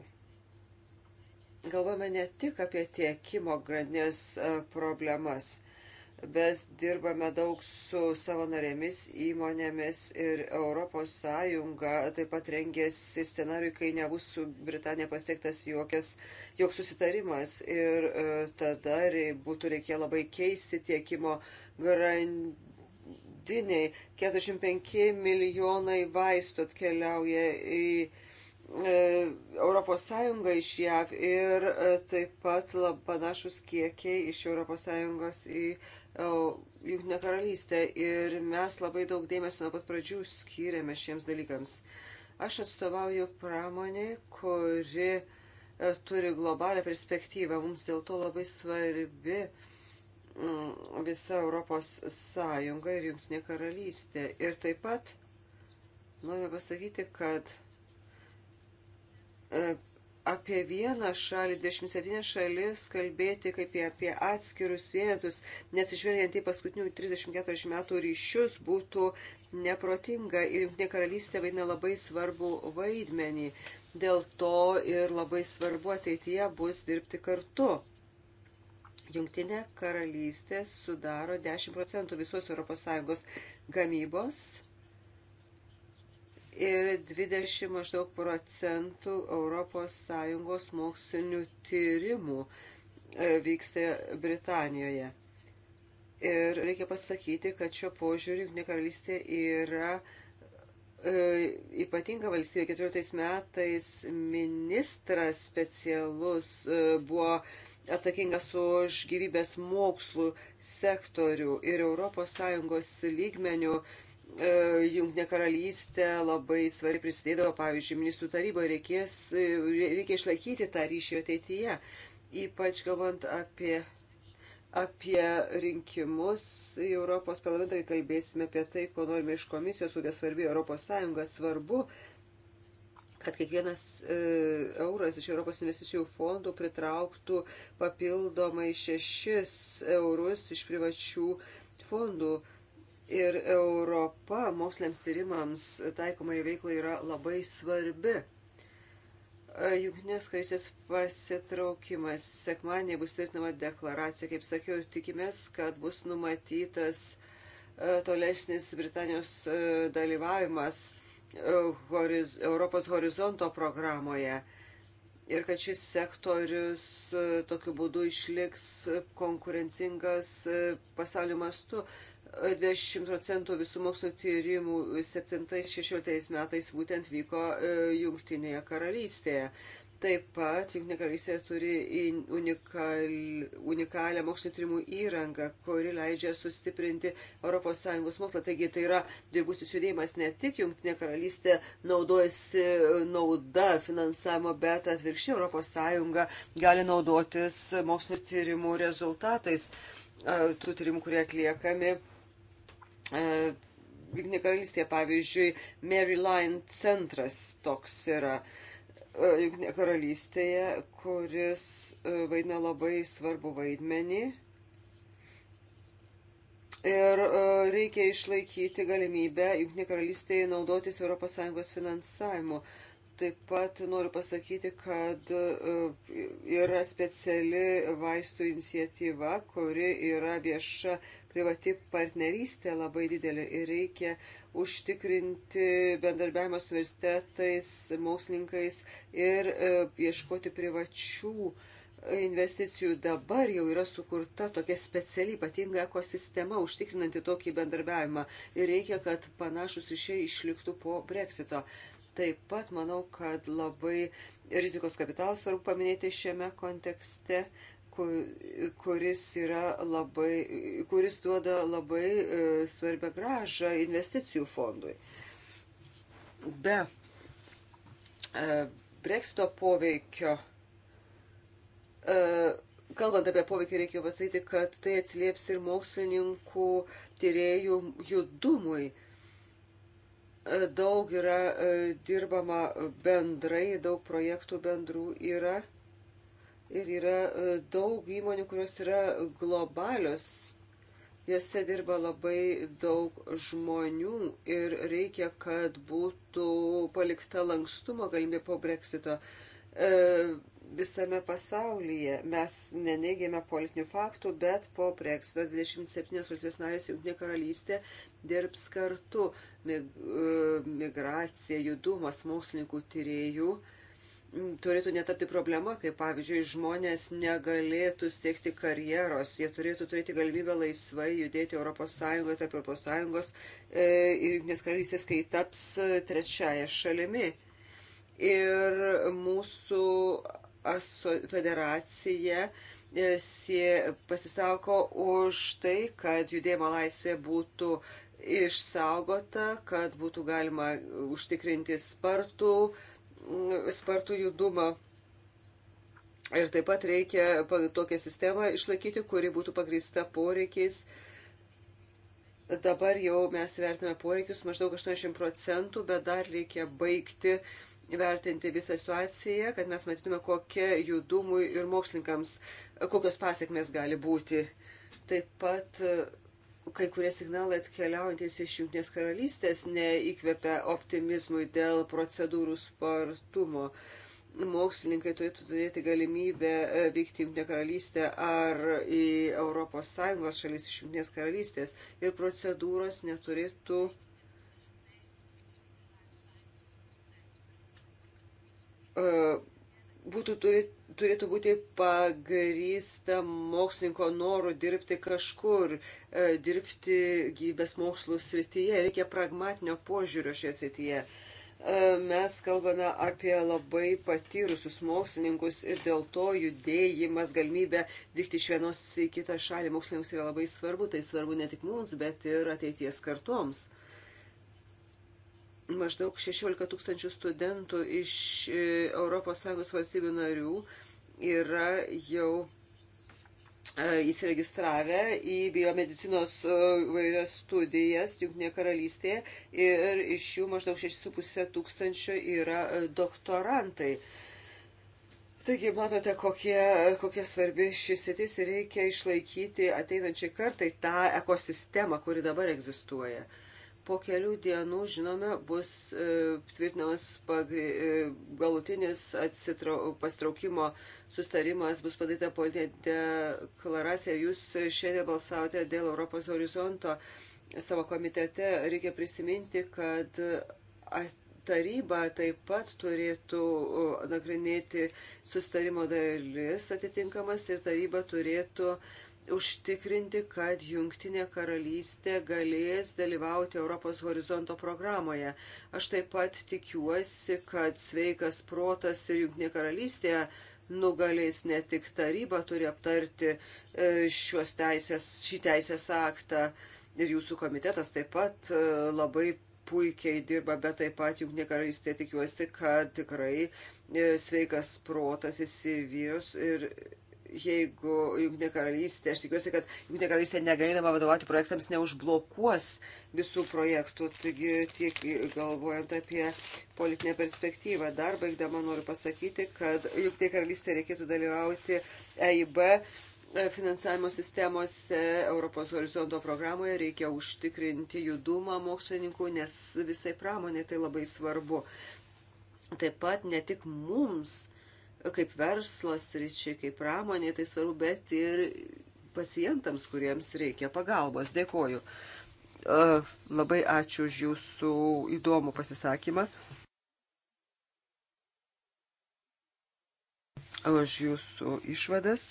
Galvojame ne tik apie tiekimo grandinės e, problemas Mes dirbame daug su savo narėmis, įmonėmis ir Europos Sąjunga taip pat rengėsi scenariui, kai nebus su Britanija pasiektas jokios, joks susitarimas ir e, tada būtų reikėję labai keisti tiekimo grandiniai. 45 milijonai vaistų atkeliauja į. E, Europos Sąjunga iš JAV ir e, taip pat panašus kiekiai iš Europos Sąjungos į Junktinė karalystė ir mes labai daug dėmesio nuo pat pradžių skyrėme šiems dalykams. Aš atstovauju pramonį, kuri e, turi globalią perspektyvą. Mums dėl to labai svarbi mm, visa Europos sąjunga ir Junktinė karalystė. Ir taip pat norime pasakyti, kad e, apie vieną šalį, 27 šalis kalbėti kaip apie atskirus vienetus, neatsižvelgiant į paskutinių 30-40 metų ryšius, būtų neprotinga ir Junktinė karalystė vaidina labai svarbu vaidmenį. Dėl to ir labai svarbu ateityje bus dirbti kartu. Junktinė karalystė sudaro 10 procentų visos ES gamybos ir 20 maždaug procentų ES mokslinių tyrimų e, vyksta Britanijoje. Ir reikia pasakyti, kad šio požiūrį Junktinė karalystė yra e, ypatinga valstybė. 14 metais ministras specialus e, buvo atsakingas už gyvybės mokslų sektorių ir ES lygmenių E, Junktinė karalystė labai svari prisidėdavo, pavyzdžiui, ministrų taryboje reikės, e, reikia išlaikyti tą ryšį ateityje, ypač galvant apie, apie rinkimus į Europos parlamentą, kai kalbėsime apie tai, ko norime iš komisijos, kokia svarbi Europos Sąjunga, svarbu, kad kiekvienas e, euras iš Europos investicijų fondų pritrauktų papildomai šešis eurus iš privačių fondų. E, Ir Europa moksliniams tyrimams taikomai veiklai yra labai svarbi. E, Junktinės karysės pasitraukimas. Sekmanė bus tvirtinama deklaracija, kaip sakiau, ir tikimės, kad bus numatytas e, tolesnis Britanijos e, dalyvavimas Europos horizonto programoje ir kad šis sektorius tokiu būdu išliks konkurencingas pasaulio mastu. 20 procentų visų mokslo tyrimų 7-16 metais būtent vyko e, Jungtinėje karalystėje. Taip pat Junktinė karalystė turi unikal, unikalią mokslo tyrimų įrangą, kuri leidžia sustiprinti ES mokslą. Taigi tai yra dirbusis judėjimas ne tik Junktinė karalystė naudojasi e, nauda finansavimo, bet atvirkščiai ES gali naudotis mokslo tyrimų rezultatais, e, tų tyrimų, kurie atliekami E, Jungtinė karalystė, pavyzdžiui, Maryline centras toks yra. E, Jungtinė karalystėje, kuris e, vaidina labai svarbu vaidmenį ir reikia išlaikyti galimybę Junktinė karalystėje naudotis ES finansavimu. Taip pat noriu pasakyti, kad yra speciali vaistų iniciatyva, kuri yra vieša privati tai partnerystė labai didelė ir reikia užtikrinti bendarbiavimą su universitetais, mokslininkais ir e, ieškoti privačių investicijų. Dabar jau yra sukurta tokia speciali ypatinga ekosistema užtikrinanti tokį bendarbiavimą ir reikia, kad panašus ryšiai išliktų po breksito. Taip pat manau, kad labai rizikos kapitalas svarbu paminėti šiame kontekste kuris, yra labai, kuris duoda labai e, svarbę gražą investicijų fondui. Be e, Brexito poveikio e, kalbant apie poveikį, reikia pasakyti, kad tai atsilieps ir mokslininkų tyriejų judumui. Daug yra dirbama bendrai, daug projektų bendrų yra Ir yra e, daug įmonių, kurios yra globalios. Jose dirba labai daug žmonių ir reikia, kad būtų palikta lankstumo galimybė po breksito. E, visame pasaulyje. Mes neneigiame politinių faktų, bet po Brexito 27 valstybės narės Junktinė karalystė dirbs kartu. E, migracija, judumas, mokslininkų tyriejų turėtų netapti problema, kaip pavyzdžiui, žmonės negalėtų siekti karjeros, jie turėtų turėti galimybę laisvai judėti ES, tarp ES e, ir Junktinės karalystės, kai taps e, trečiaja šalimi. Ir mūsų federacija e, pasisako už tai, kad judėjimo laisvė būtų išsaugota, kad būtų galima užtikrinti spartų, spartų judumą. Ir taip pat reikia tokią sistemą išlaikyti, kuri būtų pagrįsta poreikiais. Dabar jau mes vertiname poreikius maždaug 80 procentų, bet dar reikia baigti vertinti visą situaciją, kad mes matytume, kokia judumui ir mokslininkams, kokios pasiekmes gali būti. Taip pat kai kurie signalai atkeliaujantis iš Junktinės karalystės neįkvepia optimizmui dėl procedūrų spartumo. Mokslininkai turėtų turėti galimybę e, vykti į Junktinę karalystę ar į ES šalis iš Junktinės karalystės ir procedūros neturėtų e, būtų turi, turėtų būti pagrysta mokslininko noru dirbti kažkur, e, dirbti gyvybės mokslų srityje. Reikia pragmatinio požiūrio šioje srityje. E, mes kalbame apie labai patyrusius mokslininkus ir dėl to judėjimas, galimybė vykti iš vienos į kitą šalį mokslininkams yra labai svarbu. Tai svarbu ne tik mums, bet ir ateities kartoms maždaug 16 tūkstančių studentų iš ES valstybių narių yra jau e, įsiregistravę į biomedicinos e, vairias studijas Junktinėje karalystėje ir iš jų maždaug 6,5 tūkstančio yra e, doktorantai. Taigi, matote, kokie, kokie svarbi šis sėtis ir reikia išlaikyti ateinančiai kartai tą ekosistemą, kuri dabar egzistuoja. Uh, Po kelių dienų, žinome, bus e, tvirtinamas e, galutinis pastraukimo sustarimas, bus padaryta politinė deklaracija. Jūs šiandien balsavote dėl Europos horizonto savo komitete. Reikia prisiminti, kad taryba taip pat turėtų nagrinėti sustarimo dalis atitinkamas ir taryba turėtų uh, užtikrinti, kad Junktinė karalystė galės dalyvauti Europos horizonto programoje. Aš taip pat tikiuosi, kad sveikas protas ir Junktinė karalystė nugalės ne tik taryba turi aptarti e, šios teisės, šį teisės aktą ir jūsų komitetas taip pat e, labai puikiai dirba, bet taip pat Junktinė karalystė tikiuosi, kad tikrai e, sveikas protas įsivyros ir jeigu Junktinė karalystė, aš tikiuosi, kad Junktinė karalystė negalėdama vadovauti projektams neužblokuos visų projektų, taigi tiek galvojant apie politinę perspektyvą. Dar baigdama noriu pasakyti, kad Junktinė karalystė reikėtų dalyvauti EIB finansavimo sistemose Europos horizonto programoje reikia užtikrinti judumą mokslininkų, nes visai pramonė tai labai svarbu. Taip pat ne tik mums, kaip verslos ryčiai, kaip pramonė, tai svarbu, bet ir pacientams, kuriems reikia pagalbos. Dėkoju. Labai ačiū už jūsų įdomų pasisakymą. Už jūsų išvadas.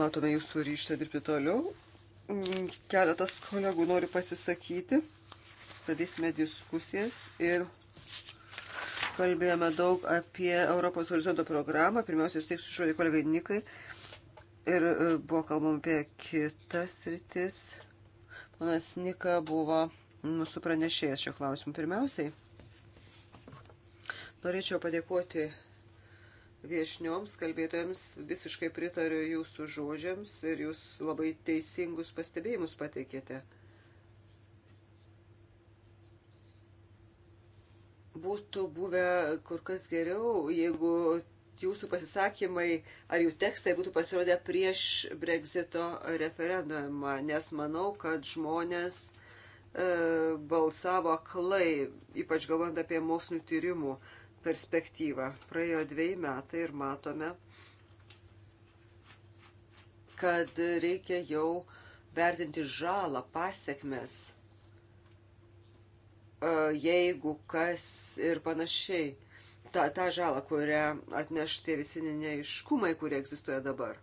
Matome jūsų ryštą dirbti toliau. Mm, keletas kolegų nori pasisakyti. Pradėsime diskusijas ir kalbėjome daug apie Europos horizonto programą. Pirmiausia, jūs teiksiu žodį kolegai Nikai. Ir e, buvo kalbama apie kitas rytis. Ponas Nika buvo mūsų pranešėjas šio klausimu. Pirmiausiai, norėčiau padėkoti viešnioms kalbėtojams. Visiškai pritariu jūsų žodžiams ir jūs labai teisingus pastebėjimus pateikėte. būtų buvę kur kas geriau, jeigu jūsų pasisakymai ar jų tekstai būtų pasirodę prieš Brexito referendumą, nes manau, kad žmonės e, balsavo klai, ypač galvojant apie mokslinių tyrimų perspektyvą. Praėjo dviejai metai ir matome, kad reikia jau vertinti žalą, pasiekmes jeigu kas ir panašiai. Ta, ta žala, kurią atneš tie visi neiškumai, kurie egzistuoja dabar.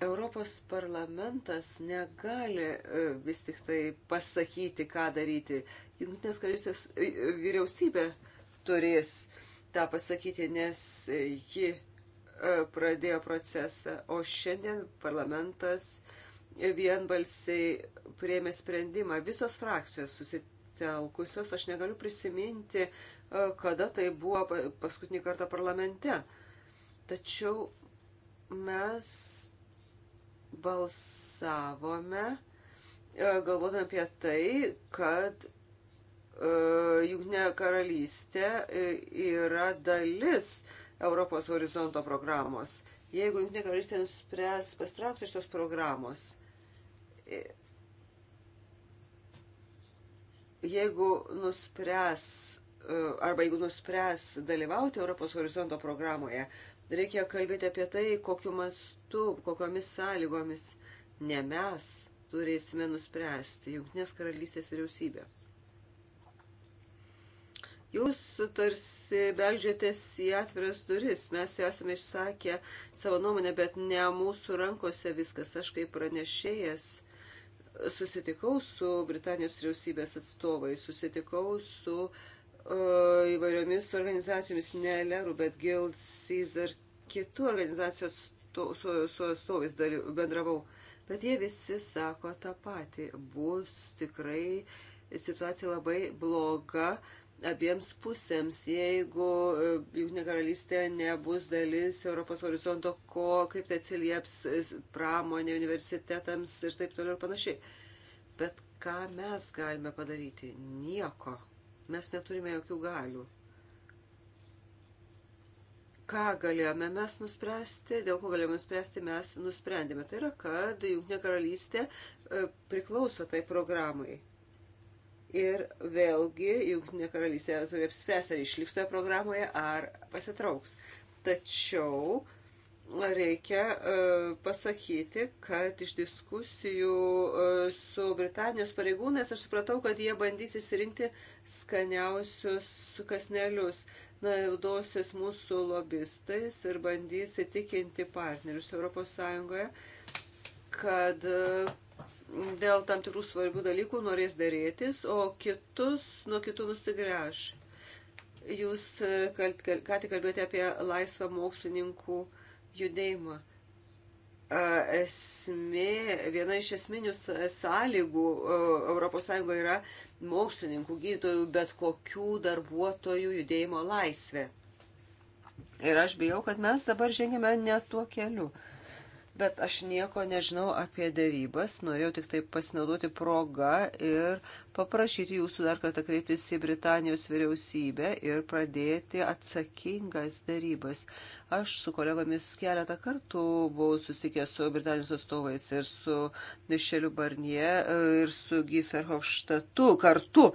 Europos parlamentas negali e, vis tik tai pasakyti, ką daryti. Junktinės karalystės e, vyriausybė turės tą pasakyti, nes ji e, pradėjo procesą, o šiandien parlamentas vienbalsiai prieėmė sprendimą. Visos frakcijos susitelkusios, aš negaliu prisiminti, e, kada tai buvo paskutinį kartą parlamente. Tačiau mes balsavome, e, galvodami apie tai, kad e, Junktinė karalystė yra dalis Europos horizonto programos. Jeigu Junktinė karalystė nuspręs pastraukti iš tos programos, Jeigu nuspręs e, arba jeigu nuspręs dalyvauti Europos horizonto programoje, reikia kalbėti apie tai, kokiu mastu, kokiomis sąlygomis ne mes turėsime nuspręsti, Junktinės karalystės vyriausybė. Jūs tarsi beldžiatės į atviras duris, mes jau esame išsakę savo nuomonę, bet ne mūsų rankose viskas. Aš kaip pranešėjas susitikau su Britanijos vyriausybės atstovais, susitikau su uh, įvairiomis organizacijomis, ne Lerų, bet Guild, Caesar, kitų organizacijų atstovais su, su, su, daly, bendravau. Bet jie visi sako tą patį. Bus tikrai situacija labai bloga. Uh, abiems pusėms, jeigu e, Junktinė karalystė nebus dalis Europos horizonto, ko, kaip tai atsilieps e, pramonė, universitetams ir taip toliau ir panašiai. Bet ką mes galime padaryti? Nieko. Mes neturime jokių galių ką galėjome mes nuspręsti, dėl ko galėjome nuspręsti, mes nusprendėme. Tai yra, kad Junktinė karalystė e, priklauso tai programai. Ir vėlgi, Junktinė karalystė turi apspręsti, ar išliks toje programoje, ar pasitrauks. Tačiau reikia uh, pasakyti, kad iš diskusijų uh, su Britanijos pareigūnais aš supratau, kad jie bandys išsirinkti skaniausius kasnelius, naudosios mūsų lobistais ir bandys įtikinti partnerius ES, kad uh, dėl tam tikrų svarbių dalykų norės dėrėtis, o kitus nuo kitų nusigręš. Jūs e, ką tik kalbėjote apie laisvą mokslininkų judėjimą. Esmė, viena iš esminių sąlygų ES yra mokslininkų, gydytojų, bet kokių darbuotojų judėjimo laisvė. Ir aš bijau, kad mes dabar žengėme ne tuo keliu. Uh, bet aš nieko nežinau apie dėrybas. Norėjau tik tai pasinaudoti progą ir paprašyti jūsų dar kartą kreiptis į Britanijos vyriausybę ir pradėti atsakingas dėrybas. Aš su kolegomis keletą kartų buvau susikęs su Britanijos atstovais ir su Mišeliu Barnie e, ir su Giferhofštatu kartu,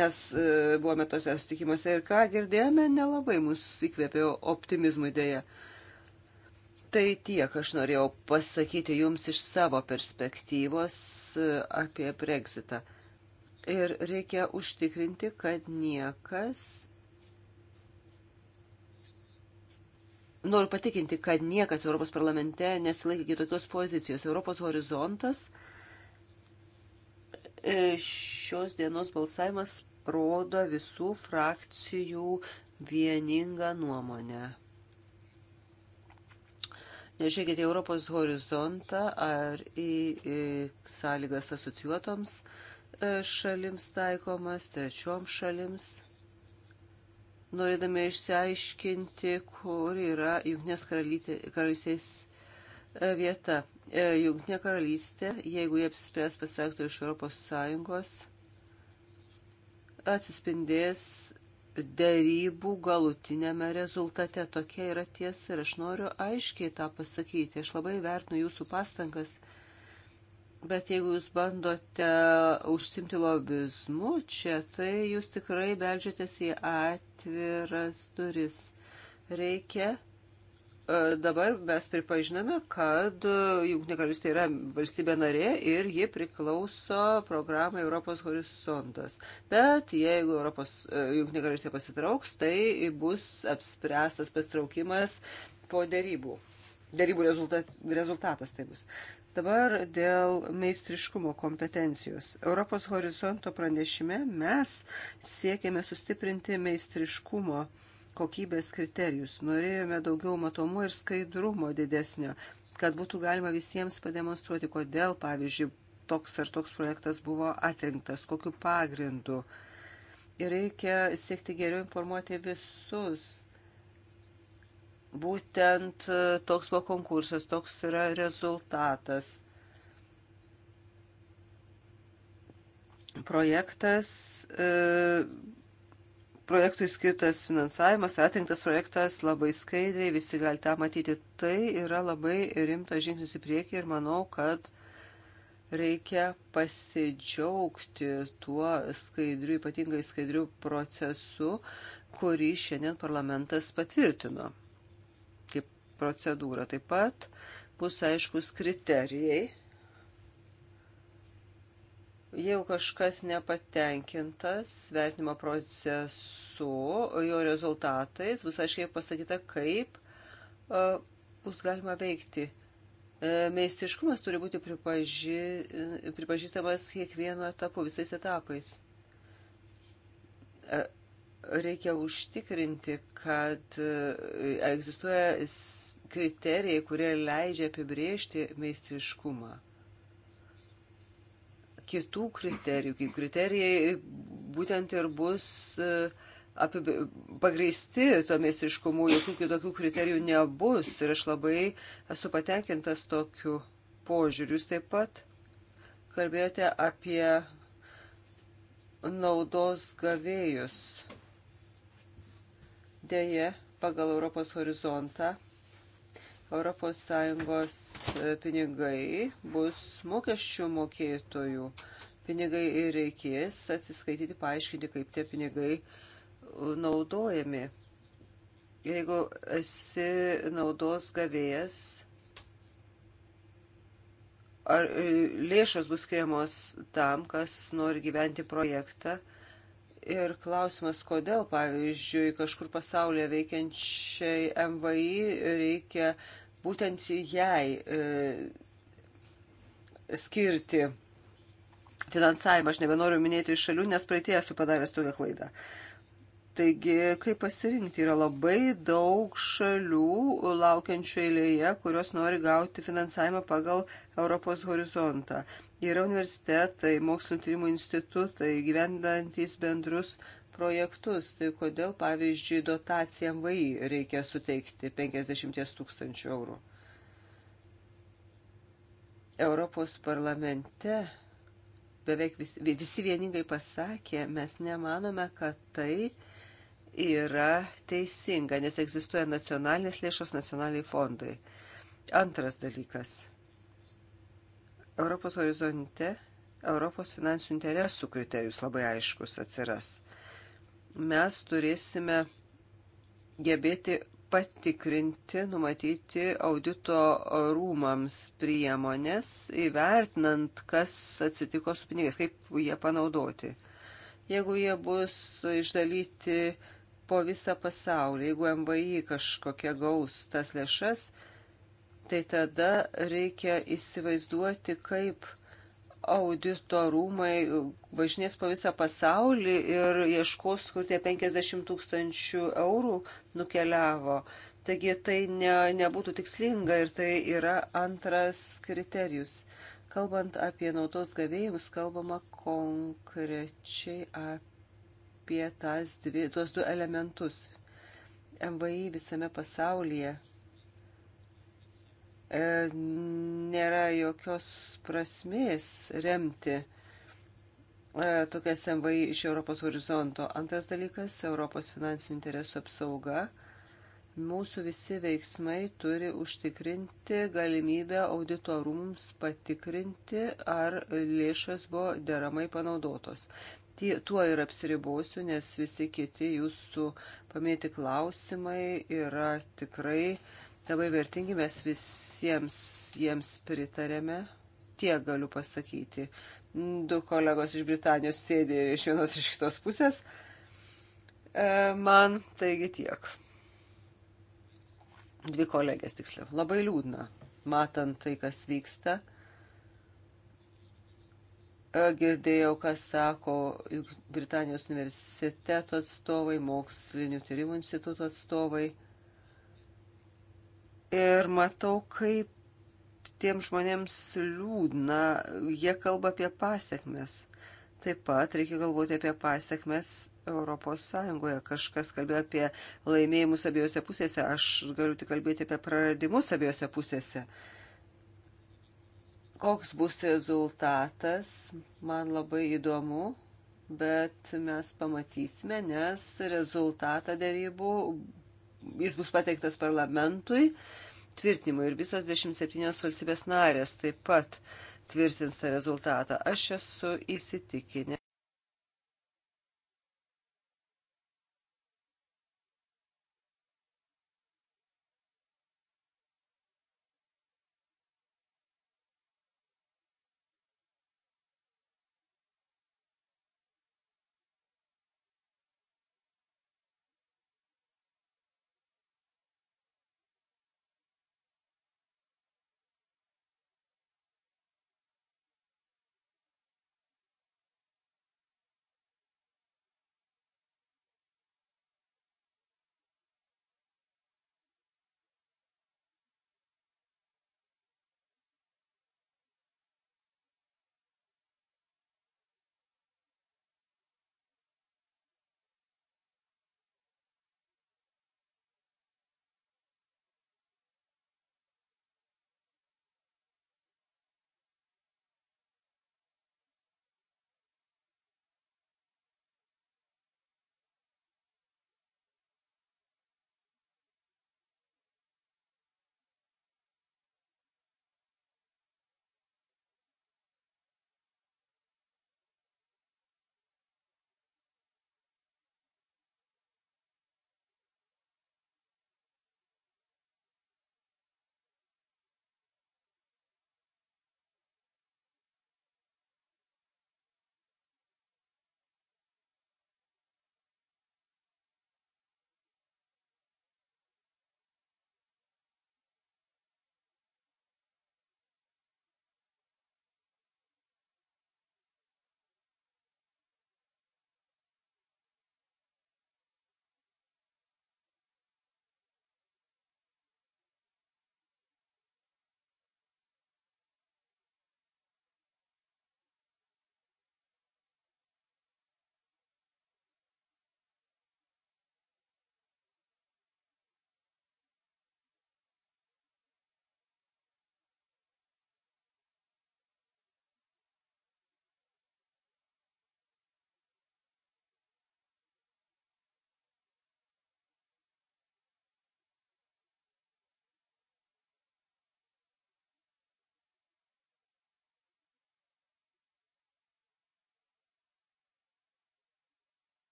nes e, buvome tose sutikimuose ir ką girdėjome, nelabai mus įkvėpė optimizmui dėja. Tai tiek aš norėjau pasakyti jums iš savo perspektyvos e, apie Brexitą. Ir reikia užtikrinti, kad niekas. Noriu patikinti, kad niekas Europos parlamente nesilaikė kitokios pozicijos. Europos horizontas e, šios dienos balsavimas rodo visų frakcijų vieningą nuomonę. Žiūrėkite Europos horizontą ar į, į sąlygas asocijuotoms e, šalims taikomas, trečiom šalims, norėdami išsiaiškinti, kur yra Junknės karalystės e, vieta. E, Junknė karalystė, jeigu jie apsispręs pasitraukti iš Europos Sąjungos, atsispindės dėrybų galutinėme rezultate. Tokia yra tiesa ir aš noriu aiškiai tą pasakyti. Aš labai vertinu jūsų pastangas. Bet jeigu jūs bandote užsimti lobizmu čia, tai jūs tikrai beldžiatės į atviras duris. Reikia E, dabar mes pripažinome, kad Junktinė karalystė yra valstybė narė ir ji priklauso programai Europos horizontas. Bet jeigu Europos e, Junktinė karalystė pasitrauks, tai bus apspręstas pasitraukimas po dėrybų. Dėrybų rezultat, rezultatas tai bus. Dabar dėl meistriškumo kompetencijos. Europos horizonto pranešime mes siekėme sustiprinti meistriškumo kompetenciją kokybės kriterijus. Norėjome daugiau matomumo ir skaidrumo didesnio, kad būtų galima visiems pademonstruoti, kodėl, pavyzdžiui, toks ar toks projektas buvo atrinktas, kokiu pagrindu. Ir reikia siekti geriau informuoti visus. Būtent e, toks buvo konkursas, toks yra rezultatas. Projektas e, projektui skirtas finansavimas, atrinktas projektas labai skaidriai, visi gali tą matyti. Tai yra labai rimtas žingsnis į priekį ir manau, kad reikia pasidžiaugti tuo skaidriu, ypatingai skaidriu procesu, kurį šiandien parlamentas patvirtino kaip procedūrą. Taip pat bus aiškus kriterijai Jeigu kažkas nepatenkintas vertinimo procesu, jo rezultatais, bus aiškiai pasakyta, kaip uh, bus galima veikti. E, Meistiškumas turi būti pripaži, e, pripažįstamas kiekvienu etapu, visais etapais. Reikia užtikrinti, kad egzistuoja kriterijai, kurie leidžia apibriežti meistriškumą kitų kriterijų, kaip kriterijai būtent ir bus e, apie, pagreisti tomis iškumu, jokių kitokių kriterijų nebus. Ir aš labai esu patenkintas tokiu požiūriu. Jūs taip pat kalbėjote apie naudos gavėjus. Deja, pagal Europos horizontą ES e, pinigai bus mokesčių mokėtojų pinigai ir reikės atsiskaityti, paaiškinti, kaip tie pinigai e, naudojami. Ir jeigu esi naudos gavėjas, ar e, lėšos bus skiriamos tam, kas nori gyventi projektą. Ir klausimas, kodėl, pavyzdžiui, kažkur pasaulyje veikiančiai MVI reikia uh, būtent jai e, skirti finansavimą. Aš nebenoriu minėti iš šalių, nes praeitie esu padaręs tokią klaidą. Taigi, kaip pasirinkti, yra labai daug šalių laukiančių eilėje, kurios nori gauti finansavimą pagal Europos horizontą. Yra universitetai, mokslinio tyrimų institutai, gyvendantis bendrus uh, projektus. Tai kodėl, pavyzdžiui, dotaciją MVI reikia suteikti 50 tūkstančių eurų? Europos parlamente beveik visi, visi vieningai pasakė, mes nemanome, kad tai yra teisinga, nes egzistuoja nacionalinės lėšos, nacionaliniai fondai. Antras dalykas. Europos horizonte Europos finansų interesų kriterijus labai aiškus atsiras mes turėsime gebėti patikrinti, numatyti audito rūmams priemonės, įvertinant, kas atsitiko su pinigais, kaip jie panaudoti. Jeigu jie bus išdalyti po visą pasaulį, jeigu MVI kažkokia gaus tas lėšas, tai tada reikia įsivaizduoti, kaip audito rūmai važinės po visą pasaulį ir ieškos, kur tie 50 tūkstančių eurų nukeliavo. Taigi tai ne, nebūtų tikslinga ir tai yra antras kriterijus. Kalbant apie naudos gavėjimus, kalbama konkrečiai apie tas dvi, tuos du elementus. MVI visame pasaulyje E, nėra jokios prasmės remti e, tokias MVI iš Europos horizonto. Antras dalykas - Europos finansinių interesų apsauga. Mūsų visi veiksmai turi užtikrinti galimybę auditorumams patikrinti, ar lėšas buvo deramai panaudotos. Tie, tuo ir apsiribosiu, nes visi kiti jūsų pamėti klausimai yra tikrai uh, labai vertingi, mes visiems jiems pritarėme, tiek galiu pasakyti. Du kolegos iš Britanijos sėdė ir iš vienos iš kitos pusės. E, man taigi tiek. Dvi kolegės tiksliau. Labai liūdna, matant tai, kas vyksta e, girdėjau, kas sako Britanijos universiteto atstovai, mokslinių tyrimų instituto atstovai ir matau, kaip tiem žmonėms liūdna, jie kalba apie pasiekmes. Taip pat reikia galvoti apie pasiekmes Europos Sąjungoje. Kažkas kalbėjo apie laimėjimus abiejose pusėse, aš galiu tik kalbėti apie praradimus abiejose pusėse. Koks bus rezultatas, man labai įdomu, bet mes pamatysime, nes rezultatą dėrybų jis bus pateiktas parlamentui tvirtinimui ir visos 27 valstybės narės taip pat tvirtins tą rezultatą. Aš esu įsitikinę,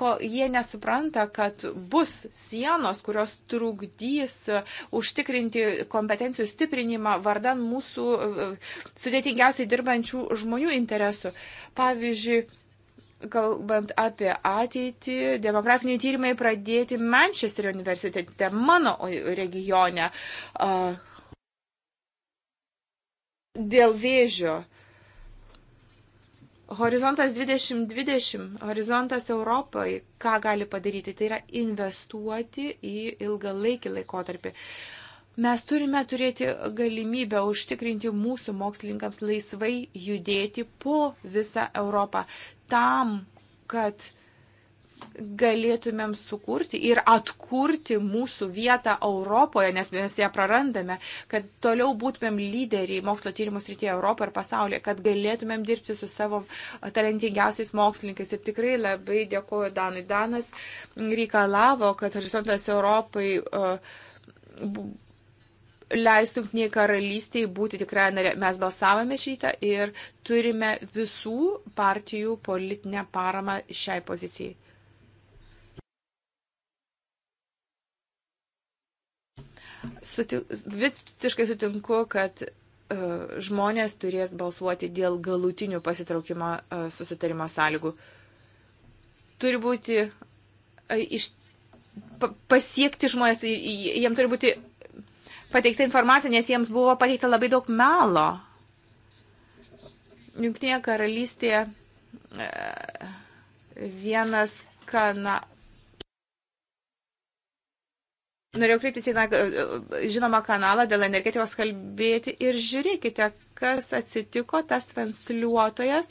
ko jie nesupranta, kad bus sienos, kurios trukdys užtikrinti kompetencijų stiprinimą vardan mūsų e, sudėtingiausiai dirbančių žmonių interesų. Pavyzdžiui, kalbant apie ateitį, demografiniai tyrimai pradėti Mančesterio universitete, mano regione, dėl vėžio. Uh, Horizontas 2020, horizontas Europai, ką gali padaryti, tai yra investuoti į ilgalaikį laikotarpį. Mes turime turėti galimybę užtikrinti mūsų mokslininkams laisvai judėti po visą Europą tam, kad galėtumėm sukurti ir atkurti mūsų vietą Europoje, nes mes ją prarandame, kad toliau būtumėm lyderiai mokslo tyrimų srityje Europoje ir pasaulyje, kad galėtumėm dirbti su savo talentingiausiais mokslininkais. Ir tikrai labai dėkuoju Danui. Danas reikalavo, kad Horizontas Europai uh, leistų Junktinėje karalystėje būti tikrai narė. Mes balsavome šitą ir turime visų partijų politinę paramą šiai pozicijai. Suti, visiškai sutinku, kad e, žmonės turės balsuoti dėl galutinių pasitraukimo e, susitarimo sąlygų. Turi būti e, iš, pasiekti žmonės, jiems turi būti pateikta informacija, nes jiems buvo pateikta labai daug melo. Junktinėje karalystėje vienas kana, Norėjau kreiptis į na, e, e, žinomą kanalą dėl energetikos kalbėti ir žiūrėkite, kas atsitiko tas transliuotojas,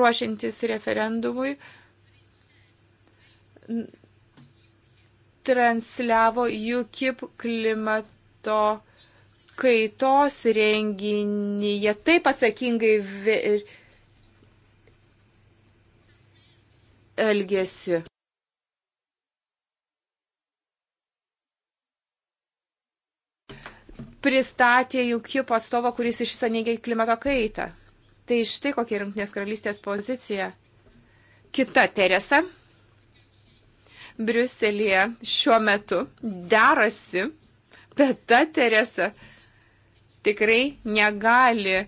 ruošiantis referendumui, transliavo UKIP klimato kaitos renginį. Jie taip atsakingai elgėsi. pristatė UKIP atstovą, kuris iš viso neigia klimato kaitą. Tai štai kokia rinktinės karalystės pozicija. Kita Teresa Briuselėje šiuo metu derasi, bet ta Teresa tikrai negali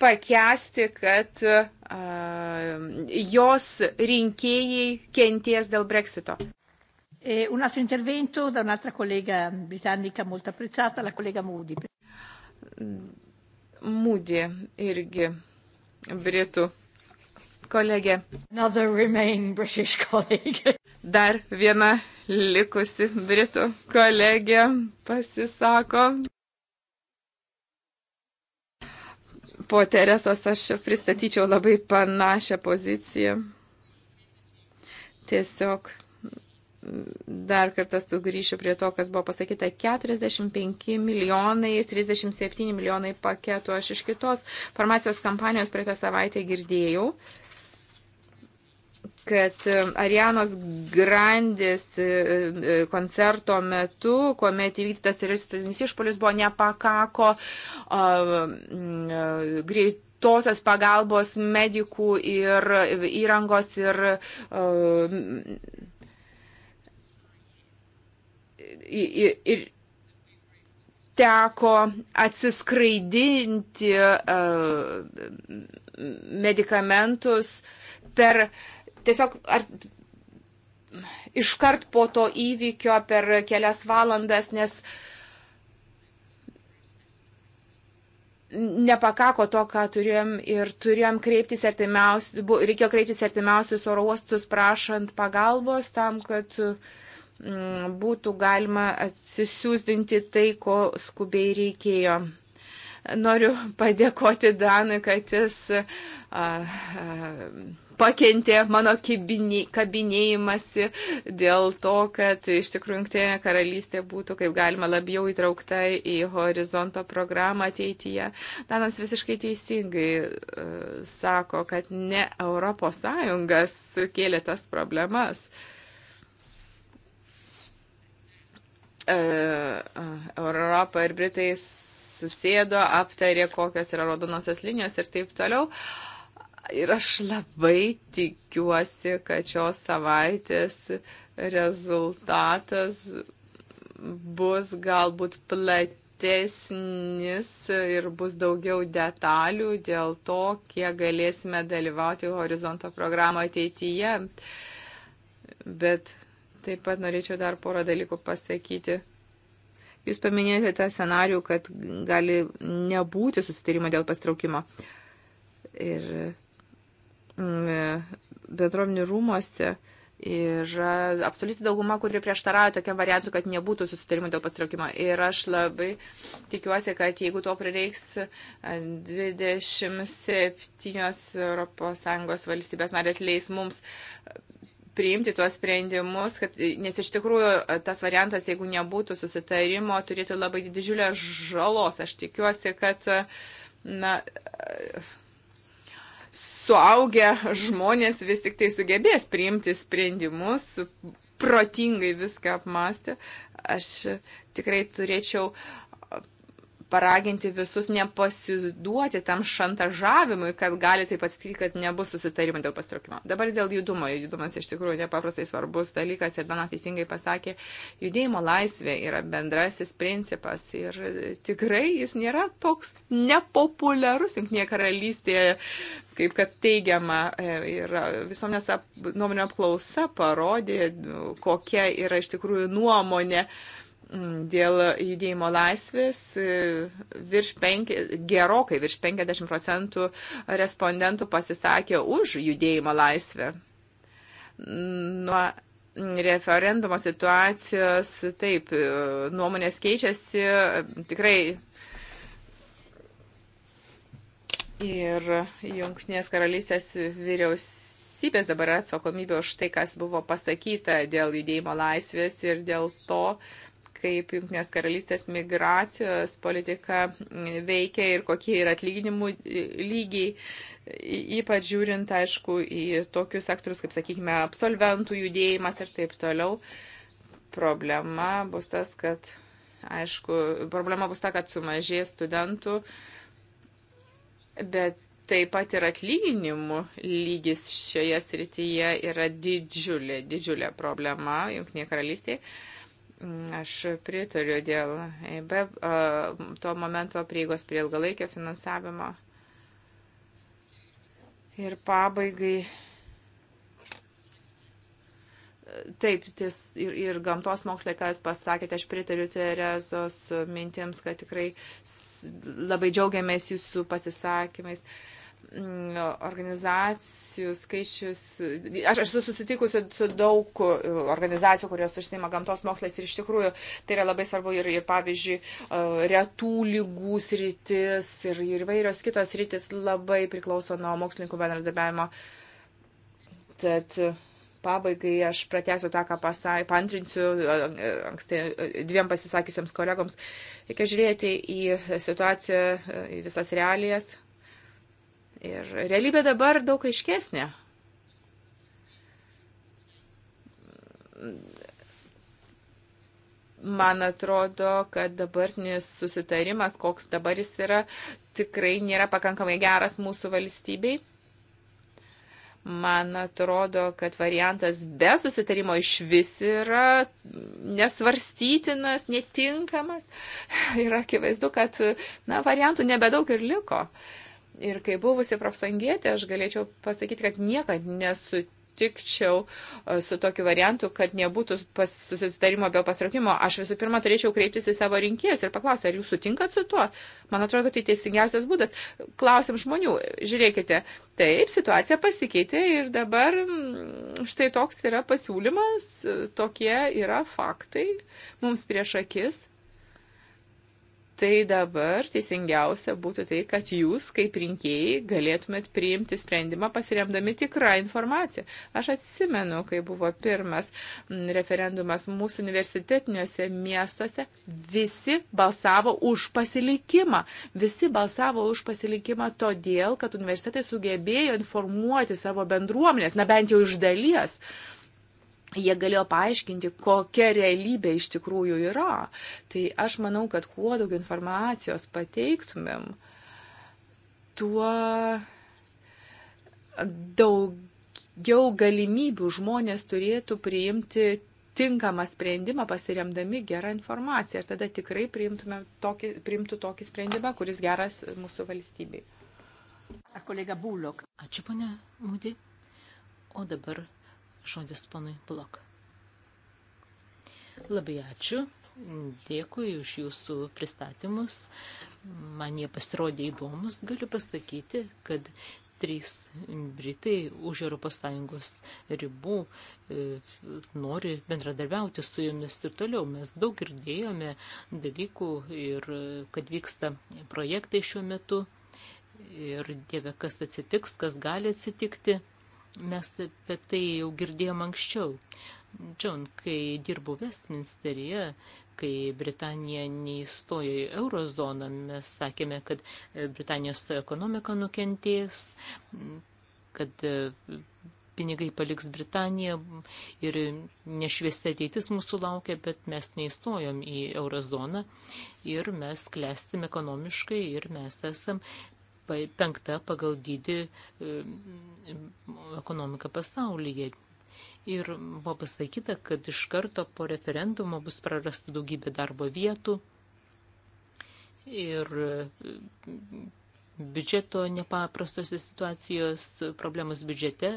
pakesti, kad uh, jos rinkėjai kenties dėl breksito. E un altro intervento da un'altra collega britannica molto apprezzata, la collega Moody. Mm, Moody irgi britų kolegė. [laughs] Dar viena likusi britų kolegė pasisako. Po Teresos aš pristatyčiau labai panašią poziciją. Tiesiog dar kartą sugrįšiu prie to, kas buvo pasakyta, 45 milijonai ir 37 milijonai paketų. Aš iš kitos farmacijos kampanijos prie tą savaitę girdėjau, kad e, Arianos Grandis e, e, koncerto metu, kuomet įvykdytas teroristinis išpolis buvo nepakako greitų greitosios pagalbos medikų ir įrangos ir uh, ir, ir teko atsiskraidinti uh, medikamentus per tiesiog ar, iškart po to įvykio per kelias valandas, nes nepakako to, ką turėjom ir turėjom kreiptis artimiausius, reikėjo kreiptis artimiausius oro uostus prašant pagalbos tam, kad uh, Mm, būtų galima atsisiųsdinti tai, ko skubiai reikėjo. Noriu padėkoti Danui, kad jis a, a, pakentė mano kabinėjimasi dėl to, kad iš tikrųjų Junktinė karalystė būtų kaip galima labiau įtraukta į horizonto programą ateityje. Danas visiškai teisingai uh, sako, kad ne Europos Sąjungas kėlė tas problemas. Uh, E, Europą ir Britai susėdo, aptarė, kokios yra raudonosios linijos ir taip toliau. Ir aš labai tikiuosi, kad šios savaitės rezultatas bus galbūt platesnis ir bus daugiau detalių dėl to, kiek galėsime dalyvauti horizonto programą ateityje. Bet Taip pat norėčiau dar porą dalykų pasakyti. Jūs paminėjote tą scenarių, kad gali nebūti susitarimo dėl pastraukimo. Ir mm, bendruomenių rūmose yra absoliuti dauguma, kurie prieštarauja tokiam variantui, kad nebūtų susitarimo dėl pastraukimo. Ir aš labai tikiuosi, kad jeigu to prireiks 27 ES valstybės narės leis mums priimti tuos sprendimus, kad, nes iš tikrųjų e, tas variantas, jeigu nebūtų susitarimo, turėtų labai didžiulę žalos. Aš tikiuosi, kad e, na, e, suaugę žmonės vis tik tai sugebės priimti sprendimus, protingai viską apmastę. Aš tikrai turėčiau paraginti visus nepasiduoti tam šantažavimui, kad gali taip atsitikti, kad nebus susitarimo dėl pasitraukimo. Dabar dėl judumo. Judumas iš tikrųjų nepaprastai svarbus dalykas ir Danas teisingai pasakė, judėjimo laisvė yra bendrasis principas ir tikrai jis nėra toks nepopuliarus Junktinėje karalystėje, kaip kad teigiama. E, ir visuomenės ap, nuomonio apklausa parodė, kokia yra iš tikrųjų nuomonė. Uh, Mm, dėl judėjimo laisvės e, virš penki, gerokai virš 50 procentų respondentų pasisakė už judėjimo laisvę. Nuo referendumo situacijos taip, e, nuomonės keičiasi e, tikrai. Ir Junktinės karalystės vyriausybės valstybės dabar atsakomybė už tai, kas buvo pasakyta dėl judėjimo laisvės ir dėl to, uh, kaip Junktinės karalystės migracijos politika veikia ir kokie yra atlyginimų e, lygiai, ypač žiūrint, aišku, į tokius sektorius, kaip, sakykime, absolventų judėjimas ir taip toliau. Problema bus tas, kad, aišku, problema bus ta, kad sumažės studentų, bet taip pat ir atlyginimų lygis šioje srityje yra didžiulė, didžiulė problema Junktinėje karalystėje. Mm, aš pritariu dėl EIB to momento prieigos prie ilgalaikio finansavimo. Ir pabaigai. Taip, ties, ir, ir gamtos mokslai, ką Jūs pasakėte, aš pritariu Terezos mintims, kad tikrai labai džiaugiamės Jūsų pasisakymais. Uh, Mm, organizacijų skaičius. Aš esu susitikusi su daug e, organizacijų, kurios užsima gamtos mokslais ir iš tikrųjų tai yra labai svarbu ir, ir pavyzdžiui, e, retų lygų sritis ir, ir vairios kitos sritis labai priklauso nuo mokslininkų bendradarbiavimo. Tad e, pabaigai aš pratęsiu tą, ką pasai, pantrinsiu anksti, dviem pasisakysiams kolegoms. Reikia žiūrėti į situaciją, į visas realijas Ir realybė dabar daug aiškesnė. Man atrodo, kad dabartinis susitarimas, koks dabar jis yra, tikrai nėra pakankamai geras mūsų valstybei. Man atrodo, kad variantas be susitarimo iš vis yra nesvarstytinas, netinkamas. Yra [laughs] akivaizdu, kad na, variantų nebedaug ir liko. Uh, Ir kai buvusi profsangietė, aš galėčiau pasakyti, kad niekad nesutikčiau e, su tokiu variantu, kad nebūtų pas, susitarimo be pasiraukimo. Aš visų pirma turėčiau kreiptis į savo rinkėjus ir paklausti, ar jūs sutinkat su tuo. Man atrodo, tai teisingiausias būdas. Klausim žmonių, žiūrėkite, taip, situacija pasikeitė ir dabar mm, štai toks yra pasiūlymas, tokie yra faktai mums prieš akis tai dabar teisingiausia būtų tai, kad jūs, kaip rinkėjai, galėtumėt priimti sprendimą pasiremdami tikrą informaciją. Aš atsimenu, kai buvo pirmas referendumas mūsų universitetiniuose miestuose, visi balsavo už pasilikimą. Visi balsavo už pasilikimą todėl, kad universitetai sugebėjo informuoti savo bendruomenės, na bent jau iš dalies. Uh, jie galėjo paaiškinti, kokia realybė iš tikrųjų yra. Tai aš manau, kad kuo daugiau informacijos pateiktumėm, tuo daugiau galimybių žmonės turėtų priimti tinkamą sprendimą pasiremdami gerą informaciją ir tada tikrai tokį, priimtų tokį sprendimą, kuris geras mūsų valstybei. Kolega Bulok. Ačiū, ponia Mūdi. O dabar Žodis ponui Blok. Labai ačiū. Dėkui už jūsų pristatymus. Man jie pasirodė įdomus. Galiu pasakyti, kad trys Britai už ES ribų e, nori bendradarbiauti su jomis ir toliau. Mes daug girdėjome dalykų ir e, kad vyksta projektai šiuo metu ir dieve, kas atsitiks, kas gali atsitikti. Mes apie tai jau girdėjom anksčiau. John, kai dirbau Westminsteryje, kai Britanija neįstojo į eurozoną, mes sakėme, kad Britanijos ekonomika nukentės, kad e, pinigai paliks Britaniją ir nešviesti ateitis mūsų laukia, bet mes neįstojom į eurozoną ir mes klestim ekonomiškai ir mes esam penkta pagal dydį e, ekonomika pasaulyje. Ir buvo pasakyta, kad iš karto po referendumo bus prarasta daugybė darbo vietų ir e, biudžeto nepaprastos situacijos, problemos biudžete,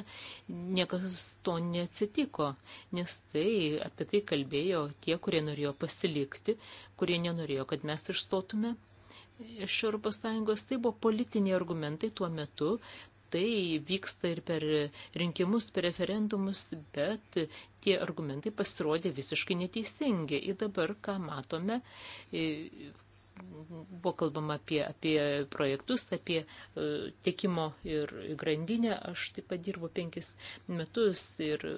niekas to neatsitiko, nes tai apie tai kalbėjo tie, kurie norėjo pasilikti, kurie nenorėjo, kad mes išstotume iš Europos Sąjungos, tai buvo politiniai argumentai tuo metu, tai vyksta ir per rinkimus, per referendumus, bet tie argumentai pasirodė visiškai neteisingi. Ir dabar, ką matome, buvo kalbama apie, apie projektus, apie e, tiekimo ir grandinę. Aš taip pat dirbu penkis metus ir e,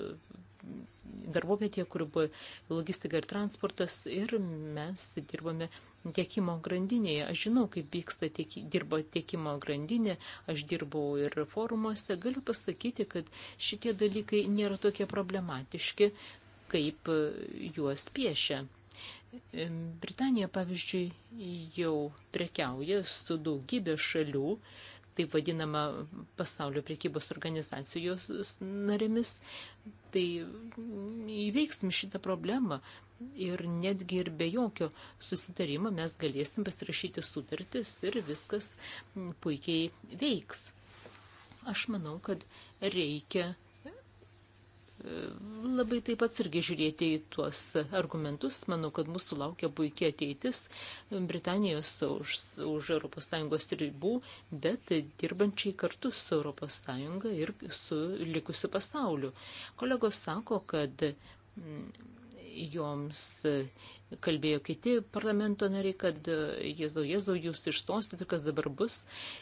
darbovietėje, kur buvo logistika ir transportas ir mes dirbame tiekimo grandinėje. Aš žinau, kaip vyksta tiek, dirbo tiekimo grandinė, aš dirbau ir forumuose. Galiu pasakyti, kad šitie dalykai nėra tokie problematiški, kaip e, juos piešia. Britanija, pavyzdžiui, jau prekiauja su daugybė šalių, taip vadinama pasaulio priekybos organizacijos narėmis, tai įveiksim šitą problemą, ir netgi ir be jokio susitarimo mes galėsim pasirašyti sutartis ir viskas puikiai veiks. Aš manau, kad reikia e, labai taip atsargiai žiūrėti į tuos argumentus. Manau, kad mūsų laukia puikia ateitis Britanijos už, už ES ribų, bet dirbančiai kartu su ES ir su likusiu pasauliu. Kolegos sako, kad joms e, kalbėjo kiti parlamento nariai, kad e, Jėzau, Jėzau, jūs išstosite, kas dabar bus.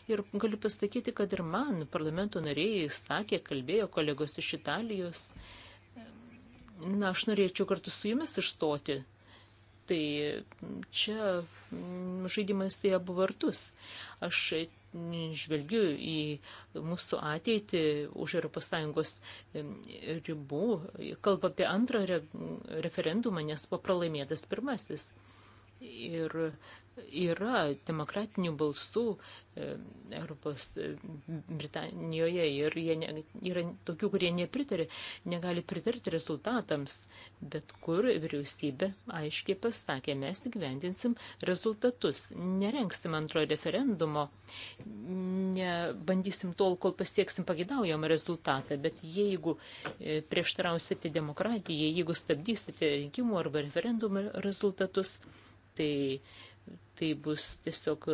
Ir galiu pasakyti, kad ir man parlamento nariai sakė, kalbėjo kolegos iš Italijos, na, aš norėčiau kartu su jumis išstoti. Tai čia žaidimas į abu vartus. Aš žvelgiu į mūsų ateitį už ES ribų. Kalba apie antrą re referendumą, nes buvo pralaimėtas pirmasis. Ir yra demokratinių balsų e, Europos e, Britanijoje ir jie ne, yra tokių, kurie nepritarė, negali pritarti rezultatams, bet kur vyriausybė aiškiai pasakė, mes gyvendinsim rezultatus, nerengsim antrojo referendumo, nebandysim tol, kol pasieksim pagidaujamą rezultatą, bet jeigu e, prieštarausite demokratijai, jeigu stabdysite rinkimų arba referendumų rezultatus, tai tai bus tiesiog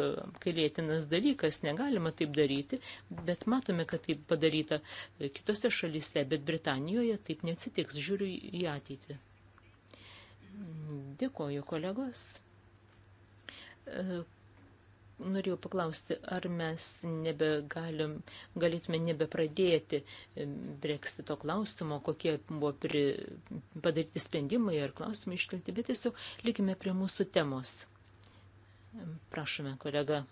kalėtinas e, dalykas, negalima taip daryti, bet matome, kad taip padaryta e, kitose šalyse, bet Britanijoje taip neatsitiks, žiūriu į ateitį. Dėkoju, kolegos. E, norėjau paklausti, ar mes nebegalim, galėtume nebepradėti breksito klausimo, kokie buvo pri, padaryti sprendimai ar klausimai iškelti, bet tiesiog likime prie mūsų temos Prašome, kolega.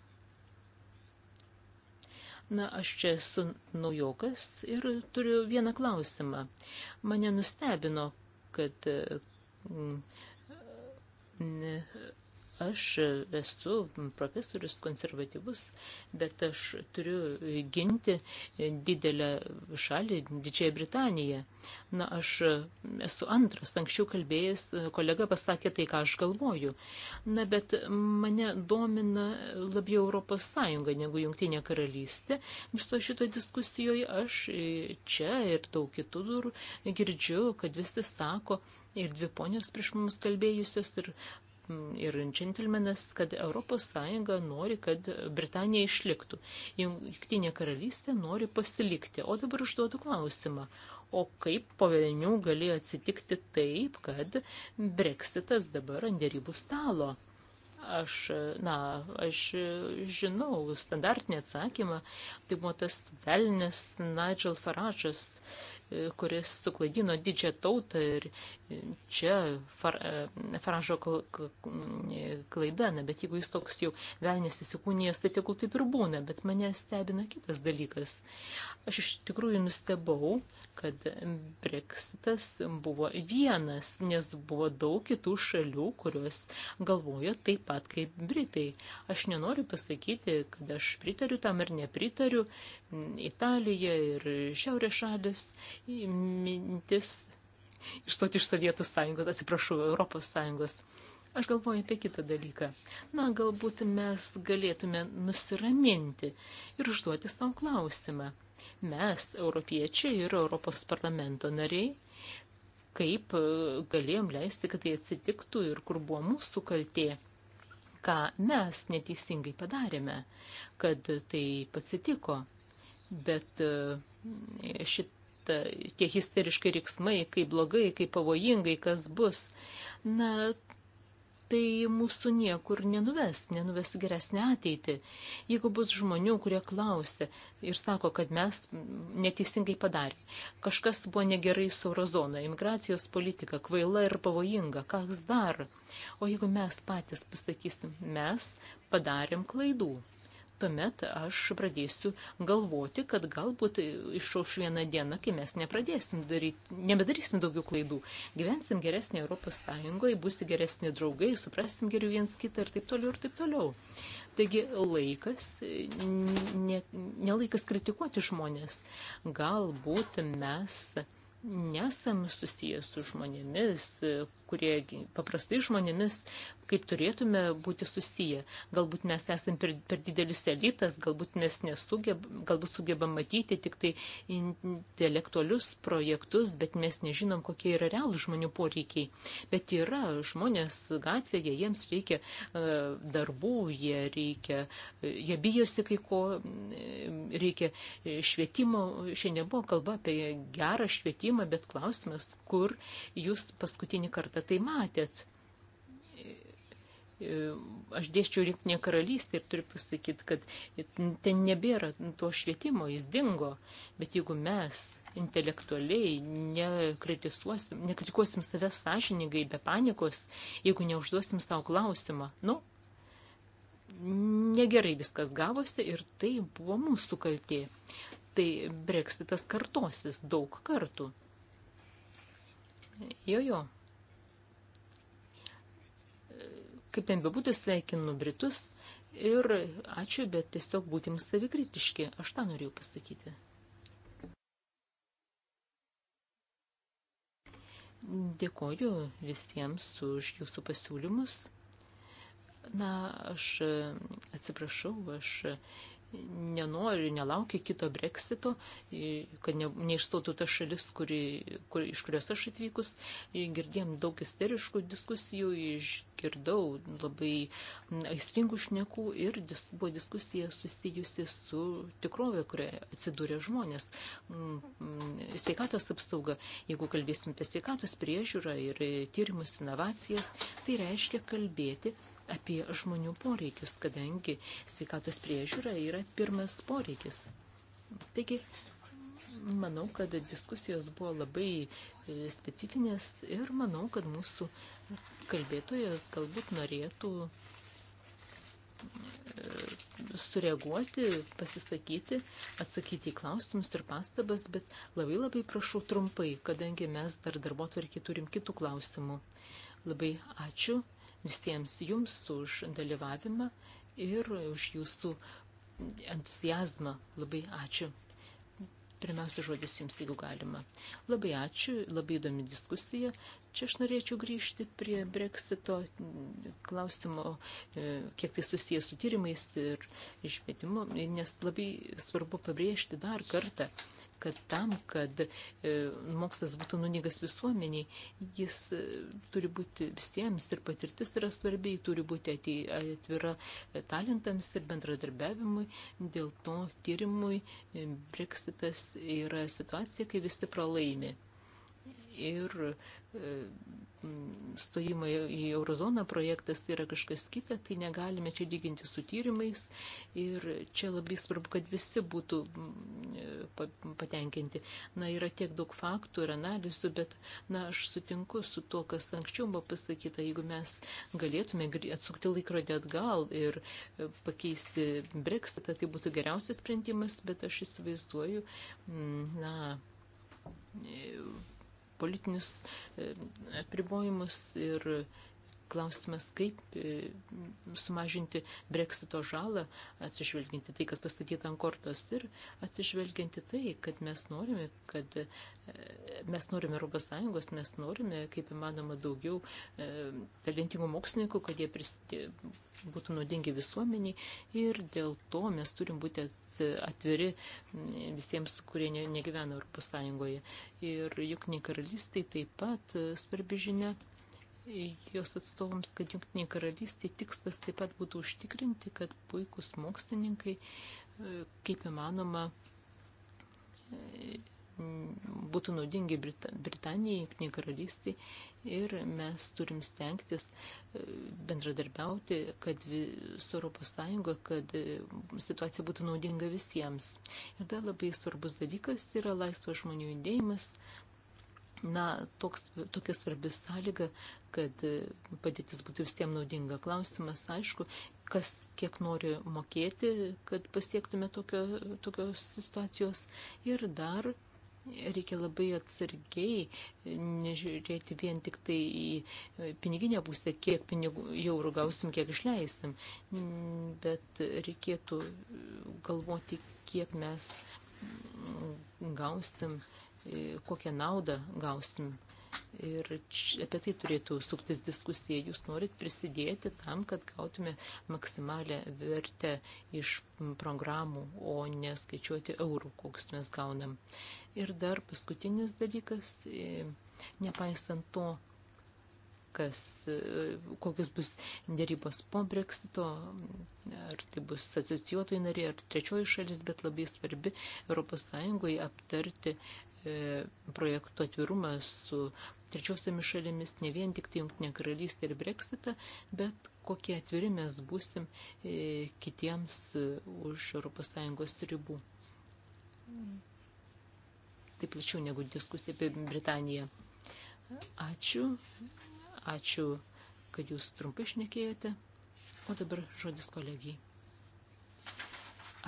Na, aš čia esu naujokas ir turiu vieną klausimą. Mane nustebino, kad mm, Aš esu profesorius konservatyvus, bet aš turiu ginti didelę šalį, Didžiąją Britaniją. Na, aš esu antras, anksčiau kalbėjęs, kolega pasakė tai, ką aš galvoju. Na, bet mane domina labiau Europos Sąjunga negu Jungtinė karalystė. Viso šito diskusijoje aš čia ir daug kitų girdžiu, kad visi sako, ir dvi ponios prieš mums kalbėjusios, ir ir džentelmenas, kad ES nori, kad Britanija išliktų. Jungtinė karalystė nori pasilikti. O dabar užduodu klausimą. O kaip po vėlinių galėjo atsitikti taip, kad breksitas dabar ant dėrybų stalo? Aš, na, aš žinau standartinį atsakymą, tai buvo tas velnis Nigel Farage'as, kuris suklaidino didžią tautą ir čia far, e, Faranžo e, klaida, na, bet jeigu jis toks jau velnės įsikūnijas, tai tegul taip ir būna, bet mane stebina kitas dalykas. Aš iš tikrųjų nustebau, kad Brexitas buvo vienas, nes buvo daug kitų šalių, kurios galvojo taip pat kaip Britai. Aš nenoriu pasakyti, kad aš pritariu tam ir nepritariu. Italija ir Šiaurės šalis mintis išstoti iš Sovietų sąjungos, atsiprašau, Europos sąjungos. Aš galvoju apie kitą dalyką. Na, galbūt mes galėtume nusiraminti ir užduoti savo klausimą. Mes, europiečiai ir Europos parlamento nariai, kaip e, galėjom leisti, kad tai atsitiktų ir kur buvo mūsų kaltė, ką mes neteisingai padarėme, kad tai pasitiko. Bet e, šit, ta, e, tie histeriškai riksmai, kaip blogai, kaip pavojingai, kas bus, na, tai mūsų niekur nenuves, nenuves geresnę ateitį. Jeigu bus žmonių, kurie klausia ir sako, kad mes neteisingai padarėme, kažkas buvo negerai su eurozona, imigracijos politika kvaila ir pavojinga, kas dar. O jeigu mes patys pasakysim, mes padarėm klaidų tuomet aš pradėsiu galvoti, kad galbūt išauš vieną dieną, kai mes nepradėsim daryti, nebedarysim daugiau klaidų. Gyvensim geresnį Europos Sąjungoje, būsim geresni draugai, suprasim geriau viens kitą ir taip toliau ir taip toliau. Taigi laikas, nelaikas ne, ne kritikuoti žmonės. Galbūt mes nesam susijęs su žmonėmis, kurie paprastai žmonėmis, kaip turėtume būti susiję. Galbūt mes esame per, per didelis elitas, galbūt mes nesugeb, galbūt sugebam matyti tik tai intelektualius projektus, bet mes nežinom, kokie yra realų žmonių poreikiai. Bet yra žmonės gatvėje, jiems reikia e, darbų, jie, reikia, e, jie bijosi kai ko, e, reikia švietimo. Šiandien buvo kalba apie gerą švietimą, bet klausimas, kur jūs paskutinį kartą tai matėt E, aš dėščiau rinktinė karalystė ir turiu pasakyti, kad ten nebėra to švietimo, jis dingo. Bet jeigu mes intelektualiai nekritikuosim, nekritikuosim savęs sąžiningai, be panikos, jeigu neužduosim savo klausimą, nu, negerai viskas gavosi ir tai buvo mūsų kaltė. Tai breksitas kartosis daug kartų. Jo, jo. Kaip ten bebūtų, sveikinu Britus ir ačiū, bet tiesiog būtim savikritiški. Aš tą norėjau pasakyti. Dėkoju visiems už jūsų pasiūlymus. Na, aš atsiprašau, aš nenori, nelaukia kito breksito, kad ne, neišstotų ta šalis, kuri, kur, iš kurios aš atvykus. Girdėjom daug isteriškų diskusijų, išgirdau labai aistringų šnekų ir dis, buvo diskusija susijusi su tikrovė, kurioje atsidūrė žmonės. Sveikatos apsauga, jeigu kalbėsim apie sveikatos priežiūrą ir tyrimus, inovacijas, tai reiškia kalbėti apie žmonių poreikius, kadangi sveikatos priežiūra yra pirmas poreikis. Taigi, manau, kad diskusijos buvo labai e, specifinės ir manau, kad mūsų kalbėtojas galbūt norėtų e, sureaguoti, pasisakyti, atsakyti į klausimus ir pastabas, bet labai labai prašau trumpai, kadangi mes dar darbo tvarkiai turim kitų klausimų. Labai ačiū visiems jums už dalyvavimą ir už jūsų entuzijazmą. Labai ačiū. Pirmiausia, žodis jums, jeigu galima. Labai ačiū, labai įdomi diskusija. Čia aš norėčiau grįžti prie breksito klausimo, e, kiek tai susijęs su tyrimais ir išvietimu, nes labai svarbu pabrėžti dar kartą, kad tam, kad e, mokslas būtų nunigas visuomeniai, jis e, turi būti visiems ir patirtis yra svarbi, turi būti atvira e, talentams ir bendradarbiavimui. Dėl to tyrimui Brexitas yra situacija, kai visi pralaimi. Ir E, stojimo į eurozoną projektas yra kažkas kita, tai negalime čia lyginti su tyrimais ir čia labai svarbu, kad visi būtų mm, e, patenkinti. Na, yra tiek daug faktų ir analizų, bet, na, aš sutinku su to, kas anksčiau buvo pasakyta, jeigu mes galėtume atsukti laikrodį atgal ir e, pakeisti Brexitą, tai būtų geriausias sprendimas, bet aš įsivaizduoju, mm, na, politinius e, apribojimus ir klausimas, kaip e, sumažinti breksito žalą, atsižvelginti tai, kas pasakyta ant kortos ir atsižvelginti tai, kad mes norime, kad e, mes norime Europos Sąjungos, mes norime, kaip įmanoma, daugiau e, talentingų mokslininkų, kad jie prisidė, būtų naudingi visuomeniai ir dėl to mes turim būti atviri visiems, kurie negyvena Europos Sąjungoje. Ir jukniai karalystai taip pat svarbi žinia jos atstovams, kad Junktinė karalystė tikslas taip pat būtų užtikrinti, kad puikūs mokslininkai e, kaip įmanoma e, būtų naudingi Brit Britanijai, Junktinė karalystė ir mes turim stengtis e, bendradarbiauti, kad su Europos Sąjunga, kad situacija būtų naudinga visiems. Ir dar labai svarbus dalykas yra laisvo žmonių judėjimas, Na, toks, tokia svarbi sąlyga, kad e, padėtis būtų visiems naudinga. Klausimas, aišku, kas kiek nori mokėti, kad pasiektume tokio, tokios situacijos. Ir dar reikia labai atsargiai e, nežiūrėti vien tik tai į e, piniginę pusę, kiek pinigų eurų gausim, kiek išleisim, bet reikėtų galvoti, kiek mes gausim E, kokią naudą gausim. Ir apie tai turėtų suktis diskusija. Jūs norit prisidėti tam, kad gautume maksimalę vertę iš programų, o neskaičiuoti eurų, kokius mes gaunam. Ir dar paskutinis dalykas, e, nepaisant to, kas, e, kokios bus dėrybos po breksito, ar tai bus asocijuotojai nariai, ar trečioji šalis, bet labai svarbi ES aptarti E, projektų atvirumą su trečiosiamis šalimis, ne vien tik tai Junktinė karalystė ir Brexitą, bet kokie atviri mes būsim e, kitiems e, už ES ribų. Taip plačiau negu diskusija apie Britaniją. Ačiū, ačiū, kad jūs trumpai išnekėjote. O dabar žodis kolegijai.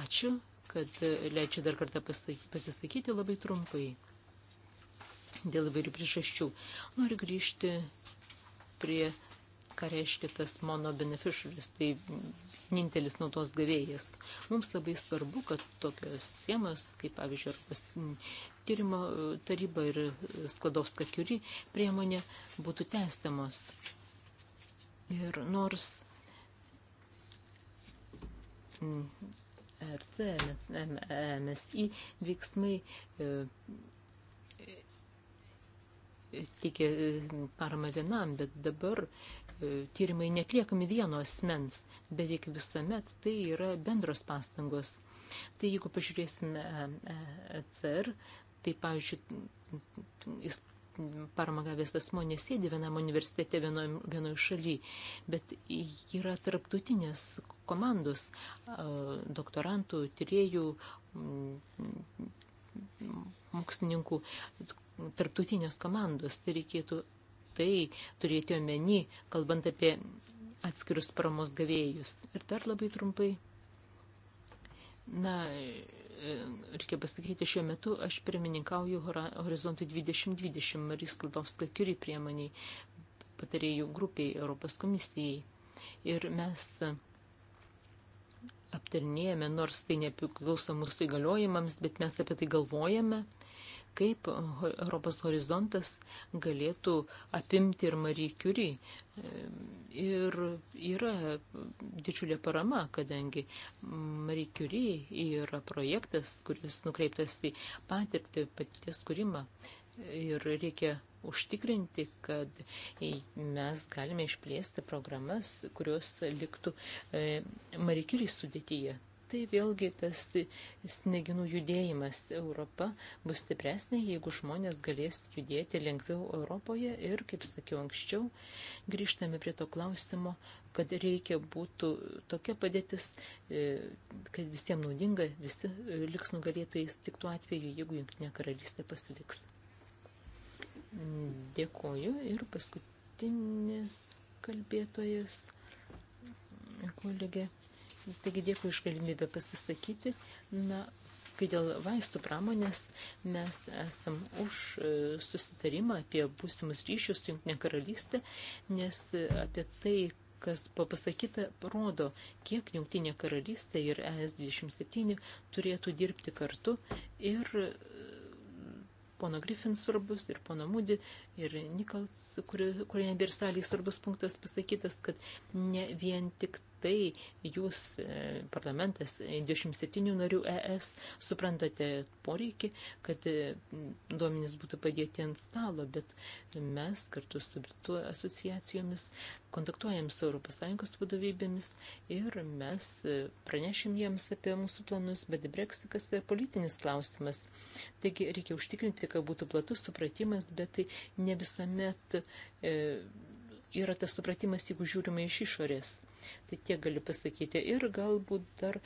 Ačiū, kad leidžiu dar kartą pasisakyti labai trumpai dėl įvairių priežasčių. Noriu grįžti prie, ką reiškia tas mono beneficiaries, tai vienintelis naudos gavėjas. Mums labai svarbu, kad tokios sienos, kaip pavyzdžiui, Europos tyrimo taryba ir Skladovska kiuri priemonė būtų tęsiamos. Ir nors RC, MSI veiksmai e, e, teikia e, paramą vienam, bet dabar tyrimai netliekami vieno asmens, beveik visuomet tai yra bendros pastangos. Tai jeigu pažiūrėsime ECR, tai pavyzdžiui, paramą gavęs asmo nesėdi vienam universitete vienoje vieno šalyje, bet yra tarptautinės komandos doktorantų, tyriejų, mokslininkų, tarptautinės komandos. Tai reikėtų tai turėti omeny, kalbant apie atskirus paramos gavėjus. Ir dar labai trumpai. Na, e, reikia pasakyti, šiuo metu aš pirmininkauju Horizontui 2020 Marys Klodovska Kiuri priemoniai patarėjų grupiai Europos komisijai. Ir mes aptarnėjame, nors tai nepriklauso mūsų įgaliojimams, bet mes apie tai galvojame, kaip Europos horizontas galėtų apimti ir Marie Curie. Ir yra didžiulė parama, kadangi Marie Curie yra projektas, kuris nukreiptas į patirtį, paties kūrimą. Ir reikia užtikrinti, kad mes galime išplėsti programas, kurios liktų e, Marikirį sudėtyje. Tai vėlgi tas smegenų judėjimas Europa bus stipresnė, jeigu žmonės galės judėti lengviau Europoje ir, kaip sakiau anksčiau, grįžtame prie to klausimo, kad reikia būtų tokia padėtis, e, kad visiems naudinga, visi e, liks nugalėtojais tik tuo atveju, jeigu Junktinė karalystė pasiliks. Dėkoju ir paskutinis kalbėtojas, kolegė. Taigi dėkui iš galimybę pasisakyti. Na, kai dėl vaistų pramonės mes esam už e, susitarimą apie būsimus ryšius su Junktinė karalystė, nes apie tai, kas buvo pasakyta, rodo, kiek Junktinė karalystė ir ES27 turėtų dirbti kartu ir pono Griffin svarbus, ir pono Moody, ir Nichols, kurie kur nebėr salėje svarbus punktas pasakytas, kad ne vien tik tai jūs, e, parlamentas, 27 e, narių ES, suprantate poreikį, kad e, duomenys būtų padėti ant stalo, bet mes kartu su Britų asociacijomis kontaktuojam su ES vadovybėmis ir mes pranešim jiems apie mūsų planus, bet breksikas tai yra politinis klausimas. Taigi reikia užtikrinti, kad būtų platus supratimas, bet tai ne visuomet. E, yra tas supratimas, jeigu žiūrime iš išorės. Tai tiek galiu pasakyti. Ir galbūt dar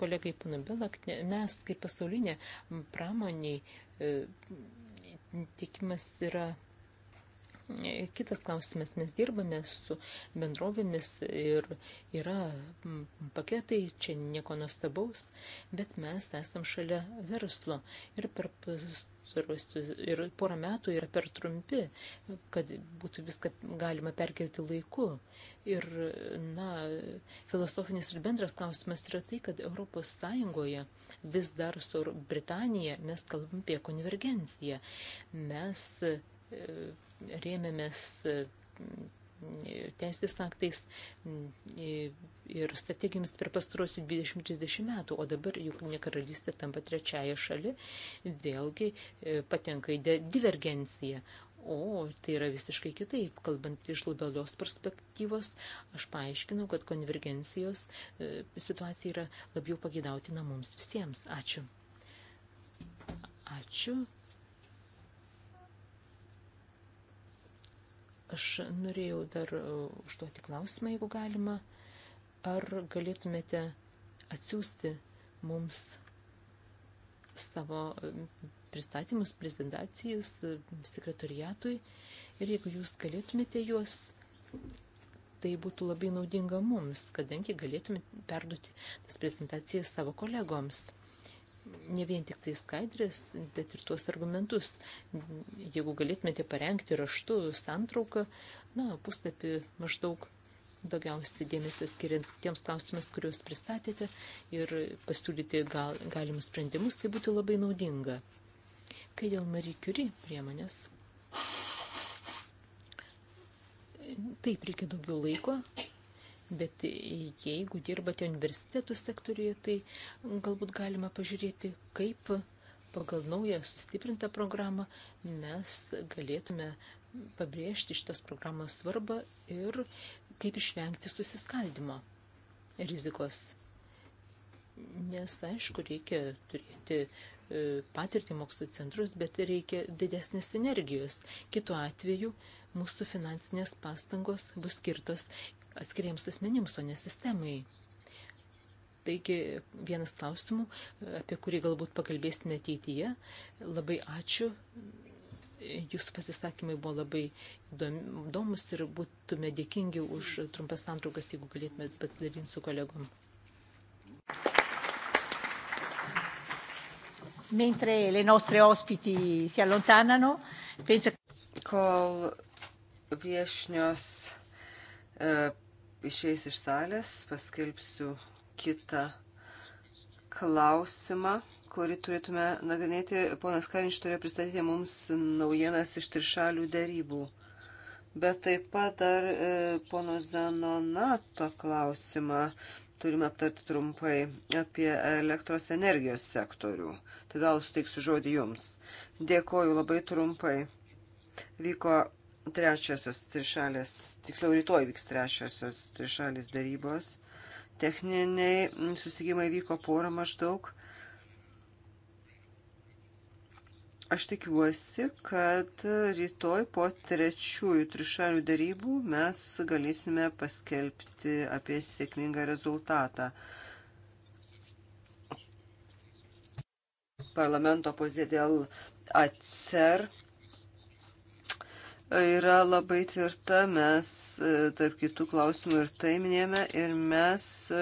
kolegai Panabelak, mes kaip pasaulinė pramoniai e, tikimas yra Kitas klausimas, mes dirbame su bendrovėmis ir yra paketai, čia nieko nuostabaus, bet mes esam šalia verslo ir per ir porą metų yra per trumpi, kad būtų viską galima perkelti laiku. Ir, na, filosofinis ir bendras klausimas yra tai, kad Europos Sąjungoje vis dar su Britanija mes kalbam apie konvergenciją. Mes e, rėmėmės e, teisės aktais e, ir strategijomis per pastarosius 20-30 metų, o dabar Junktinė karalystė tampa trečiaja šali, vėlgi e, patenka į divergenciją. O tai yra visiškai kitaip. Kalbant iš globalios perspektyvos, aš paaiškinau, kad konvergencijos situacija yra labiau pagidautina mums visiems. Ačiū. Ačiū. Aš norėjau dar e, užduoti klausimą, jeigu galima. Ar galėtumėte atsiųsti mums savo pristatymus, prezentacijas e, sekretoriatui ir jeigu jūs galėtumėte juos, tai būtų labai naudinga mums, kadangi galėtume perduoti tas prezentacijas savo kolegoms ne vien tik tai skaidrės, bet ir tuos argumentus. Jeigu galėtumėte parengti raštu santrauką, na, puslapį maždaug daugiausiai dėmesio skiriant tiems klausimams, kuriuos pristatėte ir pasiūlyti gal, galimus sprendimus, tai būtų labai naudinga. Kai dėl Marie Curie priemonės. Taip, reikia daugiau laiko, Bet jeigu dirbate universitetų sektoriuje, tai galbūt galima pažiūrėti, kaip pagal naują sustiprintą programą mes galėtume pabrėžti šitas programos svarbą ir kaip išvengti susiskaldimo rizikos. Nes, aišku, reikia turėti e, patirtį mokslo centrus, bet reikia didesnės energijos. Kitu atveju mūsų finansinės pastangos bus skirtos atskiriems asmenims, o ne sistemai. Taigi vienas klausimų, apie kurį galbūt pakalbėsime ateityje. Labai ačiū. Jūsų pasisakymai buvo labai įdomus ir būtume dėkingi už trumpas santraukas, jeigu galėtumėt pasidalinti su kolegom. Mentre le nostre ospiti si allontanano, penso... Kol viešnios uh, išeis iš salės, paskelbsiu kitą klausimą, kurį turėtume nagrinėti. Ponas Karinč turėjo pristatyti mums naujienas iš trišalių darybų. Bet taip pat dar e, pono Zanonato klausimą turime aptarti trumpai apie elektros energijos sektorių. Tai gal suteiksiu žodį jums. Dėkoju labai trumpai. Vyko trečiosios trišalės, tiksliau rytoj vyks trečiosios trišalės darybos. Techniniai susigimai vyko porą maždaug. Aš tikiuosi, kad rytoj po trečiųjų trišalių darybų mes galėsime paskelbti apie sėkmingą rezultatą. Parlamento pozė dėl ACER yra labai tvirta, mes e, tarp kitų klausimų ir tai minėjome ir mes e,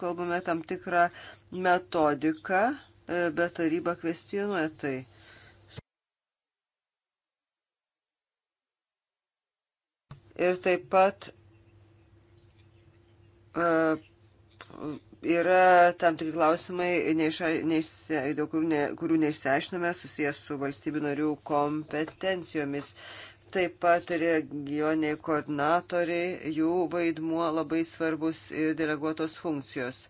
kalbame tam tikrą metodiką, e, bet taryba kvestionuoja tai. Ir taip pat yra tam tikri klausimai, neiša, neise, dėl kurių, ne, kurių neišsiaiškinome, susijęs su valstybių narių kompetencijomis. Taip pat regioniai koordinatoriai, jų vaidmuo labai svarbus ir deleguotos funkcijos.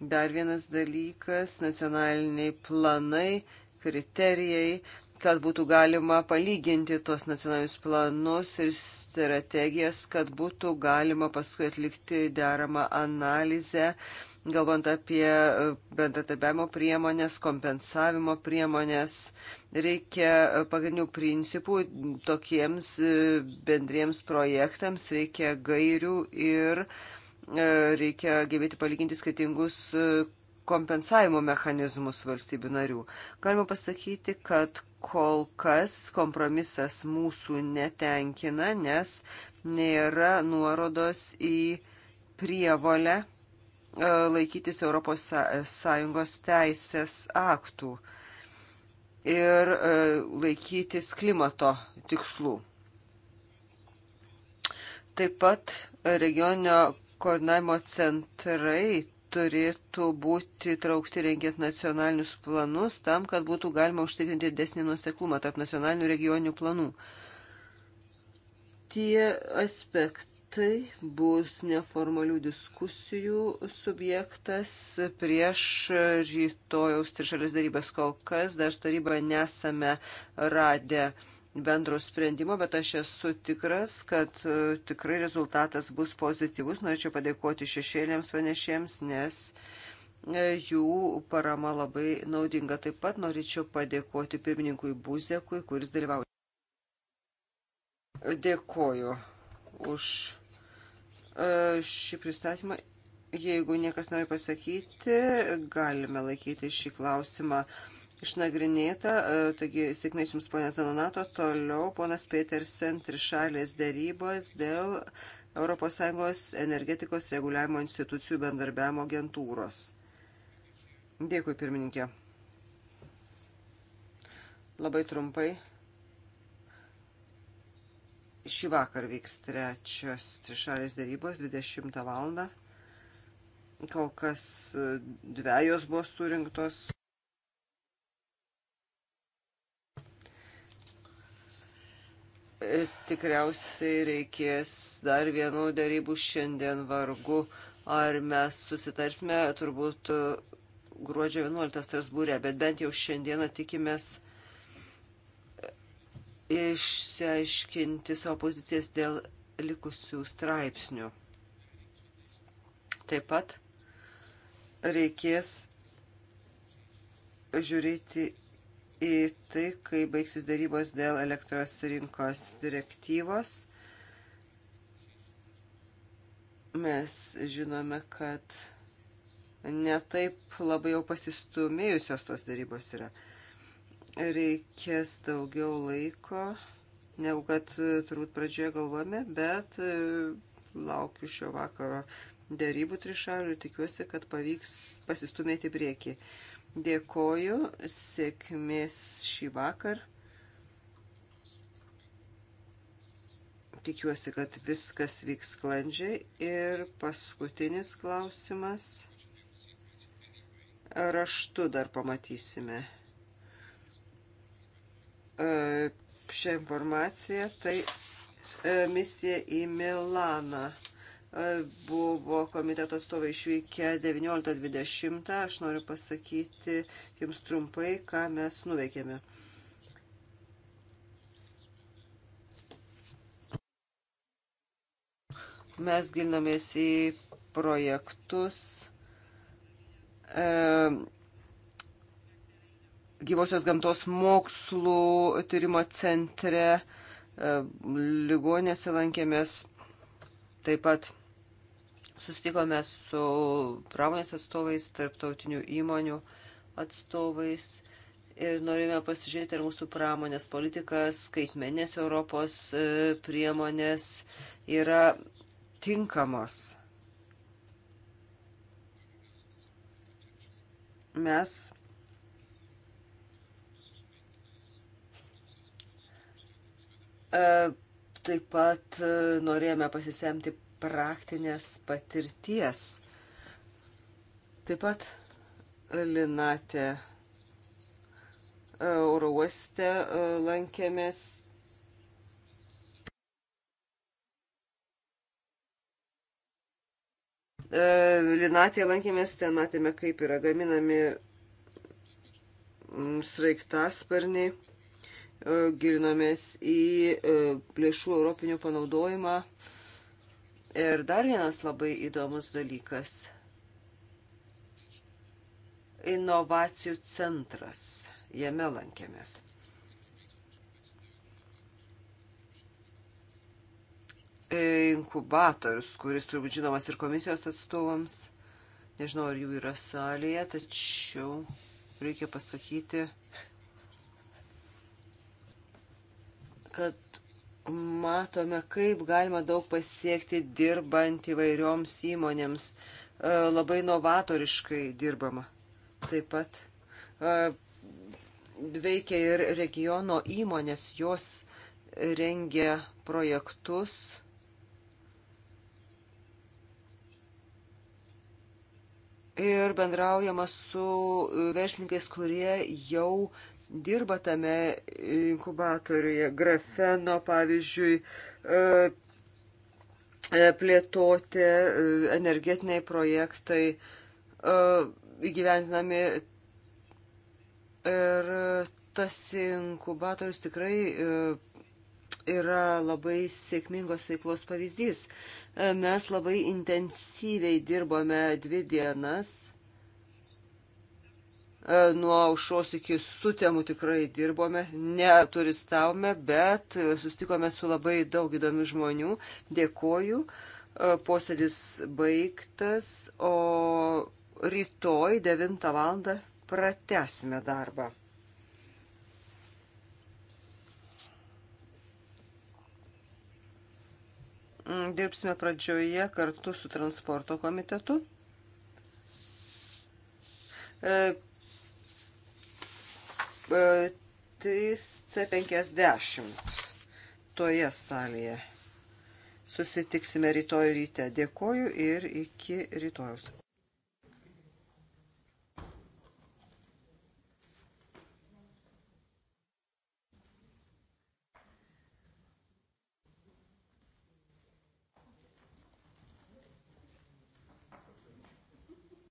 Dar vienas dalykas - nacionaliniai planai, kriterijai, kad būtų galima palyginti tos nacionalinius planus ir strategijas, kad būtų galima paskui atlikti deramą analizę galvant apie e, bendradarbiavimo priemonės, kompensavimo priemonės, reikia e, pagrindinių principų tokiems e, bendriems projektams, reikia gairių ir reikia gebėti palyginti skirtingus kompensavimo mechanizmus valstybių narių. Galima pasakyti, kad kol kas kompromisas mūsų netenkina, nes nėra nuorodos į prievolę E, laikytis ES teisės aktų ir e, laikytis klimato tikslų. Taip pat regioninio koordinavimo centrai turėtų būti traukti rengiant nacionalinius planus tam, kad būtų galima užtikrinti didesnį nuoseklumą tarp nacionalinių regioninių planų. Tie aspektai metai bus neformalių diskusijų subjektas prieš rytojaus trišalės darybas. Kol kas dar taryba nesame radę bendro sprendimo, bet aš esu tikras, kad e, tikrai rezultatas bus pozityvus. Norėčiau padėkoti šešėliams panešiems, nes e, jų parama labai naudinga. Taip pat norėčiau padėkoti pirmininkui Buzekui, kuris dalyvauja. Dėkoju už E, šį pristatymą. Jeigu niekas nori pasakyti, galime laikyti šį klausimą išnagrinėta. E, taigi, sėkmės Jums, ponė Zanonato. Toliau, ponas Petersen, trišalės dėrybos dėl ES energetikos reguliavimo institucijų bendarbiavimo agentūros. Dėkui, pirmininkė. Labai trumpai Šį vakar vyks trečios trišalės darybos 20 val. Kol kas e, dviejos buvo surinktos. E, tikriausiai reikės dar vienų darybų šiandien vargu. Ar mes susitarsime turbūt e, gruodžio 11 Strasbūrė, bet bent jau šiandieną tikimės išsiaiškinti savo pozicijas dėl likusių straipsnių. Taip pat reikės žiūrėti į tai, kai baigsis darybos dėl elektros rinkos direktyvos. Mes žinome, kad netaip labai jau pasistumėjusios tos darybos yra reikės daugiau laiko, negu kad e, turbūt pradžioje galvojame, bet e, laukiu šio vakaro dėrybų trišalių ir tikiuosi, kad pavyks pasistumėti prieki. Dėkoju, sėkmės šį vakar. Tikiuosi, kad viskas vyks sklandžiai. Ir paskutinis klausimas. Raštu dar pamatysime. E, šią informaciją, tai e, misija į Milaną. E, buvo komiteto atstovai išvykę 19.20. Aš noriu pasakyti jums trumpai, ką mes nuveikėme. Mes gilinamės į projektus. E, gyvosios gamtos mokslų tyrimo centre, e, ligonėse lankėmės, taip pat sustikome su pramonės atstovais, tarptautinių įmonių atstovais ir norime pasižiūrėti, ar mūsų pramonės politikas, skaitmenės Europos e, priemonės yra tinkamos. Mes E, taip pat e, norėjome pasisemti praktinės patirties. Taip pat Linate e, oro uoste lankėmės. Linatėje lankėmės, ten matėme, kaip yra gaminami mm, sraigtasparniai. E, gilinomės į e, plėšų europinių panaudojimą. Ir dar vienas labai įdomus dalykas - inovacijų centras. Jame lankėmės. Inkubatorius, kuris turbūt žinomas ir komisijos atstovams. Nežinau, ar jų yra salėje, tačiau reikia pasakyti, kad matome, kaip galima daug pasiekti dirbant įvairioms įmonėms. E, labai novatoriškai dirbama. Taip pat e, veikia ir regiono įmonės, jos rengia projektus. Ir bendraujama su verslininkais, kurie jau uh, dirba tame inkubatoriuje. Grafeno, pavyzdžiui, e, e, plėtoti e, energetiniai projektai įgyventinami ir tas inkubatorius tikrai yra labai sėkmingos veiklos pavyzdys. Mes labai intensyviai dirbome dvi dienas E, nuo aušos iki sutemų tikrai dirbome, neturistavome, bet e, sustikome su labai daug įdomių žmonių. Dėkoju, e, posėdis baigtas, o rytoj 9 val. pratesime darbą. Mm, dirbsime pradžioje kartu su transporto komitetu 3C50 toje salėje. Susitiksime rytoj ryte. Dėkoju ir iki rytojus.